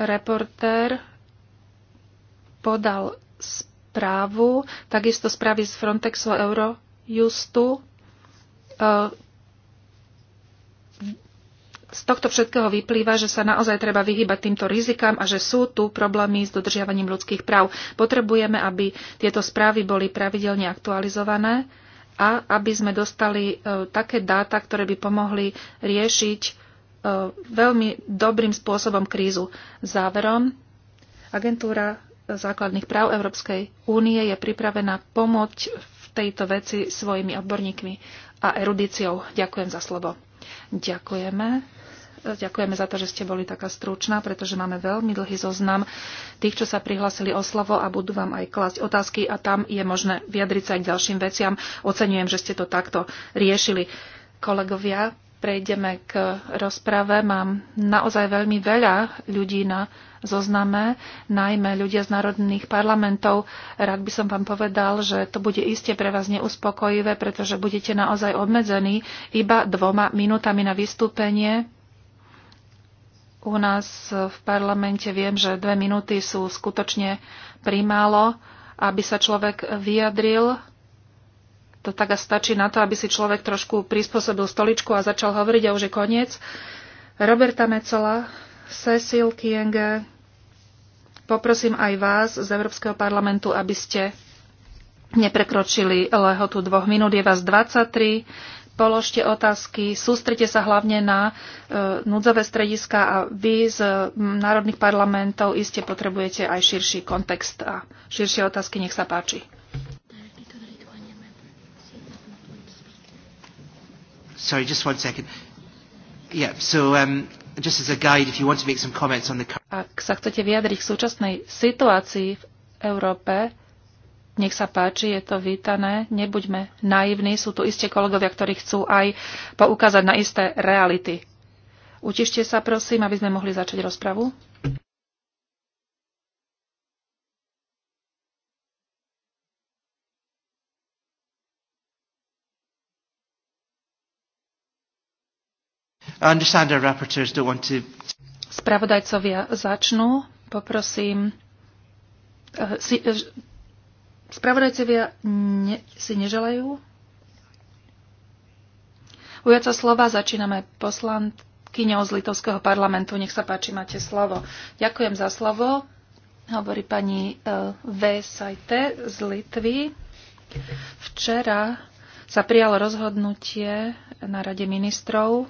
reportér podal správu, takisto správy z Frontexu a Eurojustu e, z tohto všetkého vyplýva, že sa naozaj treba vyhybať týmto rizikám a že sú tu problémy s dodržiavaním ľudských práv. Potrebujeme, aby tieto správy boli pravidelne aktualizované a aby sme dostali e, také dáta, ktoré by pomohli riešiť e, veľmi dobrým spôsobom krízu. Záverom, agentúra základných práv Európskej únie je pripravená pomôcť v tejto veci svojimi odborníkmi a erudíciou. Ďakujem za slovo. Ďakujeme. Ďakujeme za to, že ste boli taká stručná, pretože máme veľmi dlhý zoznam tých, čo sa prihlásili o slovo a budú vám aj klasť otázky a tam je možné vyjadriť sa aj k ďalším veciam. Oceňujem, že ste to takto riešili. Kolegovia, prejdeme k rozprave. Mám naozaj veľmi veľa ľudí na zozname, najmä ľudia z národných parlamentov. Rád by som vám povedal, že to bude iste pre vás neuspokojivé, pretože budete naozaj obmedzení iba dvoma minútami na vystúpenie. U nás v parlamente viem, že dve minúty sú skutočne primálo, aby sa človek vyjadril to tak a stačí na to, aby si človek trošku prispôsobil stoličku a začal hovoriť a už je koniec. Roberta Mecola, Cecil Kienge, poprosím aj vás z Európskeho parlamentu, aby ste neprekročili lehotu dvoch minút. Je vás 23. Položte otázky, sústrite sa hlavne na e, núdzové strediska a vy z e, národných parlamentov iste potrebujete aj širší kontext a širšie otázky. Nech sa páči. Sorry, just one second. Yeah, so um, just as a guide, if you want to make some comments on the... Ak sa chcete vyjadriť k súčasnej situácii v Európe, nech sa páči, je to vítané. Nebuďme naivní, sú tu isté kolegovia, ktorí chcú aj poukázať na isté reality. Utište sa, prosím, aby sme mohli začať rozpravu. Spravodajcovia začnú. Poprosím. Eh, eh, spravodajcovia ne, si neželajú Ujaca slova začíname poslankyňou z Litovského parlamentu. Nech sa páči, máte slovo. Ďakujem za slovo. Hovorí pani eh, V. Sajte z Litvy. Včera sa prijalo rozhodnutie na Rade ministrov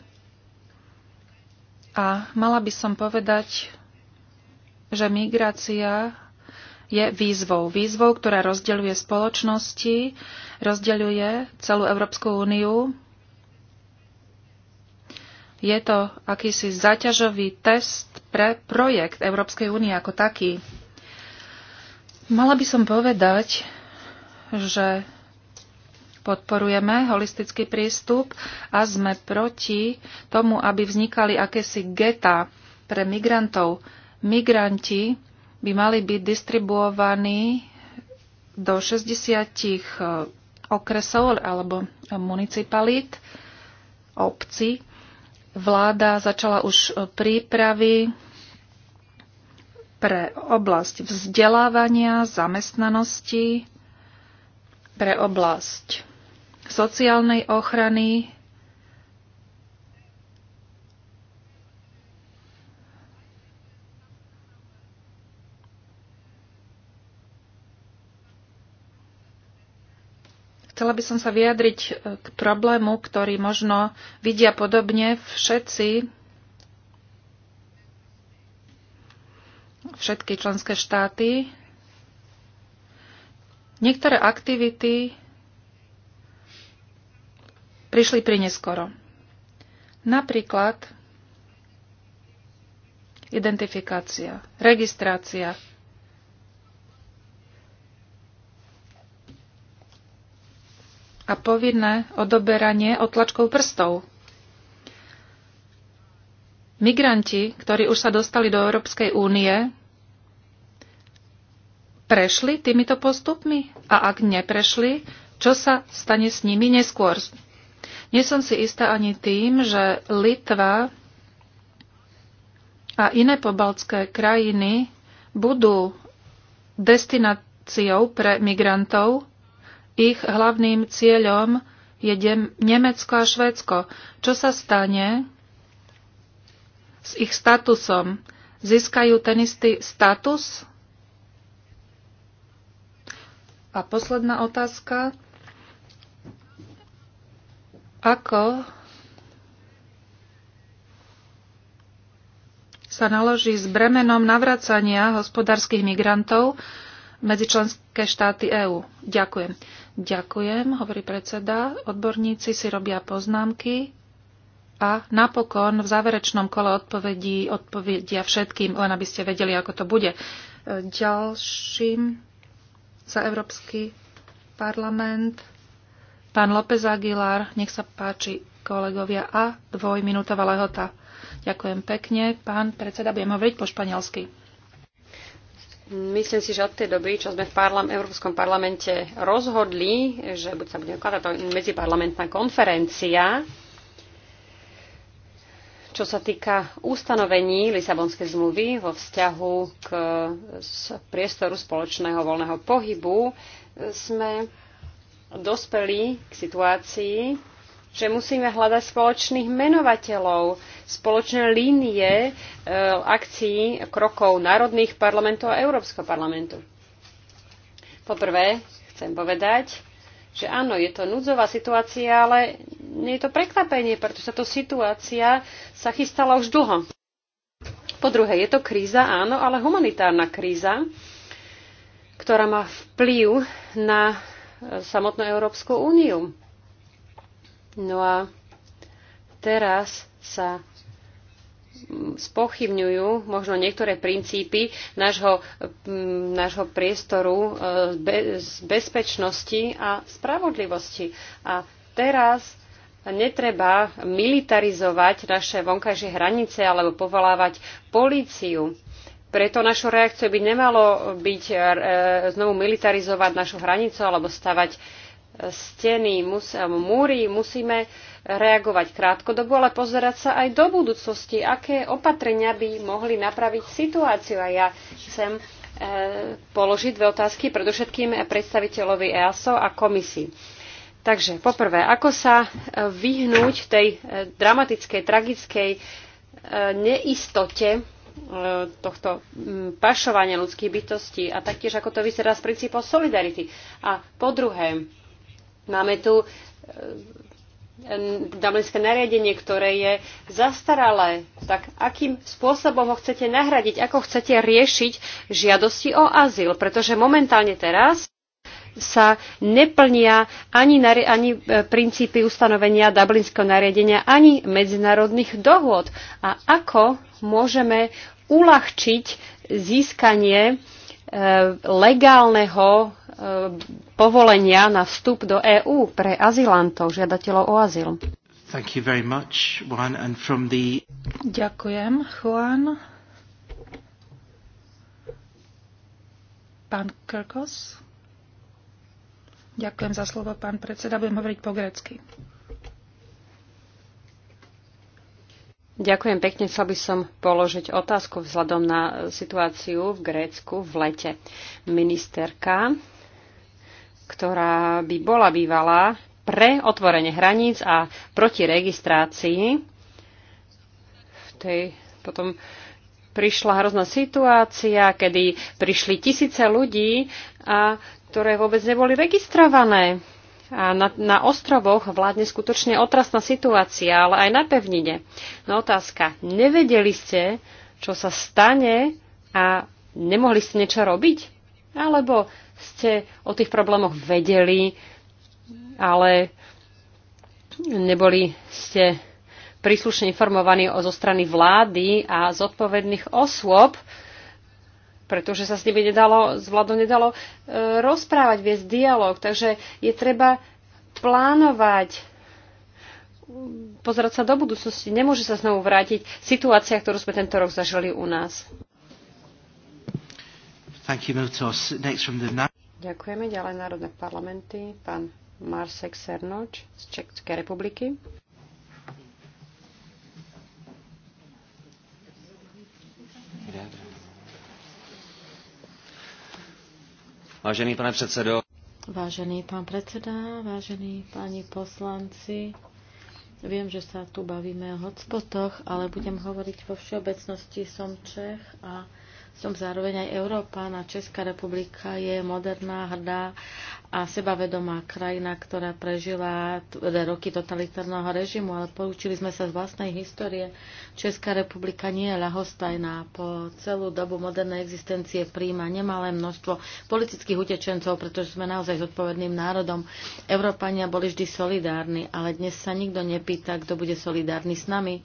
a mala by som povedať, že migrácia je výzvou. Výzvou, ktorá rozdeľuje spoločnosti, rozdeľuje celú Európsku úniu. Je to akýsi zaťažový test pre projekt Európskej únie ako taký. Mala by som povedať, že podporujeme holistický prístup a sme proti tomu, aby vznikali akési geta pre migrantov. Migranti by mali byť distribuovaní do 60 e, okresov alebo municipalít, obci. Vláda začala už e, prípravy pre oblasť vzdelávania, zamestnanosti, pre oblasť sociálnej ochrany, chcela by som sa vyjadriť e, k problému, ktorý možno vidia podobne všetci, všetky členské štáty. Niektoré aktivity prišli prineskoro. Napríklad identifikácia, registrácia, a povinné odoberanie otlačkov prstov. Migranti, ktorí už sa dostali do Európskej únie, prešli týmito postupmi a ak neprešli, čo sa stane s nimi neskôr? Nie som si istá ani tým, že Litva a iné pobaltské krajiny budú destináciou pre migrantov. Ich hlavným cieľom je Nemecko a Švédsko. Čo sa stane s ich statusom? Získajú ten istý status? A posledná otázka. Ako sa naloží s bremenom navracania hospodárskych migrantov medzi členské štáty EÚ. Ďakujem. Ďakujem, hovorí predseda. Odborníci si robia poznámky a napokon v záverečnom kole odpovedí odpovedia všetkým, len aby ste vedeli, ako to bude. Ďalším za Európsky parlament Pán López Aguilar, nech sa páči kolegovia a dvojminútová lehota. Ďakujem pekne. Pán predseda, budem hovoriť po španielsky. Myslím si, že od tej doby, čo sme v parlam- Európskom parlamente rozhodli, že buď sa bude ukladať medziparlamentná konferencia, čo sa týka ustanovení Lisabonskej zmluvy vo vzťahu k priestoru spoločného voľného pohybu, sme dospeli k situácii, že musíme hľadať spoločných menovateľov, spoločné línie e, akcií, krokov národných parlamentov a Európskeho parlamentu. Poprvé, chcem povedať, že áno, je to núdzová situácia, ale nie je to prekvapenie, pretože táto situácia sa chystala už dlho. Po druhé, je to kríza, áno, ale humanitárna kríza, ktorá má vplyv na samotnú Európsku úniu. No a teraz sa spochybňujú možno niektoré princípy nášho, mm, nášho priestoru e, z bezpečnosti a spravodlivosti. A teraz netreba militarizovať naše vonkajšie hranice alebo povolávať políciu. Preto našou reakciou by nemalo byť e, znovu militarizovať našu hranicu alebo stavať e, steny, mus, múry. Musíme reagovať krátkodobo, ale pozerať sa aj do budúcnosti, aké opatrenia by mohli napraviť situáciu. A ja chcem e, položiť dve otázky, predovšetkým predstaviteľovi EASO a komisii. Takže poprvé, ako sa vyhnúť tej dramatickej, tragickej neistote, E, tohto pašovania ľudských bytostí a taktiež ako to vyzerá z princípov solidarity. A po druhé, máme tu e, dublinské nariadenie, ktoré je zastaralé. Tak akým spôsobom ho chcete nahradiť? Ako chcete riešiť žiadosti o azyl? Pretože momentálne teraz sa neplnia ani, ani e, princípy ustanovenia Dublinského nariadenia, ani medzinárodných dohôd. A ako môžeme uľahčiť získanie e, legálneho e, povolenia na vstup do EÚ pre azylantov, žiadateľov o azyl. Thank you very much, Juan. And from the... Ďakujem, Juan. Pán Kirkos. Ďakujem za slovo, pán predseda. Budem hovoriť po grecky. Ďakujem pekne. Chcel by som položiť otázku vzhľadom na situáciu v Grécku v lete. Ministerka, ktorá by bola bývala pre otvorenie hraníc a proti registrácii, v tej potom prišla hrozná situácia, kedy prišli tisíce ľudí, a ktoré vôbec neboli registrované. A na, na ostrovoch vládne skutočne otrasná situácia, ale aj na pevnine. No otázka, nevedeli ste, čo sa stane a nemohli ste niečo robiť? Alebo ste o tých problémoch vedeli, ale neboli ste príslušne informovaní zo strany vlády a zodpovedných osôb, pretože sa s nimi nedalo, s vládou nedalo e, rozprávať, viesť dialog. Takže je treba plánovať, pozerať sa do budúcnosti. Nemôže sa znovu vrátiť situácia, ktorú sme tento rok zažili u nás. You, the... Ďakujeme. Ďalej Národné parlamenty. Pán Marsek Sernoč z Českej republiky. Vážený pane předsedo. Vážený pán predseda, vážení páni poslanci, viem, že sa tu bavíme o hotspotoch, ale budem hovoriť vo všeobecnosti. Som Čech a som zároveň aj Európa, na Česká republika je moderná, hrdá a sebavedomá krajina, ktorá prežila teda roky totalitárneho režimu, ale poučili sme sa z vlastnej histórie. Česká republika nie je ľahostajná. Po celú dobu modernej existencie príjma nemalé množstvo politických utečencov, pretože sme naozaj zodpovedným národom. Európania boli vždy solidárni, ale dnes sa nikto nepýta, kto bude solidárny s nami.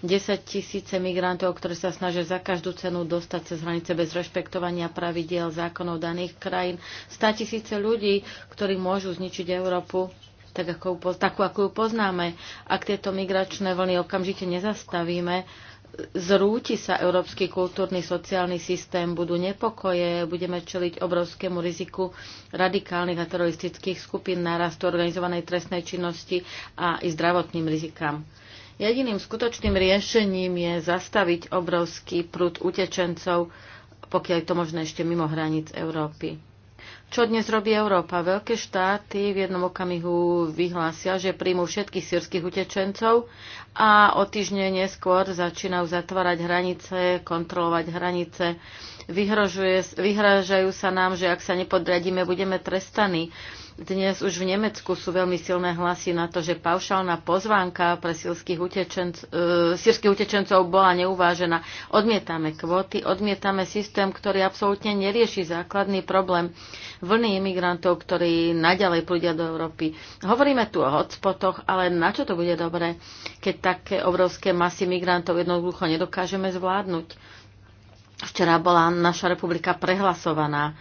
10 tisíce migrantov, ktorí sa snažia za každú cenu dostať cez hranice bez rešpektovania pravidiel zákonov daných krajín. 100 tisíce ľudí, ktorí môžu zničiť Európu tak ako, takú, ako ju poznáme. Ak tieto migračné vlny okamžite nezastavíme, zrúti sa európsky kultúrny sociálny systém, budú nepokoje, budeme čeliť obrovskému riziku radikálnych a teroristických skupín, narastu, organizovanej trestnej činnosti a i zdravotným rizikám. Jediným skutočným riešením je zastaviť obrovský prúd utečencov, pokiaľ je to možné ešte mimo hraníc Európy. Čo dnes robí Európa? Veľké štáty v jednom okamihu vyhlásia, že príjmú všetkých sírskych utečencov a o týždne neskôr začínajú zatvárať hranice, kontrolovať hranice. vyhražajú sa nám, že ak sa nepodradíme, budeme trestaní. Dnes už v Nemecku sú veľmi silné hlasy na to, že paušálna pozvánka pre e, sírskych utečenc, utečencov bola neuvážená. Odmietame kvóty, odmietame systém, ktorý absolútne nerieši základný problém vlny imigrantov, ktorí naďalej prúdia do Európy. Hovoríme tu o hotspotoch, ale na čo to bude dobré, keď také obrovské masy migrantov jednoducho nedokážeme zvládnuť? Včera bola naša republika prehlasovaná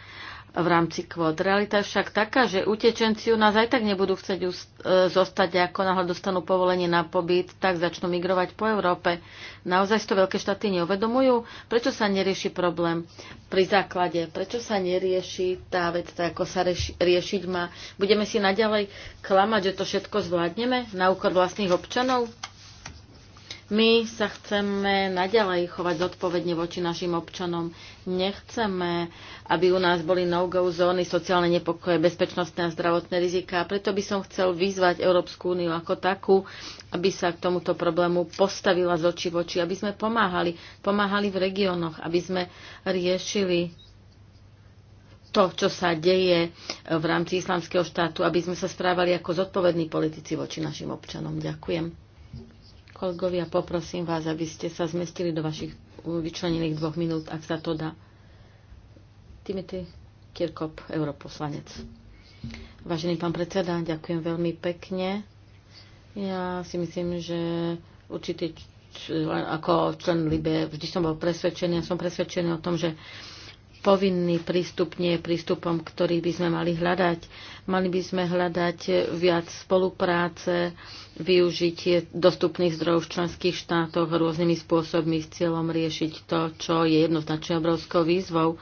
v rámci kvót. Realita je však taká, že utečenci u nás aj tak nebudú chcieť e, zostať, ako náhle dostanú povolenie na pobyt, tak začnú migrovať po Európe. Naozaj to veľké štáty neuvedomujú? Prečo sa nerieši problém pri základe? Prečo sa nerieši tá vec, tá, ako sa rieši, riešiť má? Budeme si naďalej klamať, že to všetko zvládneme na úkor vlastných občanov? My sa chceme naďalej chovať zodpovedne voči našim občanom. Nechceme, aby u nás boli no-go zóny, sociálne nepokoje, bezpečnostné a zdravotné rizika. Preto by som chcel vyzvať Európsku úniu ako takú, aby sa k tomuto problému postavila z očí v oči, aby sme pomáhali, pomáhali v regiónoch, aby sme riešili to, čo sa deje v rámci islamského štátu, aby sme sa správali ako zodpovední politici voči našim občanom. Ďakujem. Kolegovia, poprosím vás, aby ste sa zmestili do vašich vyčlenených dvoch minút, ak sa to dá. Timothy Kirkop, europoslanec. Vážený pán predseda, ďakujem veľmi pekne. Ja si myslím, že určite člen, ako člen Libe vždy som bol presvedčený a som presvedčený o tom, že povinný prístup nie je prístupom, ktorý by sme mali hľadať. Mali by sme hľadať viac spolupráce, využitie dostupných zdrojov v členských štátoch rôznymi spôsobmi s cieľom riešiť to, čo je jednoznačne obrovskou výzvou.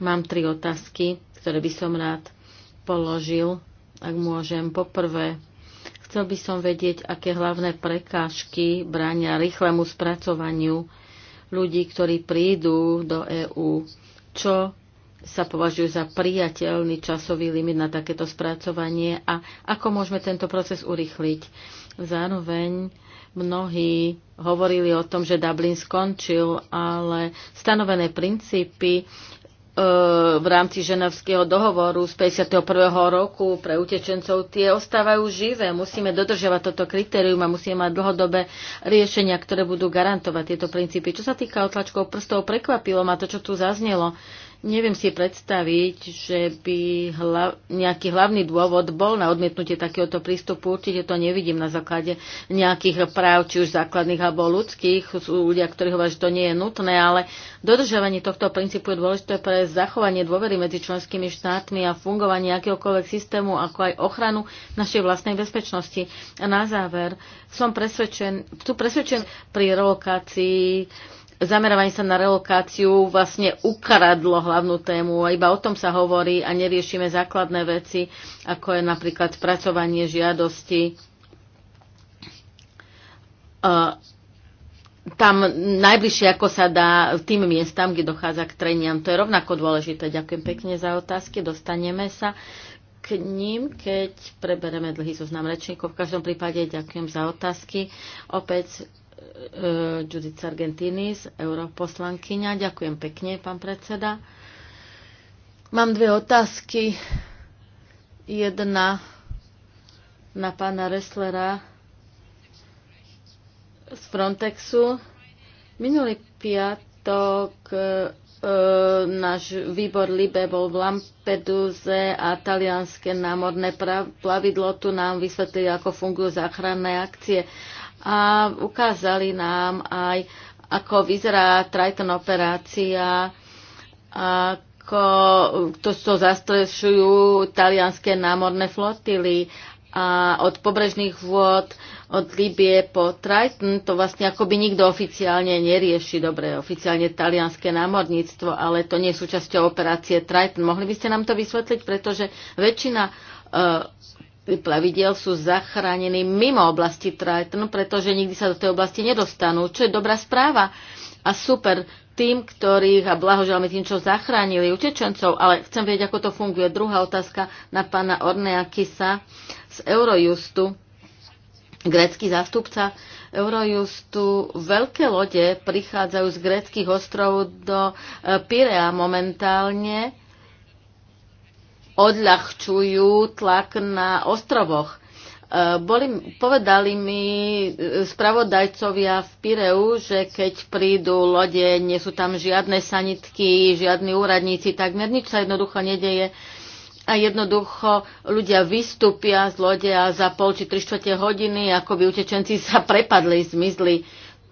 Mám tri otázky, ktoré by som rád položil, ak môžem. Poprvé, chcel by som vedieť, aké hlavné prekážky bránia rýchlemu spracovaniu ľudí, ktorí prídu do EÚ čo sa považuje za priateľný časový limit na takéto spracovanie a ako môžeme tento proces urychliť. Zároveň mnohí hovorili o tom, že Dublin skončil, ale stanovené princípy E, v rámci ženevského dohovoru z 51. roku pre utečencov, tie ostávajú živé. Musíme dodržiavať toto kritérium a musíme mať dlhodobé riešenia, ktoré budú garantovať tieto princípy. Čo sa týka otlačkov prstov, prekvapilo ma to, čo tu zaznelo. Uh, Neviem si predstaviť, že by hla, nejaký hlavný dôvod bol na odmietnutie takéhoto prístupu. Určite to nevidím na základe nejakých práv, či už základných alebo ľudských. Sú ľudia, ktorí hovoria, že to nie je nutné, ale dodržovanie tohto princípu je dôležité pre zachovanie dôvery medzi členskými štátmi a fungovanie akéhokoľvek systému, ako aj ochranu našej vlastnej bezpečnosti. A na záver, som presvedčen, tu presvedčen pri relokácii zameravanie sa na relokáciu vlastne ukradlo hlavnú tému. Iba o tom sa hovorí a neriešime základné veci, ako je napríklad spracovanie žiadosti. Tam najbližšie, ako sa dá, tým miestam, kde dochádza k treniam. To je rovnako dôležité. Ďakujem pekne za otázky. Dostaneme sa k ním, keď prebereme dlhý zoznam rečníkov. V každom prípade ďakujem za otázky. Opäť Eh, Judith Sargentinis, europoslankyňa. Ďakujem pekne, pán predseda. Mám dve otázky. Jedna na pána Resslera z Frontexu. Minulý piatok eh, náš výbor Libe bol v Lampeduze a talianské námorné plavidlo tu nám vysvetlili, ako fungujú záchranné akcie a ukázali nám aj, ako vyzerá Triton operácia, ako to, to zastrešujú talianské námorné flotily a od pobrežných vôd od Libie po Triton, to vlastne akoby nikto oficiálne nerieši dobre, oficiálne talianské námorníctvo, ale to nie je súčasťou operácie Triton. Mohli by ste nám to vysvetliť, pretože väčšina uh, plavidiel sú zachránení mimo oblasti Triton, pretože nikdy sa do tej oblasti nedostanú, čo je dobrá správa a super tým, ktorých, a blahoželáme tým, čo zachránili utečencov, ale chcem vedieť, ako to funguje. Druhá otázka na pána Ornea Kisa z Eurojustu, grécky zástupca. Eurojustu veľké lode prichádzajú z gréckých ostrovov do eh, Pirea momentálne odľahčujú tlak na ostrovoch. E, boli, povedali mi e, spravodajcovia v Pireu, že keď prídu lode, nie sú tam žiadne sanitky, žiadni úradníci, takmer nič sa jednoducho nedeje. A jednoducho ľudia vystúpia z lode a za pol či trištvrte hodiny, ako by utečenci sa prepadli, zmizli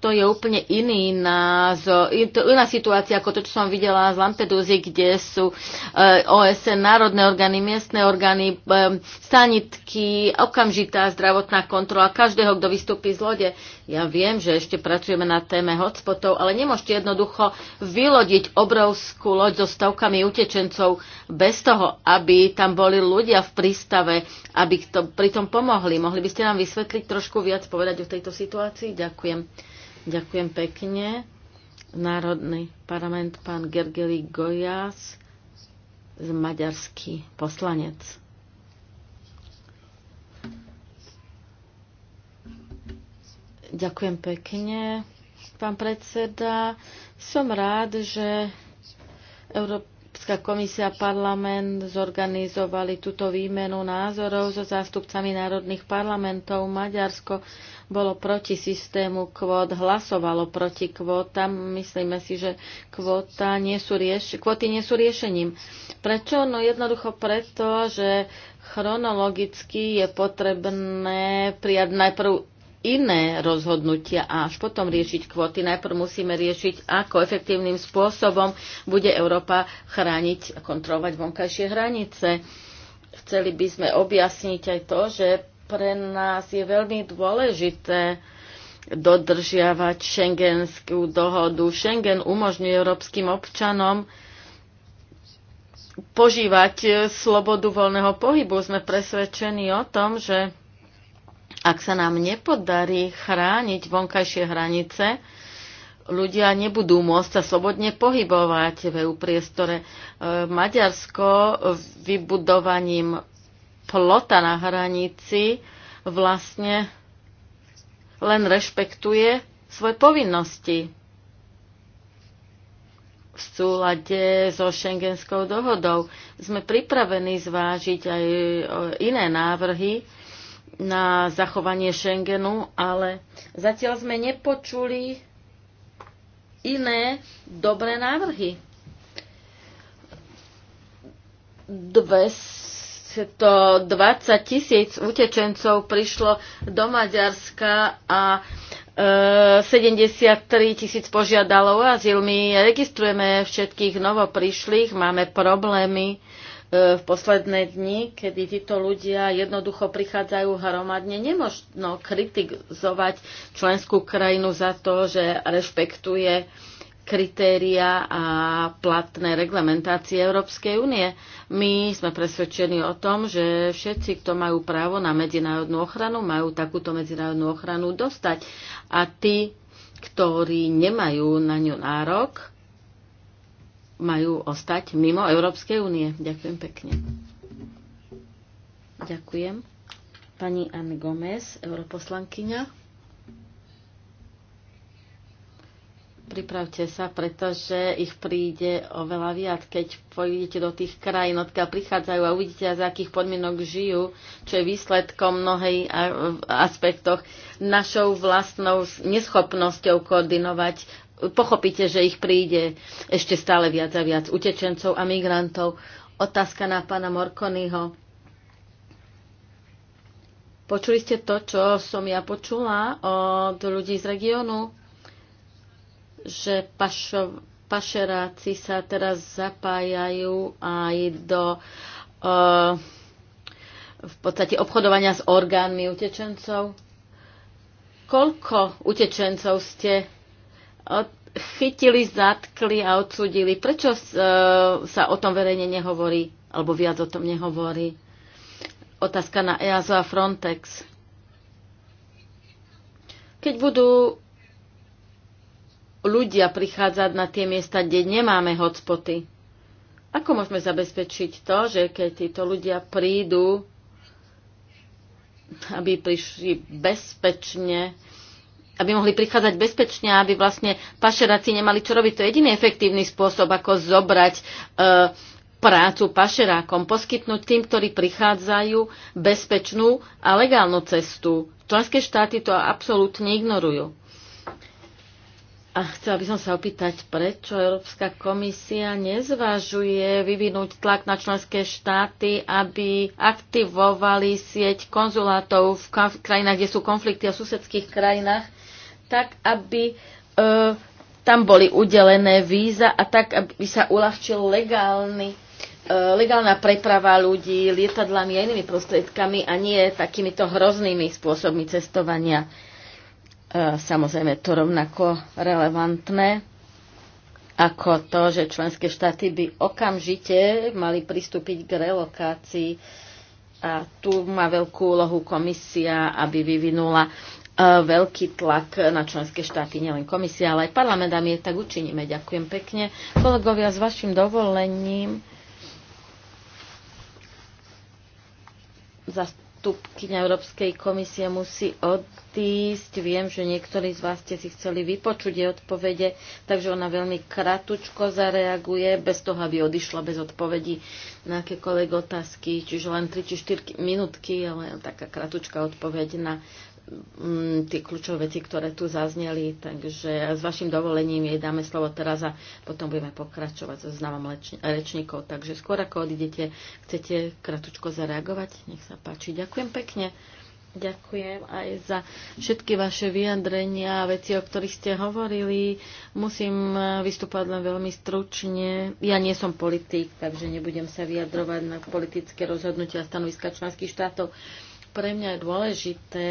to je úplne iný názor, iná situácia ako to, čo som videla z Lampedúzy, kde sú eh, OSN, národné orgány, miestne orgány, eh, sanitky, okamžitá zdravotná kontrola každého, kto vystúpi z lode. Ja viem, že ešte pracujeme na téme hotspotov, ale nemôžete jednoducho vylodiť obrovskú loď so stavkami utečencov bez toho, aby tam boli ľudia v prístave, aby to, pritom pomohli. Mohli by ste nám vysvetliť trošku viac, povedať o tejto situácii? Ďakujem. Ďakujem pekne. Národný parlament, pán Gergely Gojas, maďarský poslanec. Ďakujem pekne, pán predseda. Som rád, že Európa Európska komisia a parlament zorganizovali túto výmenu názorov so zástupcami národných parlamentov. Maďarsko bolo proti systému kvót, hlasovalo proti kvótam. Myslíme si, že kvóta nie sú rieš- kvóty nie sú riešením. Prečo? No jednoducho preto, že chronologicky je potrebné prijať najprv iné rozhodnutia a až potom riešiť kvóty. Najprv musíme riešiť, ako efektívnym spôsobom bude Európa chrániť a kontrolovať vonkajšie hranice. Chceli by sme objasniť aj to, že pre nás je veľmi dôležité dodržiavať šengenskú dohodu. Schengen umožňuje európskym občanom požívať slobodu voľného pohybu. Sme presvedčení o tom, že ak sa nám nepodarí chrániť vonkajšie hranice, ľudia nebudú môcť sa slobodne pohybovať v EU priestore. E, Maďarsko vybudovaním plota na hranici vlastne len rešpektuje svoje povinnosti v súlade so šengenskou dohodou. Sme pripravení zvážiť aj e, iné návrhy, na zachovanie Schengenu, ale zatiaľ sme nepočuli iné dobré návrhy. 20 tisíc utečencov prišlo do Maďarska a 73 e, tisíc požiadalo o azyl. My registrujeme všetkých novoprišlých, máme problémy E, v posledné dni, kedy títo ľudia jednoducho prichádzajú hromadne. Nemožno kritizovať členskú krajinu za to, že rešpektuje kritéria a platné reglementácie Európskej únie. My sme presvedčení o tom, že všetci, kto majú právo na medzinárodnú ochranu, majú takúto medzinárodnú ochranu dostať. A tí, ktorí nemajú na ňu nárok, majú ostať mimo Európskej únie. Ďakujem pekne. Ďakujem. Pani Anne Gomez, europoslankyňa. Pripravte sa, pretože ich príde oveľa viac, keď pôjdete do tých krajín, odkiaľ prichádzajú a uvidíte, z akých podmienok žijú, čo je výsledkom mnohých aspektoch našou vlastnou neschopnosťou koordinovať pochopíte, že ich príde ešte stále viac a viac utečencov a migrantov. Otázka na pána Morkonyho. Počuli ste to, čo som ja počula od ľudí z regiónu, že pašo, pašeráci sa teraz zapájajú aj do uh, v podstate obchodovania s orgánmi utečencov. Koľko utečencov ste chytili, zatkli a odsudili. Prečo e, sa o tom verejne nehovorí, alebo viac o tom nehovorí? Otázka na EASO a Frontex. Keď budú ľudia prichádzať na tie miesta, kde nemáme hotspoty, ako môžeme zabezpečiť to, že keď títo ľudia prídu, aby prišli bezpečne, aby mohli prichádzať bezpečne, aby vlastne pašeráci nemali čo robiť. To je jediný efektívny spôsob, ako zobrať e, prácu pašerákom, poskytnúť tým, ktorí prichádzajú, bezpečnú a legálnu cestu. Členské štáty to absolútne ignorujú. A chcela by som sa opýtať, prečo Európska komisia nezvážuje vyvinúť tlak na členské štáty, aby aktivovali sieť konzulátov v krajinách, kde sú konflikty a susedských krajinách, tak aby e, tam boli udelené víza a tak, aby sa uľahčil legálny, e, legálna preprava ľudí lietadlami a inými prostriedkami a nie takýmito hroznými spôsobmi cestovania. E, samozrejme, to rovnako relevantné ako to, že členské štáty by okamžite mali pristúpiť k relokácii a tu má veľkú úlohu komisia, aby vyvinula Eh, veľký tlak na členské štáty, nielen komisia, ale aj parlament a my tak učiníme. Ďakujem pekne. Kolegovia, s vašim dovolením zastupkynia Európskej komisie musí odísť. Viem, že niektorí z vás ste si chceli vypočuť jej odpovede, takže ona veľmi kratučko zareaguje, bez toho, aby odišla bez odpovedí na akékoľvek otázky, čiže len 3 či 4 minútky, ale taká kratučká odpoveď na Mm, tie kľúčové veci, ktoré tu zazneli. Takže s vašim dovolením jej dáme slovo teraz a potom budeme pokračovať so známom rečníkov. Takže skôr ako odidete, chcete kratučko zareagovať? Nech sa páči. Ďakujem pekne. Ďakujem aj za všetky vaše vyjadrenia a veci, o ktorých ste hovorili. Musím eh, vystúpať len veľmi stručne. Ja nie som politik, takže nebudem sa vyjadrovať na politické rozhodnutia stanoviska členských štátov. Pre mňa je dôležité,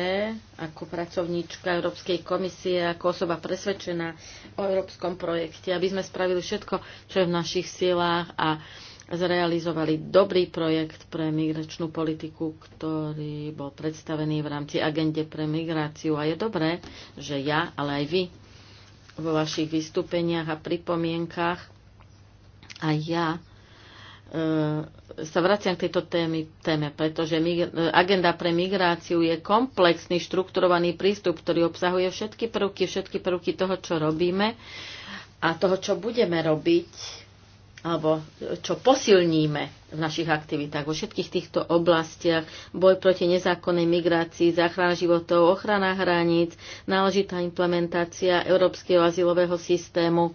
ako pracovníčka Európskej komisie, ako osoba presvedčená o európskom projekte, aby sme spravili všetko, čo je v našich silách a zrealizovali dobrý projekt pre migračnú politiku, ktorý bol predstavený v rámci agende pre migráciu. A je dobré, že ja, ale aj vy vo vašich vystúpeniach a pripomienkach, a ja e, sa vraciam k tejto témy, téme, pretože agenda pre migráciu je komplexný, štrukturovaný prístup, ktorý obsahuje všetky prvky, všetky prvky toho, čo robíme a toho, čo budeme robiť alebo čo posilníme v našich aktivitách vo všetkých týchto oblastiach, boj proti nezákonnej migrácii, záchrana životov, ochrana hraníc, náležitá implementácia európskeho azylového systému,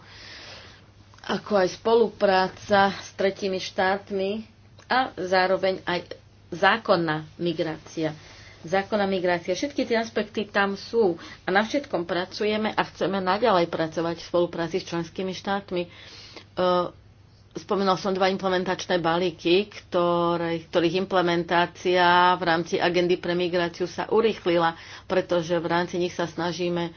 ako aj spolupráca s tretími štátmi, a zároveň aj zákonná migrácia. Zákonná migrácia. Všetky tie aspekty tam sú a na všetkom pracujeme a chceme naďalej pracovať v spolupráci s členskými štátmi. E, spomenul som dva implementačné balíky, ktoré, ktorých implementácia v rámci agendy pre migráciu sa urýchlila, pretože v rámci nich sa snažíme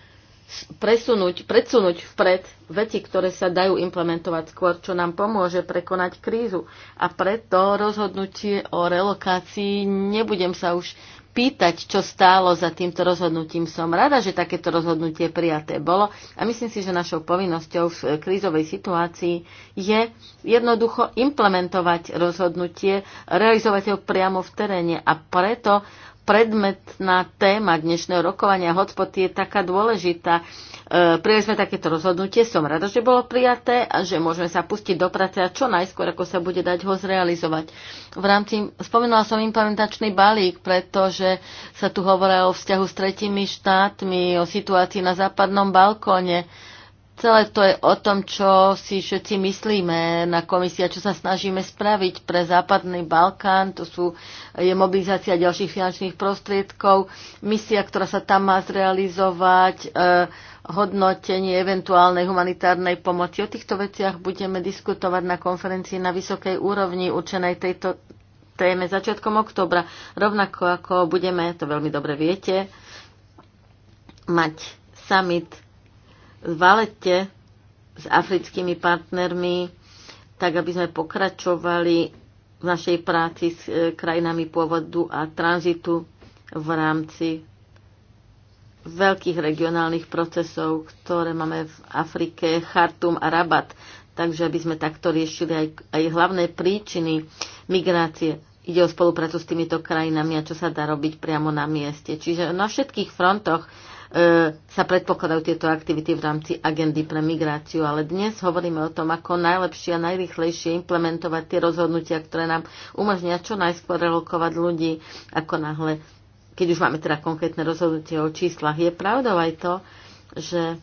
presunúť, predsunúť vpred veci, ktoré sa dajú implementovať skôr, čo nám pomôže prekonať krízu. A preto rozhodnutie o relokácii nebudem sa už pýtať, čo stálo za týmto rozhodnutím. Som rada, že takéto rozhodnutie prijaté bolo a myslím si, že našou povinnosťou v krízovej situácii je jednoducho implementovať rozhodnutie, realizovať ho priamo v teréne a preto predmetná téma dnešného rokovania hotspot je taká dôležitá. E, prijali sme takéto rozhodnutie, som rada, že bolo prijaté a že môžeme sa pustiť do práce a čo najskôr, ako sa bude dať ho zrealizovať. V rámci, spomenula som implementačný balík, pretože sa tu hovorilo o vzťahu s tretími štátmi, o situácii na západnom balkóne. Celé to je o tom, čo si všetci myslíme na komisia, čo sa snažíme spraviť pre Západný Balkán. To sú, je mobilizácia ďalších finančných prostriedkov, misia, ktorá sa tam má zrealizovať, e, hodnotenie eventuálnej humanitárnej pomoci. O týchto veciach budeme diskutovať na konferencii na vysokej úrovni určenej tejto téme začiatkom oktobra. Rovnako ako budeme, to veľmi dobre viete, mať summit v Valete s africkými partnermi, tak aby sme pokračovali v našej práci s e, krajinami pôvodu a tranzitu v rámci veľkých regionálnych procesov, ktoré máme v Afrike, Chartum a Rabat. Takže aby sme takto riešili aj, aj hlavné príčiny migrácie. Ide o spoluprácu s týmito krajinami a čo sa dá robiť priamo na mieste. Čiže na všetkých frontoch E, sa predpokladajú tieto aktivity v rámci agendy pre migráciu, ale dnes hovoríme o tom, ako najlepšie a najrychlejšie implementovať tie rozhodnutia, ktoré nám umožnia čo najskôr relokovať ľudí, ako náhle, keď už máme teda konkrétne rozhodnutie o číslach. Je pravdou aj to, že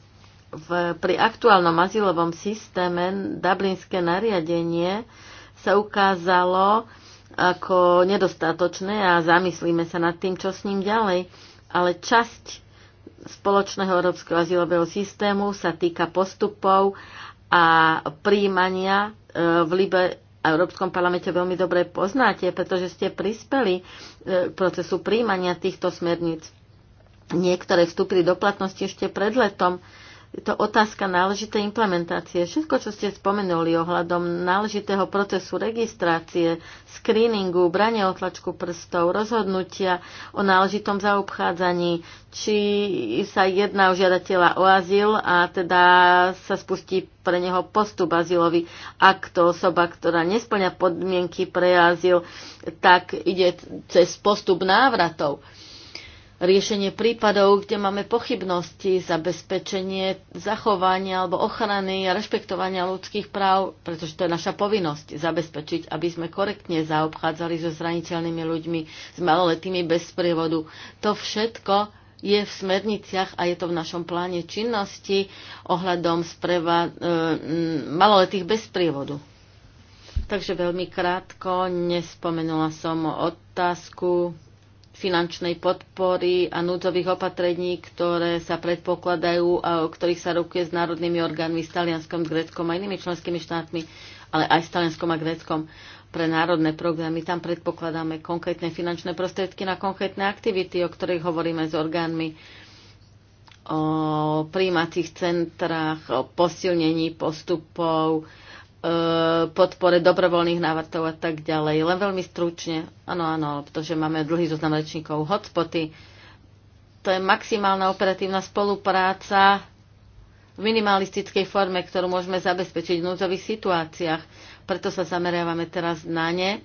v, pri aktuálnom azylovom systéme dublinské nariadenie sa ukázalo ako nedostatočné a zamyslíme sa nad tým, čo s ním ďalej. Ale časť spoločného európskeho azylového systému sa týka postupov a príjmania e, v Libe a Európskom parlamente veľmi dobre poznáte, pretože ste prispeli e, k procesu príjmania týchto smerníc. Niektoré vstúpili do platnosti ešte pred letom je to otázka náležitej implementácie. Všetko, čo ste spomenuli ohľadom náležitého procesu registrácie, screeningu, brania otlačku prstov, rozhodnutia o náležitom zaobchádzaní, či sa jedná o žiadateľa o azyl a teda sa spustí pre neho postup azylový. Ak to osoba, ktorá nesplňa podmienky pre azyl, tak ide cez postup návratov. Uh, riešenie prípadov, kde máme pochybnosti, zabezpečenie zachovania alebo ochrany a rešpektovania ľudských práv, pretože to je naša povinnosť zabezpečiť, aby sme korektne zaobchádzali so zraniteľnými ľuďmi, s maloletými bez sprievodu. To všetko je v smerniciach a je to v našom pláne činnosti ohľadom spreva, e, maloletých bez sprievodu. Takže veľmi krátko, nespomenula som otázku finančnej podpory a núdzových opatrení, ktoré sa predpokladajú a o ktorých sa rokuje s národnými orgánmi, s Talianskom, s Gréckom a inými členskými štátmi, ale aj s Talianskom a Gréckom pre národné programy. Tam predpokladáme konkrétne finančné prostriedky na konkrétne aktivity, o ktorých hovoríme s orgánmi o príjímacích centrách, o posilnení postupov, E, podpore dobrovoľných návratov a tak ďalej. Len veľmi stručne, áno, áno, pretože máme dlhý zoznam rečníkov, hotspoty, to je maximálna operatívna spolupráca v minimalistickej forme, ktorú môžeme zabezpečiť v núdzových situáciách. Preto sa zameriavame teraz na ne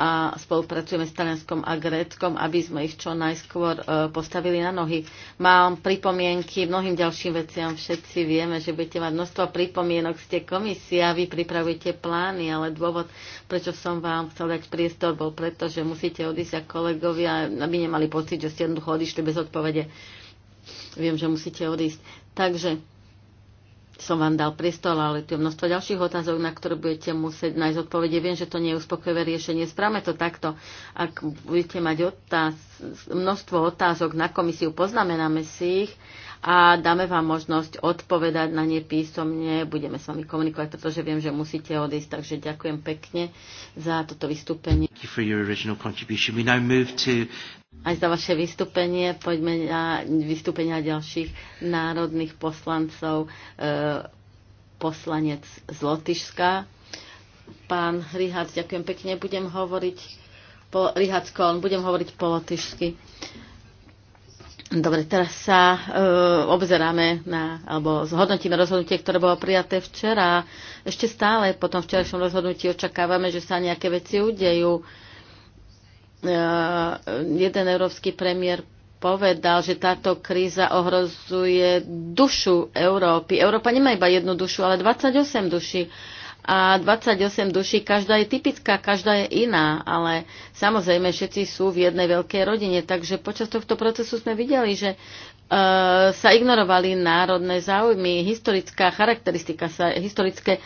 a spolupracujeme s Talianskom a Gréckom, aby sme ich čo najskôr e, postavili na nohy. Mám pripomienky mnohým ďalším veciam. Všetci vieme, že budete mať množstvo pripomienok, ste komisia, vy pripravujete plány, ale dôvod, prečo som vám chcel dať priestor, bol preto, že musíte odísť a kolegovia, aby nemali pocit, že ste jednoducho odišli bez odpovede. Viem, že musíte odísť. Takže som vám dal priestor, ale tu je množstvo ďalších otázok, na ktoré budete musieť nájsť odpovede. Viem, že to nie je uspokojivé riešenie. Správame to takto. Ak budete mať otáz, množstvo otázok na komisiu, poznamenáme si ich a dáme vám možnosť odpovedať na ne písomne. Budeme s vami komunikovať, pretože viem, že musíte odísť, takže ďakujem pekne za toto vystúpenie. Aj za vaše vystúpenie. Poďme na vystúpenia ďalších národných poslancov. E, poslanec z Lotyšska. Pán Rihac, ďakujem pekne. Budem hovoriť po, Rihac budem hovoriť po lotyšsky. Dobre, teraz sa e, obzeráme na, alebo zhodnotíme rozhodnutie, ktoré bolo prijaté včera. Ešte stále po tom včerajšom rozhodnutí očakávame, že sa nejaké veci udejú. E, jeden európsky premiér povedal, že táto kríza ohrozuje dušu Európy. Európa nemá iba jednu dušu, ale 28 duší. E, a 28 duší, každá je typická, každá je iná, ale samozrejme všetci sú v jednej veľkej rodine, takže počas tohto procesu sme videli, že e, sa ignorovali národné záujmy, historická charakteristika, sa, historické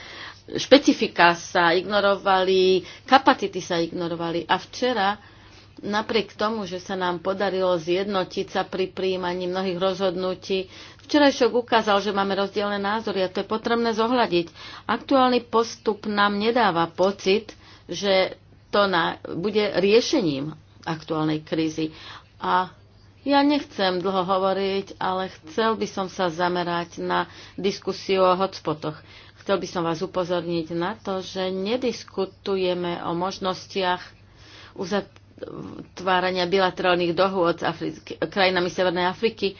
špecifika sa ignorovali, kapacity sa ignorovali a včera napriek tomu, že sa nám podarilo zjednotiť sa pri príjmaní mnohých rozhodnutí, včerajšok ukázal, že máme rozdielne názory a to je potrebné zohľadiť. Aktuálny postup nám nedáva pocit, že to na, bude riešením aktuálnej krízy. A ja nechcem dlho hovoriť, ale chcel by som sa zamerať na diskusiu o hotspotoch. Chcel by som vás upozorniť na to, že nediskutujeme o možnostiach uzat- uzatvárania bilaterálnych dohôd s Afrik- krajinami Severnej Afriky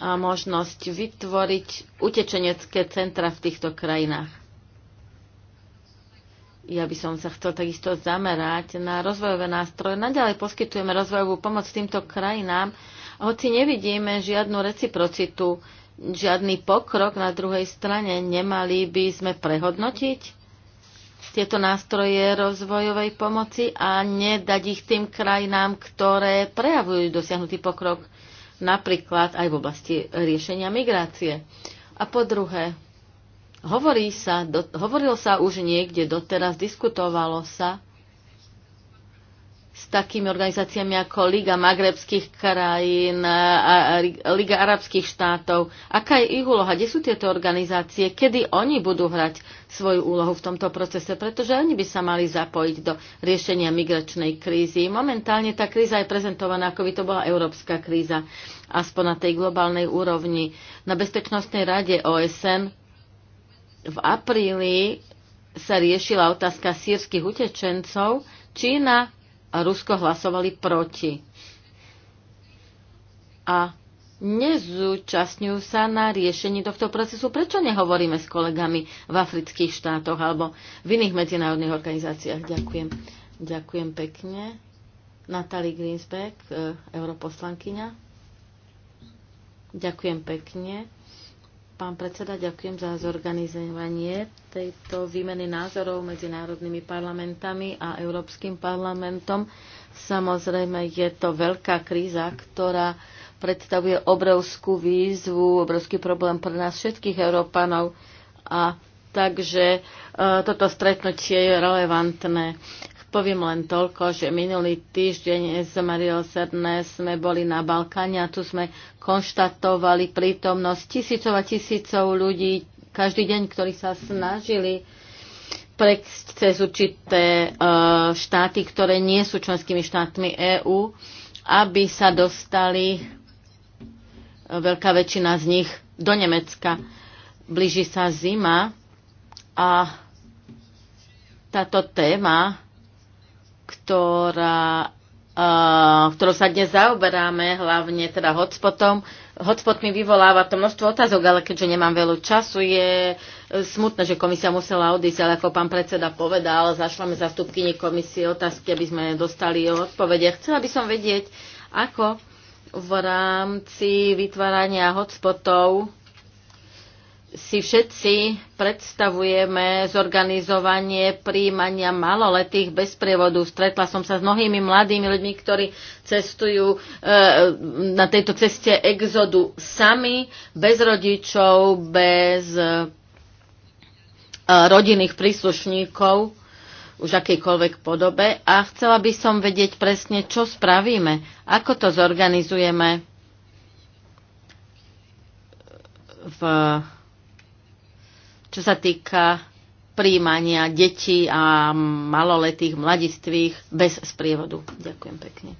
a možnosť vytvoriť utečenecké centra v týchto krajinách. Ja by som sa chcel takisto zamerať na rozvojové nástroje. Naďalej poskytujeme rozvojovú pomoc týmto krajinám, hoci nevidíme žiadnu reciprocitu, žiadny pokrok na druhej strane, nemali by sme prehodnotiť tieto nástroje rozvojovej pomoci a nedať ich tým krajinám, ktoré prejavujú dosiahnutý pokrok napríklad aj v oblasti riešenia migrácie. A po druhé, hovorí sa, do, hovorilo sa už niekde doteraz, diskutovalo sa s takými organizáciami ako Liga magrebských krajín a Liga arabských štátov. Aká je ich úloha? Kde sú tieto organizácie? Kedy oni budú hrať svoju úlohu v tomto procese? Pretože oni by sa mali zapojiť do riešenia migračnej krízy. Momentálne tá kríza je prezentovaná, ako by to bola európska kríza, aspoň na tej globálnej úrovni. Na Bezpečnostnej rade OSN v apríli sa riešila otázka sírskych utečencov. Čína a Rusko hlasovali proti. A nezúčastňujú sa na riešení tohto procesu. Prečo nehovoríme s kolegami v afrických štátoch alebo v iných medzinárodných organizáciách? Ďakujem. Ďakujem pekne. Natalie Greensbeck, e, europoslankyňa. Ďakujem pekne. Pán predseda, ďakujem za zorganizovanie tejto výmeny názorov medzi národnými parlamentami a Európskym parlamentom. Samozrejme, je to veľká kríza, ktorá predstavuje obrovskú výzvu, obrovský problém pre nás všetkých Európanov. A takže e, toto stretnutie je relevantné. Poviem len toľko, že minulý týždeň z Mario Serné sme boli na Balkáne a tu sme konštatovali prítomnosť tisícov a tisícov ľudí každý deň, ktorí sa snažili prejsť cez určité e, štáty, ktoré nie sú členskými štátmi EÚ, aby sa dostali e, veľká väčšina z nich do Nemecka. Blíži sa zima a táto téma ktorá ktorou sa dnes zaoberáme, hlavne teda hotspotom. Hotspot mi vyvoláva to množstvo otázok, ale keďže nemám veľa času, je smutné, že komisia musela odísť, ale ako pán predseda povedal, zašlame zastupkyni komisie otázky, aby sme dostali odpovede. Chcela by som vedieť, ako v rámci vytvárania hotspotov si všetci predstavujeme zorganizovanie príjmania maloletých bez prievodu. Stretla som sa s mnohými mladými ľuďmi, ktorí cestujú e, na tejto ceste exodu sami, bez rodičov, bez e, rodinných príslušníkov, už akejkoľvek podobe. A chcela by som vedieť presne, čo spravíme, ako to zorganizujeme v čo sa týka príjmania detí a maloletých, mladistvých bez sprievodu. Ďakujem pekne.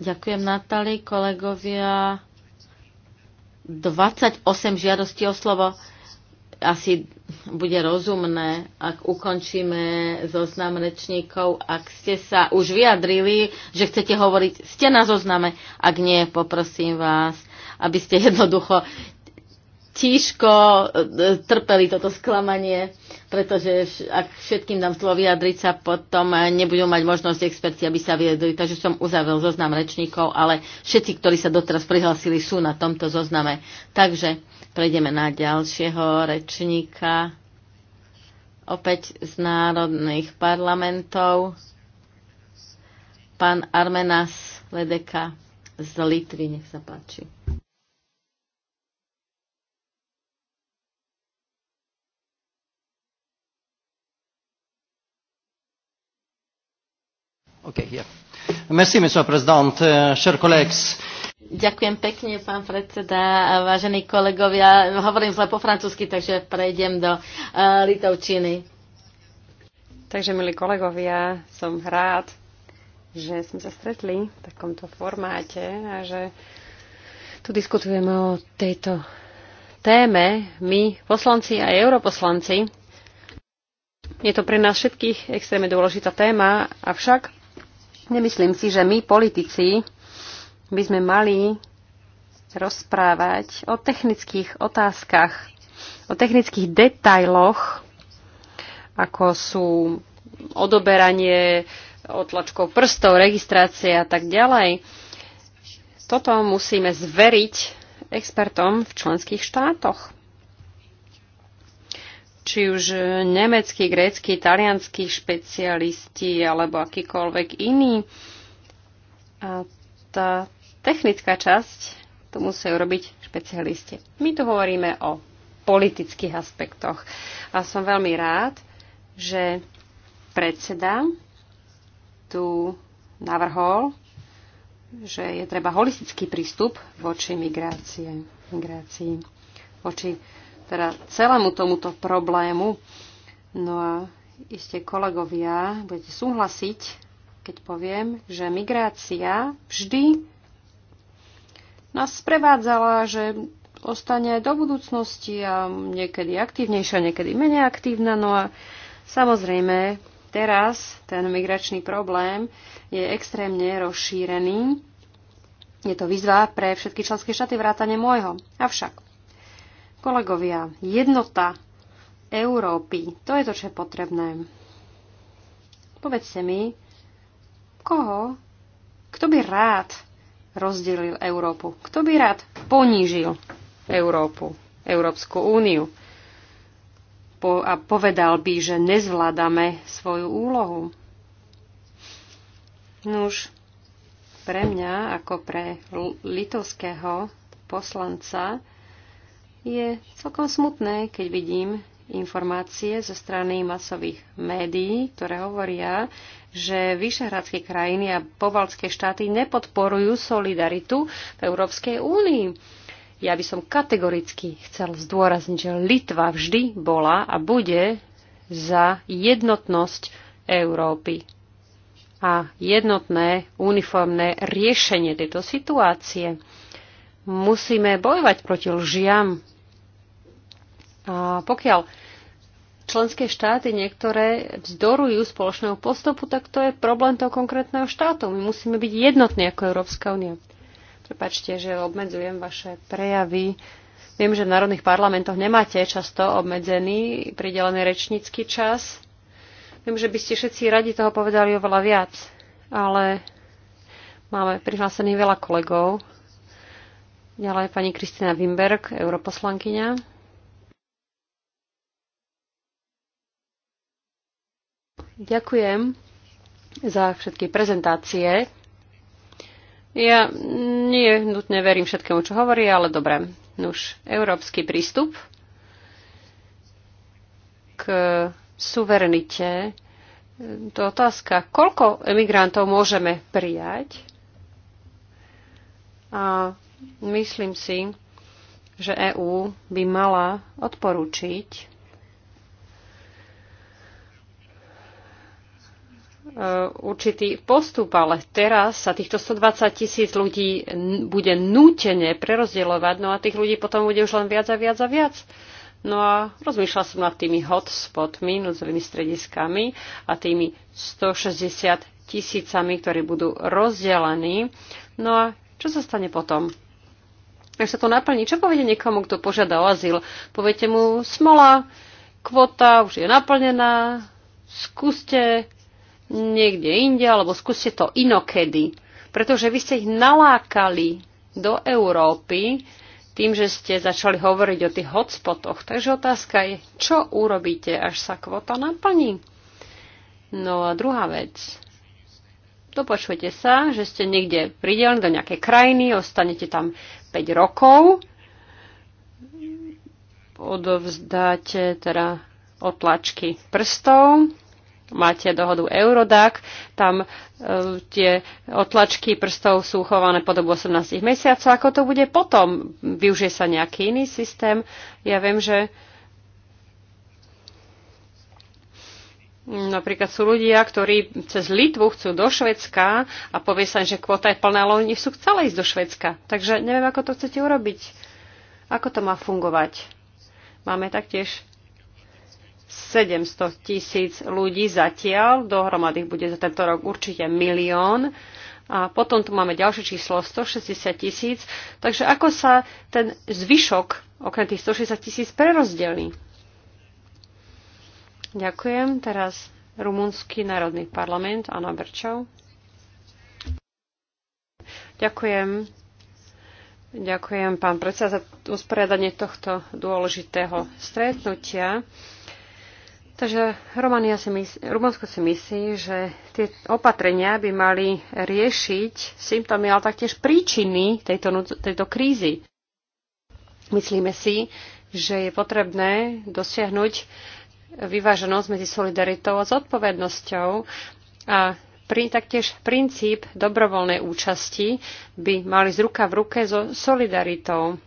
Ďakujem Natali, kolegovia. 28 žiadostí o slovo asi bude rozumné, ak ukončíme zoznam rečníkov. Ak ste sa už vyjadrili, že chcete hovoriť, ste na zozname. Ak nie, poprosím vás, aby ste jednoducho tížko e, trpeli toto sklamanie, pretože ak všetkým dám slovo vyjadriť sa, potom e, nebudú mať možnosť experti, aby sa vyjadrili. Takže som uzavrel zoznam rečníkov, ale všetci, ktorí sa doteraz prihlasili, sú na tomto zozname. Takže prejdeme na ďalšieho rečníka. Opäť z národných parlamentov. Pán Armenas Ledeka z Litvy, nech sa páči. Okay, yeah. Merci, monsieur président, euh, chers collègues. Ďakujem pekne, pán predseda a vážení kolegovia. Hovorím zle po francúzsky, takže prejdem do uh, Litovčiny. Takže, milí kolegovia, som rád, že sme sa stretli v takomto formáte a že tu diskutujeme o tejto téme, my, poslanci a europoslanci. Je to pre nás všetkých extrémne dôležitá téma, avšak Nemyslím si, že my, politici, by sme mali rozprávať o technických otázkach, o technických detailoch, ako sú odoberanie otlačkov prstov, registrácie a tak ďalej. Toto musíme zveriť expertom v členských štátoch či už nemeckí, grécky, talianskí špecialisti alebo akýkoľvek iný. A tá technická časť to musia robiť špecialisti. My tu hovoríme o politických aspektoch. A som veľmi rád, že predseda tu navrhol, že je treba holistický prístup voči migrácie, migrácii, voči teda celému tomuto problému. No a iste kolegovia, budete súhlasiť, keď poviem, že migrácia vždy nás sprevádzala, že ostane aj do budúcnosti a niekedy aktívnejšia, niekedy menej aktívna. No a samozrejme, teraz ten migračný problém je extrémne rozšírený. Je to výzva pre všetky členské štáty vrátane môjho. Avšak Kolegovia, jednota Európy, to je to, čo je potrebné. Povedzte mi, koho, kto by rád rozdelil Európu? Kto by rád ponížil Európu, Európsku úniu? Po, a povedal by, že nezvládame svoju úlohu. Nuž, pre mňa, ako pre litovského poslanca, je celkom smutné, keď vidím informácie zo strany masových médií, ktoré hovoria, že vyšehradské krajiny a povalské štáty nepodporujú solidaritu v Európskej únii. Ja by som kategoricky chcel zdôrazniť, že Litva vždy bola a bude za jednotnosť Európy a jednotné uniformné riešenie tejto situácie musíme bojovať proti lžiam. A pokiaľ členské štáty niektoré vzdorujú spoločného postupu, tak to je problém toho konkrétneho štátu. My musíme byť jednotní ako Európska únia. Prepačte, že obmedzujem vaše prejavy. Viem, že v národných parlamentoch nemáte často obmedzený pridelený rečnícky čas. Viem, že by ste všetci radi toho povedali oveľa viac, ale máme prihlásených veľa kolegov Ďalej pani Kristina Wimberg, europoslankyňa. Ďakujem za všetky prezentácie. Ja nie nutne verím všetkému, čo hovorí, ale dobre. Nuž, európsky prístup k suverenite. To otázka, koľko emigrantov môžeme prijať? A Myslím si, že EÚ by mala odporučiť e, určitý postup, ale teraz sa týchto 120 tisíc ľudí bude nútene prerozdeľovať, no a tých ľudí potom bude už len viac a viac a viac. No a rozmýšľala som nad tými hotspotmi, núdzovými strediskami a tými 160 tisícami, ktorí budú rozdelení. No a čo sa stane potom? Ak sa to naplní. Čo poviete niekomu, kto požiada o azyl? Poviete mu, smola, kvota už je naplnená, skúste niekde inde, alebo skúste to inokedy. Pretože vy ste ich nalákali do Európy tým, že ste začali hovoriť o tých hotspotoch. Takže otázka je, čo urobíte, až sa kvota naplní? No a druhá vec dopočujete sa, že ste niekde pridelení do nejakej krajiny, ostanete tam 5 rokov, odovzdáte teda otlačky prstov, máte dohodu Eurodac, tam e, tie otlačky prstov sú chované po dobu 18 mesiacov. Ako to bude potom? Využije sa nejaký iný systém? Ja viem, že Napríklad sú ľudia, ktorí cez Litvu chcú do Švedska a povie sa, že kvota je plná, ale oni sú chceli ísť do Švedska. Takže neviem, ako to chcete urobiť. Ako to má fungovať? Máme taktiež 700 tisíc ľudí zatiaľ, dohromady bude za tento rok určite milión. A potom tu máme ďalšie číslo 160 tisíc. Takže ako sa ten zvyšok okrem tých 160 tisíc prerozdelí? Ďakujem. Teraz Rumunský národný parlament, Anna Brčov. Ďakujem. Ďakujem, pán predseda, za usporiadanie tohto dôležitého stretnutia. Takže Romania si myslí, Rumunsko si myslí, že tie opatrenia by mali riešiť symptómy, ale taktiež príčiny tejto, tejto krízy. Myslíme si, že je potrebné dosiahnuť vyváženosť medzi solidaritou a zodpovednosťou a pri, taktiež princíp dobrovoľnej účasti by mali z ruka v ruke so solidaritou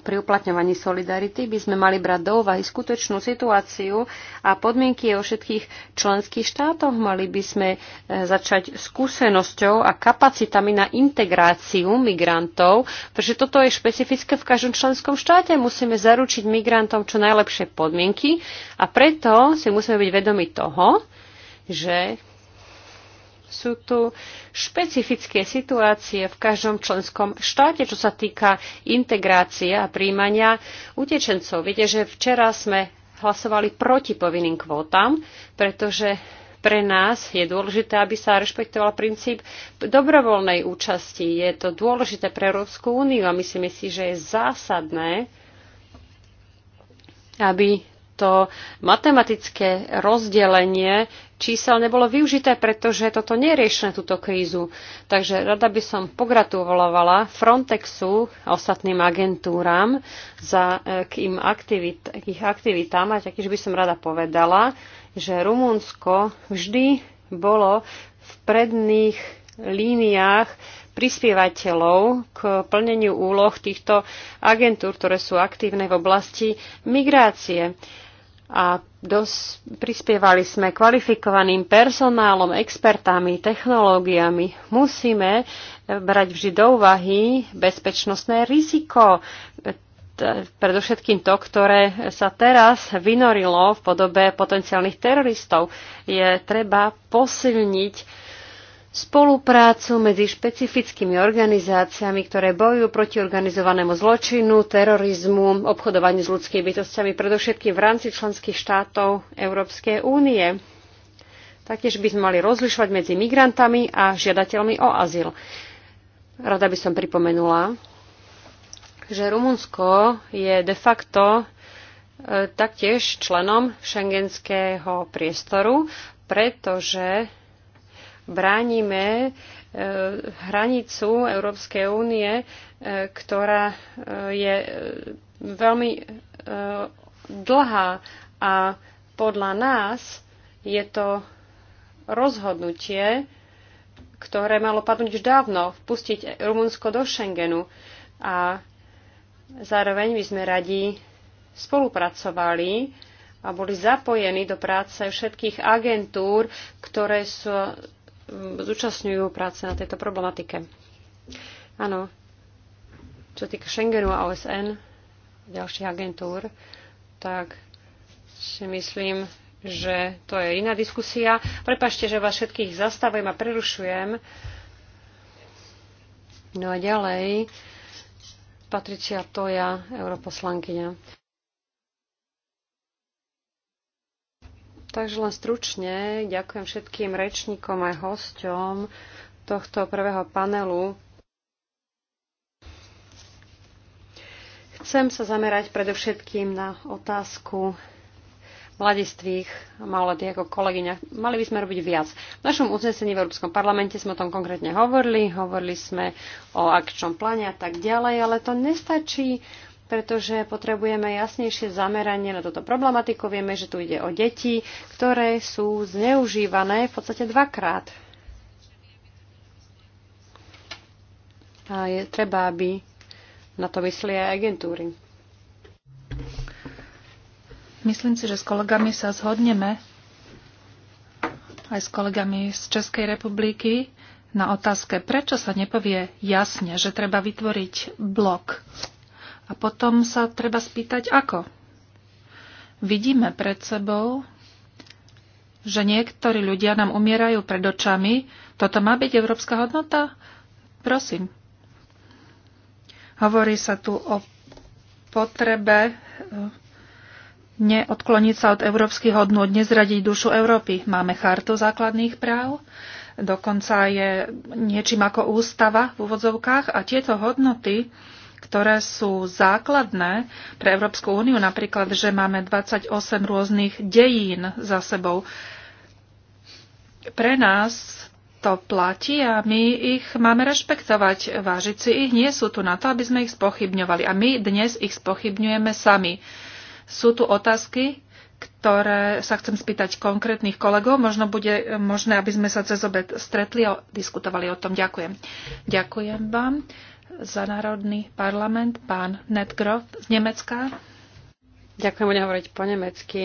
pri uplatňovaní solidarity by sme mali brať do úvahy skutočnú situáciu a podmienky o všetkých členských štátoch. Mali by sme e, začať skúsenosťou a kapacitami na integráciu migrantov, pretože toto je špecifické v každom členskom štáte. Musíme zaručiť migrantom čo najlepšie podmienky a preto si musíme byť vedomi toho, že sú tu špecifické situácie v každom členskom štáte, čo sa týka integrácie a príjmania utečencov. Viete, že včera sme hlasovali proti povinným kvótam, pretože pre nás je dôležité, aby sa rešpektoval princíp dobrovoľnej účasti. Je to dôležité pre Európsku úniu a myslíme si, že je zásadné, aby to matematické rozdelenie čísel nebolo využité, pretože toto neriešne túto krízu. Takže rada by som pogratulovala Frontexu a ostatným agentúram za e, k, im aktivit, k ich aktivitám a taktiež by som rada povedala, že Rumunsko vždy bolo v predných líniách prispievateľov k plneniu úloh týchto agentúr, ktoré sú aktívne v oblasti migrácie a dos- prispievali sme kvalifikovaným personálom, expertami, technológiami. Musíme eh, brať vždy do úvahy bezpečnostné riziko, predovšetkým to, ktoré sa teraz vynorilo v podobe potenciálnych teroristov. Je treba posilniť spoluprácu medzi špecifickými organizáciami, ktoré bojujú proti organizovanému zločinu, terorizmu, obchodovaniu s ľudskými bytostiami, predovšetkým v rámci členských štátov Európskej únie. Taktiež by sme mali rozlišovať medzi migrantami a žiadateľmi o azyl. Rada by som pripomenula, že Rumunsko je de facto e, taktiež členom šengenského priestoru, pretože bránime e, hranicu Európskej únie, e, ktorá e, je veľmi dlhá a podľa nás je to rozhodnutie, ktoré malo padnúť už dávno, vpustiť Rumunsko do Schengenu. A zároveň by sme radi spolupracovali a boli zapojení do práce všetkých agentúr, ktoré sú zúčastňujú práce na tejto problematike. Áno, čo týka Schengenu a OSN, ďalších agentúr, tak si myslím, že to je iná diskusia. Prepašte, že vás všetkých zastavujem a prerušujem. No a ďalej, Patricia Toja, europoslankyňa. Takže len stručne ďakujem všetkým rečníkom aj hosťom tohto prvého panelu. Chcem sa zamerať predovšetkým na otázku mladistvých a maloletých ako kolegyňa. Mali by sme robiť viac. V našom uznesení v Európskom parlamente sme o tom konkrétne hovorili, hovorili sme o akčnom pláne a tak ďalej, ale to nestačí pretože potrebujeme jasnejšie zameranie na túto problematiku. Vieme, že tu ide o deti, ktoré sú zneužívané v podstate dvakrát. A je treba, aby na to myslí aj agentúry. Myslím si, že s kolegami sa zhodneme, aj s kolegami z Českej republiky, na otázke, prečo sa nepovie jasne, že treba vytvoriť blok a potom sa treba spýtať, ako. Vidíme pred sebou, že niektorí ľudia nám umierajú pred očami. Toto má byť európska hodnota? Prosím. Hovorí sa tu o potrebe eh, neodkloniť sa od európskych hodnôt, nezradiť dušu Európy. Máme chartu základných práv, dokonca je niečím ako ústava v úvodzovkách a tieto hodnoty ktoré sú základné pre Európsku úniu, napríklad, že máme 28 rôznych dejín za sebou. Pre nás to platí a my ich máme rešpektovať, vážiť si ich. Nie sú tu na to, aby sme ich spochybňovali. A my dnes ich spochybňujeme sami. Sú tu otázky, ktoré sa chcem spýtať konkrétnych kolegov. Možno bude možné, aby sme sa cez obed stretli a diskutovali o tom. Ďakujem. Ďakujem vám za Národný parlament pán Netgrof z Nemecka. Ďakujem, budem hovoriť po nemecky.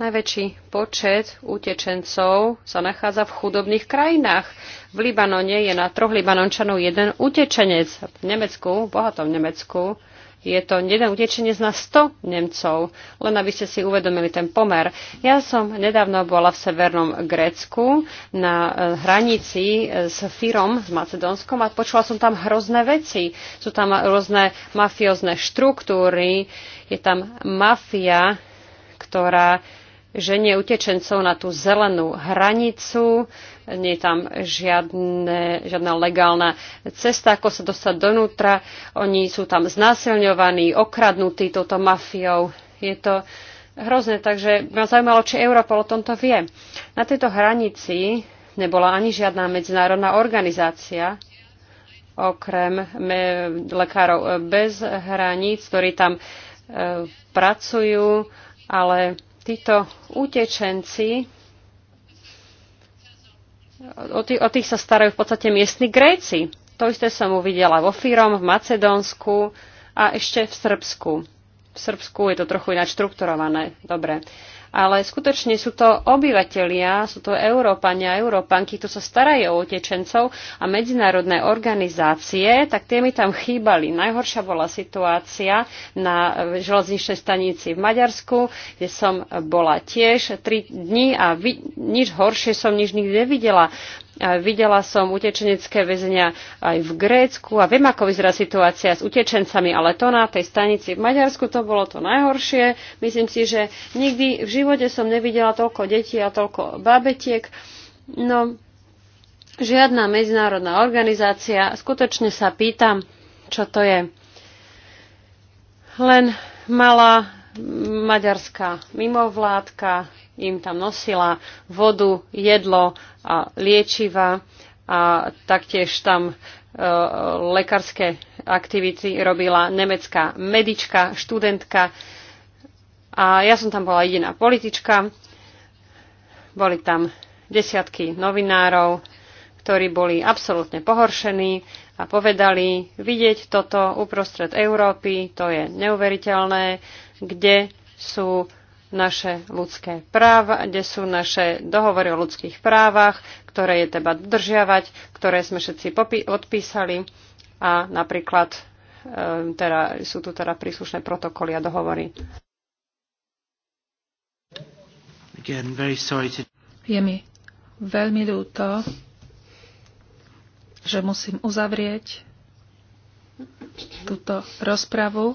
Najväčší počet utečencov sa nachádza v chudobných krajinách. V Libanone je na troch Libanončanov jeden utečenec. V Nemecku, v bohatom Nemecku, je to jeden utečenec na 100 Nemcov, len aby ste si uvedomili ten pomer. Ja som nedávno bola v severnom Grécku na e, hranici e, s Firom, s Macedónskom a počula som tam hrozné veci. Sú tam rôzne mafiózne štruktúry, je tam mafia, ktorá ženie utečencov na tú zelenú hranicu. Nie je tam žiadne, žiadna legálna cesta, ako sa dostať donútra. Oni sú tam znásilňovaní, okradnutí touto mafiou. Je to hrozné, takže ma zaujímalo, či Europol o tomto vie. Na tejto hranici nebola ani žiadna medzinárodná organizácia, okrem lekárov eh, bez hraníc, ktorí tam e, pracujú, ale títo utečenci, o, tých, o tých sa starajú v podstate miestni Gréci. To isté som uvidela vo Fírom, v Macedónsku a ešte v Srbsku. V Srbsku je to trochu ináč štrukturované. Dobre ale skutočne sú to obyvatelia, sú to Európania, Európanky, to sa starajú o utečencov a medzinárodné organizácie, tak tie mi tam chýbali. Najhoršia bola situácia na železničnej stanici v Maďarsku, kde som bola tiež tri dni a nič horšie som nič nikdy nevidela. Videla som utečenecké väzenia aj v Grécku a viem, ako vyzerá situácia s utečencami, ale to na tej stanici v Maďarsku to bolo to najhoršie. Myslím si, že nikdy v živote som nevidela toľko detí a toľko babetiek. No, žiadna medzinárodná organizácia. Skutočne sa pýtam, čo to je. Len malá maďarská mimovládka im tam nosila vodu, jedlo a liečiva a taktiež tam e, lekárske aktivity robila nemecká medička, študentka a ja som tam bola jediná politička. Boli tam desiatky novinárov, ktorí boli absolútne pohoršení a povedali, vidieť toto uprostred Európy, to je neuveriteľné, kde sú naše ľudské práva, kde sú naše dohovory o ľudských právach, ktoré je treba dodržiavať, ktoré sme všetci odpísali a napríklad e, teda, sú tu teda príslušné protokoly a dohovory. Again, very sorry to... Je mi veľmi ľúto, že musím uzavrieť túto rozpravu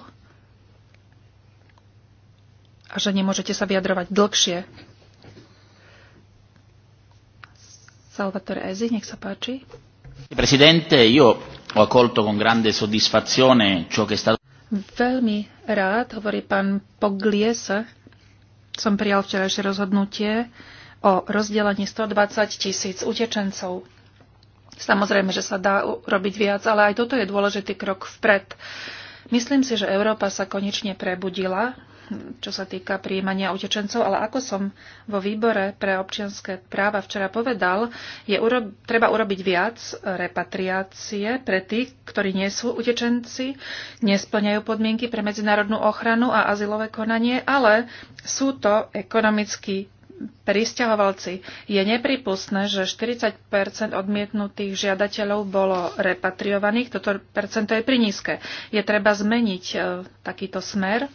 a že nemôžete sa vyjadrovať dlhšie. Salvatore Ezi, nech sa páči. Presidente, io ho accolto con grande soddisfazione ciò che sta... Veľmi rád, hovorí pán Pogliese, som prijal včerajšie rozhodnutie o rozdelení 120 tisíc utečencov. Samozrejme, že sa dá robiť viac, ale aj toto je dôležitý krok vpred. Myslím si, že Európa sa konečne prebudila čo sa týka príjmania utečencov, ale ako som vo výbore pre občianské práva včera povedal, je uro- treba urobiť viac repatriácie pre tých, ktorí nie sú utečenci, nesplňajú podmienky pre medzinárodnú ochranu a azylové konanie, ale sú to ekonomicky pristahovalci. Je nepripustné, že 40 odmietnutých žiadateľov bolo repatriovaných. Toto percento je prinízke. Je treba zmeniť e, takýto smer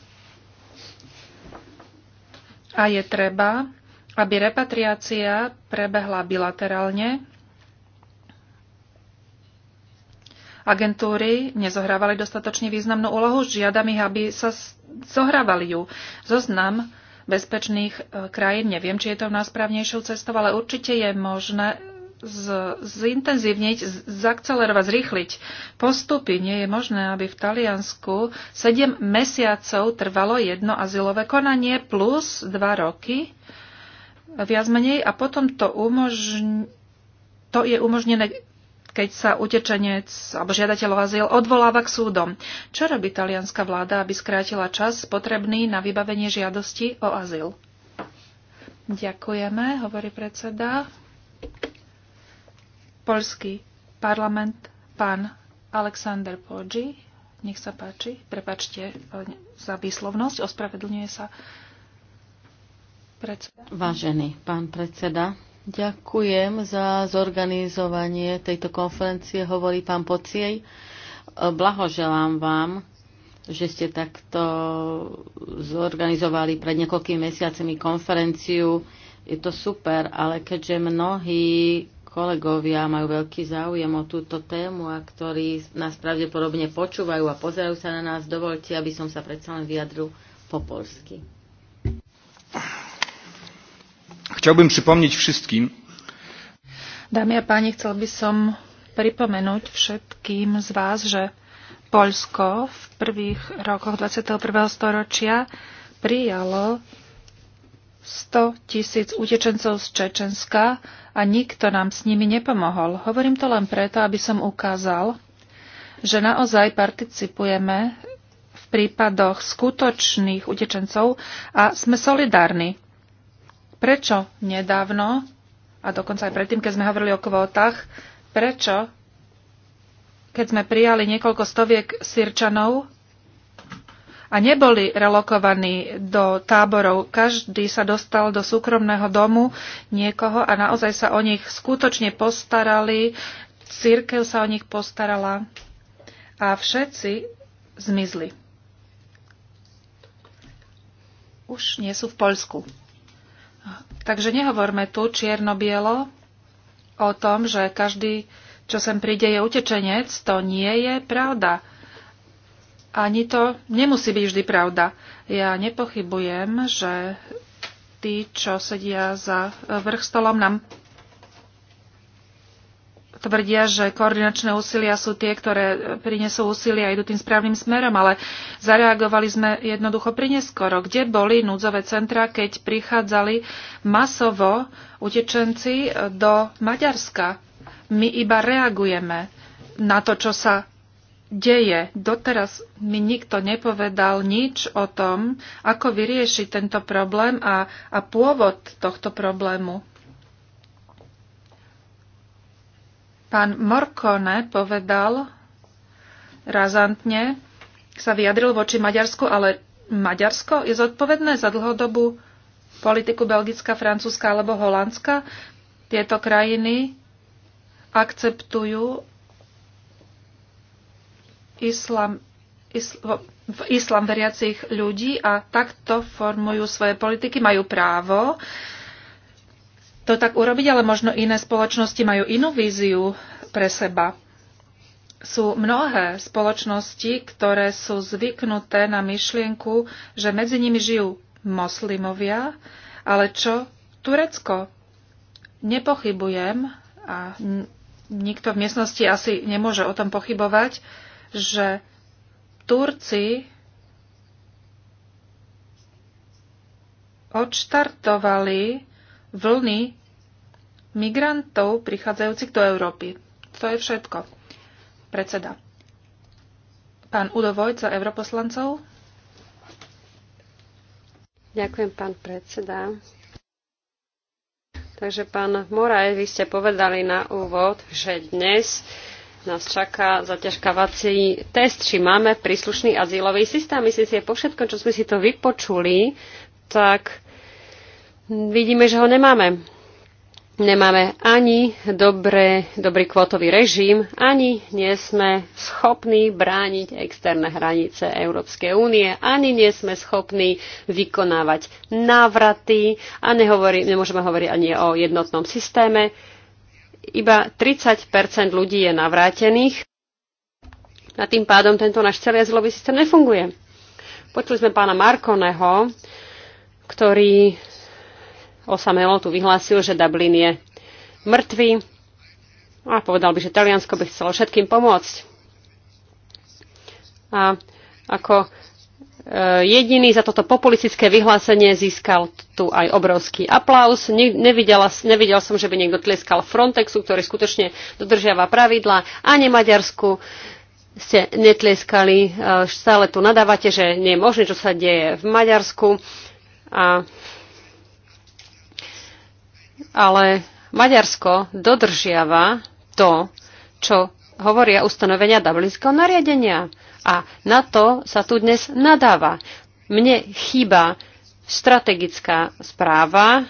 a je treba, aby repatriácia prebehla bilaterálne. Agentúry nezohrávali dostatočne významnú úlohu, žiadam ich, aby sa zohrávali ju. Zoznam bezpečných e, krajín, neviem, či je to najsprávnejšou cestou, ale určite je možné z, zintenzívniť, zakcelerovať, zrýchliť postupy. Nie je možné, aby v Taliansku 7 mesiacov trvalo jedno azylové konanie plus 2 roky, viac menej, a potom to, umožň, to je umožnené keď sa utečenec alebo žiadateľ o azyl odvoláva k súdom. Čo robí talianská vláda, aby skrátila čas potrebný na vybavenie žiadosti o azyl? Ďakujeme, hovorí predseda. Polský parlament, pán Alexander Poggi. Nech sa páči. Prepačte e, za výslovnosť. Ospravedlňuje sa predseda. Vážený pán predseda, ďakujem za zorganizovanie tejto konferencie, hovorí pán Pociej. E, blahoželám vám že ste takto zorganizovali pred niekoľkými mesiacmi konferenciu. Je to super, ale keďže mnohí kolegovia majú veľký záujem o túto tému a ktorí nás pravdepodobne počúvajú a pozerajú sa na nás. Dovolte, aby som sa predsa len vyjadril po polsky. Chciałbym przypomnieć všetkým Dámy a páni, chcel by som pripomenúť všetkým z vás, že Polsko v prvých rokoch 21. storočia prijalo 100 tisíc utečencov z Čečenska a nikto nám s nimi nepomohol. Hovorím to len preto, aby som ukázal, že naozaj participujeme v prípadoch skutočných utečencov a sme solidárni. Prečo nedávno, a dokonca aj predtým, keď sme hovorili o kvótach, prečo, keď sme prijali niekoľko stoviek sírčanov, a neboli relokovaní do táborov. Každý sa dostal do súkromného domu niekoho a naozaj sa o nich skutočne postarali, církev sa o nich postarala a všetci zmizli. Už nie sú v Poľsku. Takže nehovorme tu čierno-bielo o tom, že každý, čo sem príde, je utečenec. To nie je pravda ani to nemusí byť vždy pravda. Ja nepochybujem, že tí, čo sedia za vrch stolom, nám tvrdia, že koordinačné úsilia sú tie, ktoré prinesú úsilia a idú tým správnym smerom, ale zareagovali sme jednoducho prineskoro. Kde boli núdzové centra, keď prichádzali masovo utečenci do Maďarska? My iba reagujeme na to, čo sa deje. Doteraz mi nikto nepovedal nič o tom, ako vyriešiť tento problém a, a pôvod tohto problému. Pán Morkone povedal razantne, sa vyjadril voči Maďarsku, ale Maďarsko je zodpovedné za dlhodobú politiku Belgická, Francúzska alebo Holandska. Tieto krajiny akceptujú islam, isl- v islam veriacich ľudí a takto formujú svoje politiky, majú právo to tak urobiť, ale možno iné spoločnosti majú inú víziu pre seba. Sú mnohé spoločnosti, ktoré sú zvyknuté na myšlienku, že medzi nimi žijú moslimovia, ale čo Turecko? Nepochybujem a nikto v miestnosti asi nemôže o tom pochybovať, že Turci odštartovali vlny migrantov prichádzajúcich do Európy. To je všetko. Predseda. Pán Udo Vojca, za europoslancov. Ďakujem, pán predseda. Takže, pán Moraj, vy ste povedali na úvod, že dnes nás čaká zaťažkávací test, či máme príslušný azylový systém. Myslím si, že po všetkom, čo sme si to vypočuli, tak vidíme, že ho nemáme. Nemáme ani dobré, dobrý kvotový režim, ani nie sme schopní brániť externé hranice Európskej únie, ani nie sme schopní vykonávať návraty a nehovorí, nemôžeme hovoriť ani o jednotnom systéme iba 30 ľudí je navrátených a tým pádom tento náš celý azylový systém nefunguje. Počuli sme pána Markoneho, ktorý osamelo tu vyhlásil, že Dublin je mŕtvý, a povedal by, že Taliansko by chcelo všetkým pomôcť. A ako Eh, jediný za toto populistické vyhlásenie získal tu aj obrovský aplaus. Nevidela, nevidel som, že by niekto tlieskal Frontexu, ktorý skutočne dodržiava pravidla, ani Maďarsku ste netlieskali. Eh, stále tu nadávate, že nie je možné, čo sa deje v Maďarsku. A, ale Maďarsko dodržiava to, čo hovoria ustanovenia Dublinského nariadenia. A na to sa tu dnes nadáva. Mne chýba strategická správa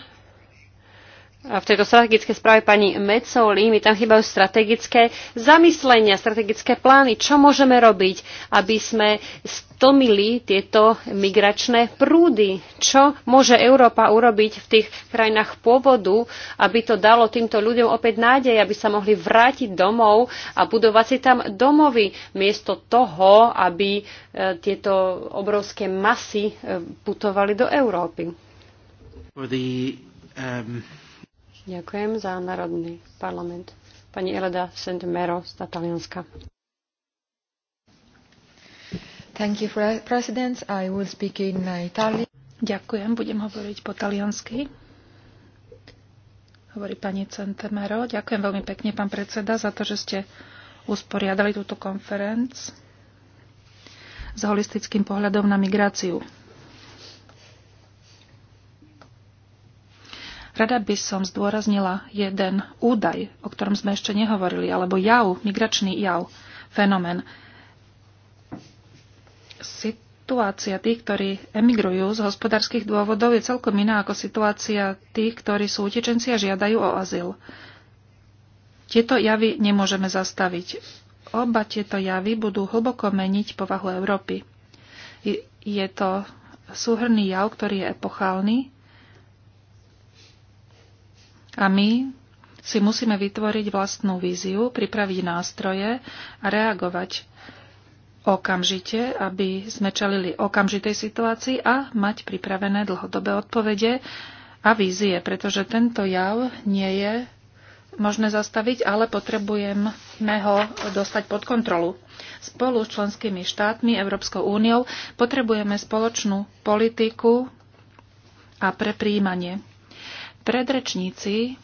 v tejto strategickej správe pani Mecoli, mi tam chýbajú strategické zamyslenia, strategické plány, čo môžeme robiť, aby sme stlmili tieto migračné prúdy. Čo môže Európa urobiť v tých krajinách pôvodu, aby to dalo týmto ľuďom opäť nádej, aby sa mohli vrátiť domov a budovať si tam domovy, miesto toho, aby e, tieto obrovské masy e, putovali do Európy. For the, um... Ďakujem za Národný parlament. Pani Eleda Sentmero z Talianska. Thank you, President. I will speak in uh, Italian. Ďakujem, budem hovoriť po taliansky. Hovorí pani Centemero. Ďakujem veľmi pekne, pán predseda, za to, že ste usporiadali túto konferenc s holistickým pohľadom na migráciu. Rada by som zdôraznila jeden údaj, o ktorom sme ešte nehovorili, alebo jav, migračný jav, fenomén. Situácia tých, ktorí emigrujú z hospodárskych dôvodov, je celkom iná ako situácia tých, ktorí sú utečenci a žiadajú o azyl. Tieto javy nemôžeme zastaviť. Oba tieto javy budú hlboko meniť povahu Európy. Je to súhrný jav, ktorý je epochálny, a my si musíme vytvoriť vlastnú víziu, pripraviť nástroje a reagovať okamžite, aby sme čelili okamžitej situácii a mať pripravené dlhodobé odpovede a vízie, pretože tento jav nie je možné zastaviť, ale potrebujeme ho dostať pod kontrolu. Spolu s členskými štátmi, Európskou úniou potrebujeme spoločnú politiku a pre príjmanie Predrečníci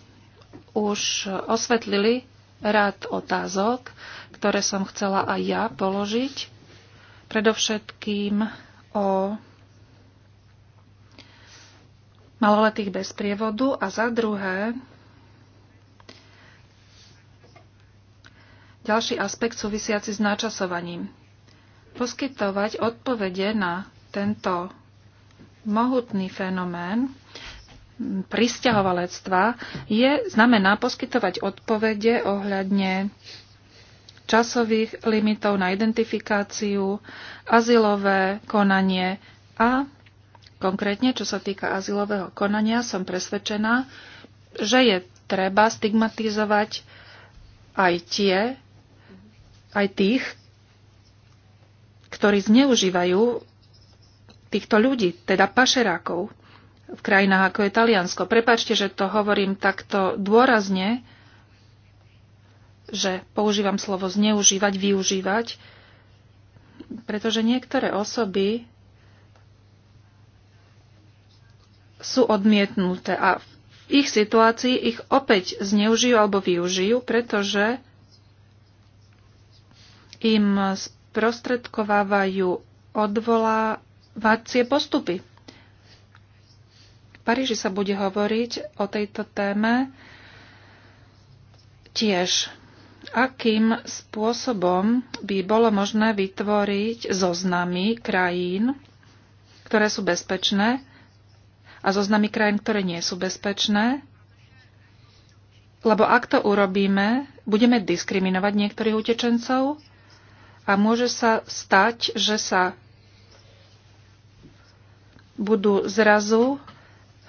už osvetlili rád otázok, ktoré som chcela aj ja položiť. Predovšetkým o maloletých bez prievodu a za druhé ďalší aspekt súvisiaci s načasovaním. Poskytovať odpovede na tento mohutný fenomén pristahovalectva je, znamená poskytovať odpovede ohľadne časových limitov na identifikáciu, azylové konanie a konkrétne, čo sa týka azylového konania, som presvedčená, že je treba stigmatizovať aj tie, aj tých, ktorí zneužívajú týchto ľudí, teda pašerákov v krajinách ako je Taliansko. Prepačte, že to hovorím takto dôrazne, že používam slovo zneužívať, využívať, pretože niektoré osoby sú odmietnuté a v ich situácii ich opäť zneužijú alebo využijú, pretože im sprostredkovávajú odvolávacie postupy. Paríži sa bude hovoriť o tejto téme tiež. Akým spôsobom by bolo možné vytvoriť zoznamy krajín, ktoré sú bezpečné a zoznamy krajín, ktoré nie sú bezpečné? Lebo ak to urobíme, budeme diskriminovať niektorých utečencov a môže sa stať, že sa budú zrazu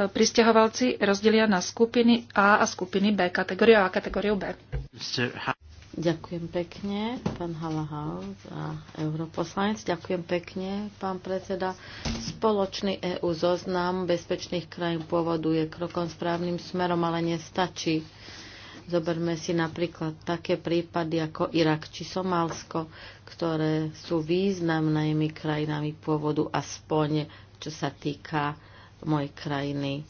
pristahovalci rozdelia na skupiny A a skupiny B, kategóriu A a kategóriu B. Ďakujem pekne, pán Halahal a europoslanec. Ďakujem pekne, pán predseda. Spoločný EU zoznam bezpečných krajín pôvodu je krokom správnym smerom, ale nestačí. Zoberme si napríklad také prípady ako Irak či Somálsko, ktoré sú významnými krajinami pôvodu aspoň čo sa týka mojej krajiny.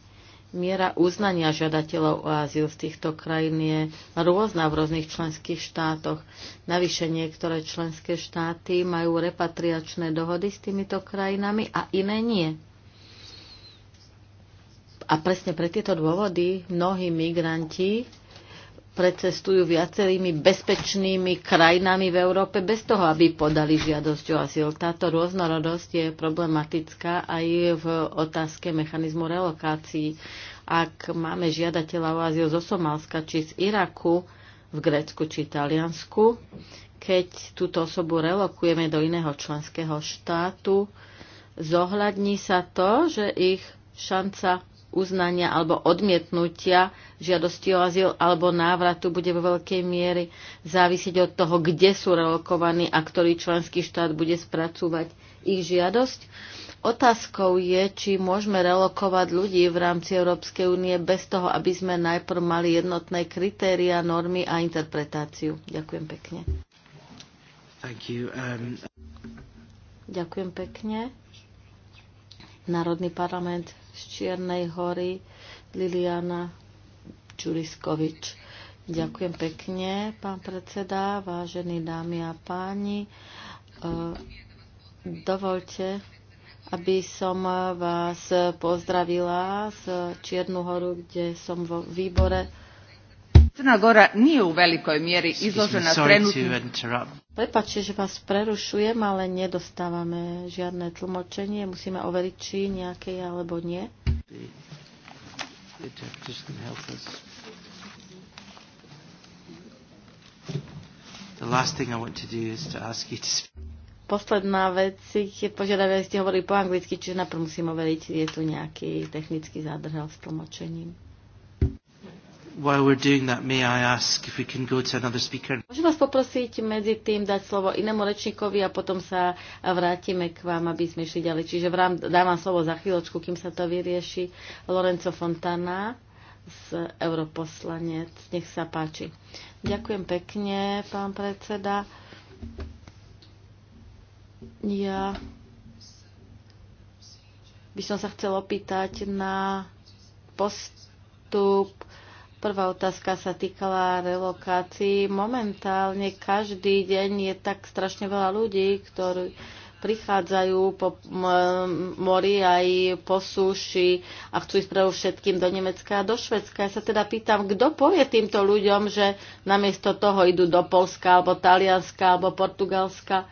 Miera uznania žiadateľov o azyl z týchto krajín je rôzna v rôznych členských štátoch. Navyše niektoré členské štáty majú repatriačné dohody s týmito krajinami a iné nie. A presne pre tieto dôvody mnohí migranti precestujú viacerými bezpečnými krajinami v Európe bez toho, aby podali žiadosť o azyl. Táto rôznorodosť je problematická aj v otázke mechanizmu relokácií. Ak máme žiadateľa o azyl zo Somálska či z Iraku, v Grécku či Taliansku, keď túto osobu relokujeme do iného členského štátu, zohľadní sa to, že ich šanca uznania alebo odmietnutia žiadosti o azyl alebo návratu bude vo veľkej miery závisieť od toho, kde sú relokovaní a ktorý členský štát bude spracúvať ich žiadosť. Otázkou je, či môžeme relokovať ľudí v rámci Európskej únie bez toho, aby sme najprv mali jednotné kritéria, normy a interpretáciu. Ďakujem pekne. Um... Ďakujem pekne. Národný parlament z Čiernej hory Liliana Čuriskovič. Ďakujem pekne, pán predseda, vážení dámy a páni. E, dovolte, aby som vás pozdravila z Čiernu horu, kde som vo výbore Crna Gora nije u velikoj mjeri izložena trenutným... Prepačte, že vás prerušujem, ale nedostávame žiadne tlmočenie. Musíme overiť, či nejaké je alebo nie. Posledná vec, je požiadavé, aby ste hovorili po anglicky, čiže najprv musím overiť, je tu nejaký technický zádrhel s tlmočením. While we're doing that, may I ask if we can go to another speaker? Môžem vás poprosiť medzi tým dať slovo inému rečníkovi a potom sa vrátime k vám, aby sme išli ďalej. Čiže vám, dám vám slovo za chvíľočku, kým sa to vyrieši. Lorenzo Fontana z europoslanec. Nech sa páči. Ďakujem pekne, pán predseda. Ja by som sa chcel opýtať na postup Prvá otázka sa týkala relokácií. Momentálne každý deň je tak strašne veľa ľudí, ktorí prichádzajú po mori aj po súši a chcú ísť prvou všetkým do Nemecka a do Švedska. Ja sa teda pýtam, kto povie týmto ľuďom, že namiesto toho idú do Polska, alebo Talianska, alebo Portugalska.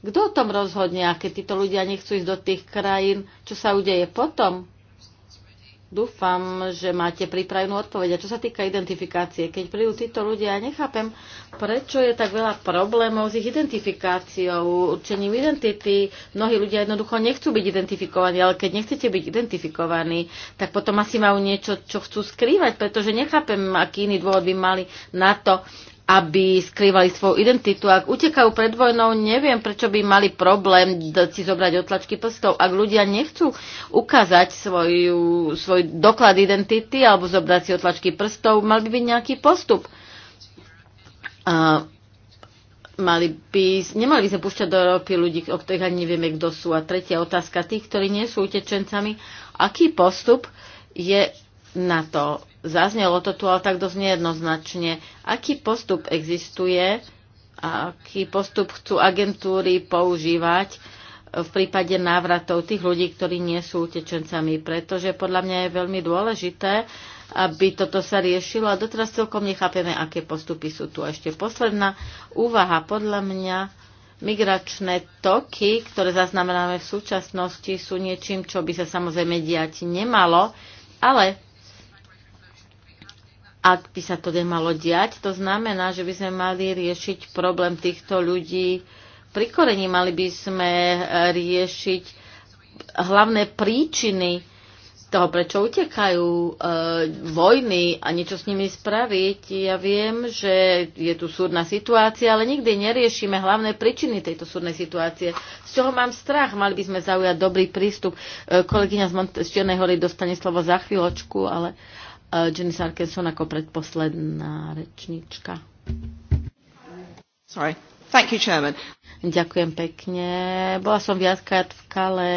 Kto o tom rozhodne, a keď títo ľudia nechcú ísť do tých krajín, čo sa udeje potom? Dúfam, že máte pripravenú odpoveď. A čo sa týka identifikácie, keď prídu títo ľudia, ja nechápem, prečo je tak veľa problémov s ich identifikáciou, určením identity. Mnohí ľudia jednoducho nechcú byť identifikovaní, ale keď nechcete byť identifikovaní, tak potom asi majú niečo, čo chcú skrývať, pretože nechápem, aký iný dôvod by mali na to, aby skrývali svoju identitu. Ak utekajú pred vojnou, neviem, prečo by mali problém si zobrať otlačky prstov. Ak ľudia nechcú ukázať svoju, svoj doklad identity alebo zobrať si otlačky prstov, mal by byť nejaký postup. A mali by, nemali by sa púšťať do Európy ľudí, o ktorých ani nevieme, kto sú. A tretia otázka tých, ktorí nie sú utečencami, aký postup je na to, Zaznelo to tu, ale tak dosť nejednoznačne. Aký postup existuje, aký postup chcú agentúry používať e, v prípade návratov tých ľudí, ktorí nie sú utečencami, pretože podľa mňa je veľmi dôležité, aby toto sa riešilo a doteraz celkom nechápeme, aké postupy sú tu. A ešte posledná úvaha. Podľa mňa migračné toky, ktoré zaznamenáme v súčasnosti, sú niečím, čo by sa samozrejme diať nemalo, ale ak by sa to nemalo diať. To znamená, že by sme mali riešiť problém týchto ľudí pri korení. Mali by sme e, riešiť hlavné príčiny toho, prečo utekajú e, vojny a niečo s nimi spraviť. Ja viem, že je tu súdna situácia, ale nikdy neriešime hlavné príčiny tejto súdnej situácie. Z čoho mám strach? Mali by sme zaujať dobrý prístup. E, kolegyňa z, Mont- Čiernej hory dostane slovo za chvíľočku, ale e, Eh, Jenny Sarkenson ako predposledná rečnička. Sorry. Thank you, Chairman. Ďakujem pekne. Bola som viackrát v Kale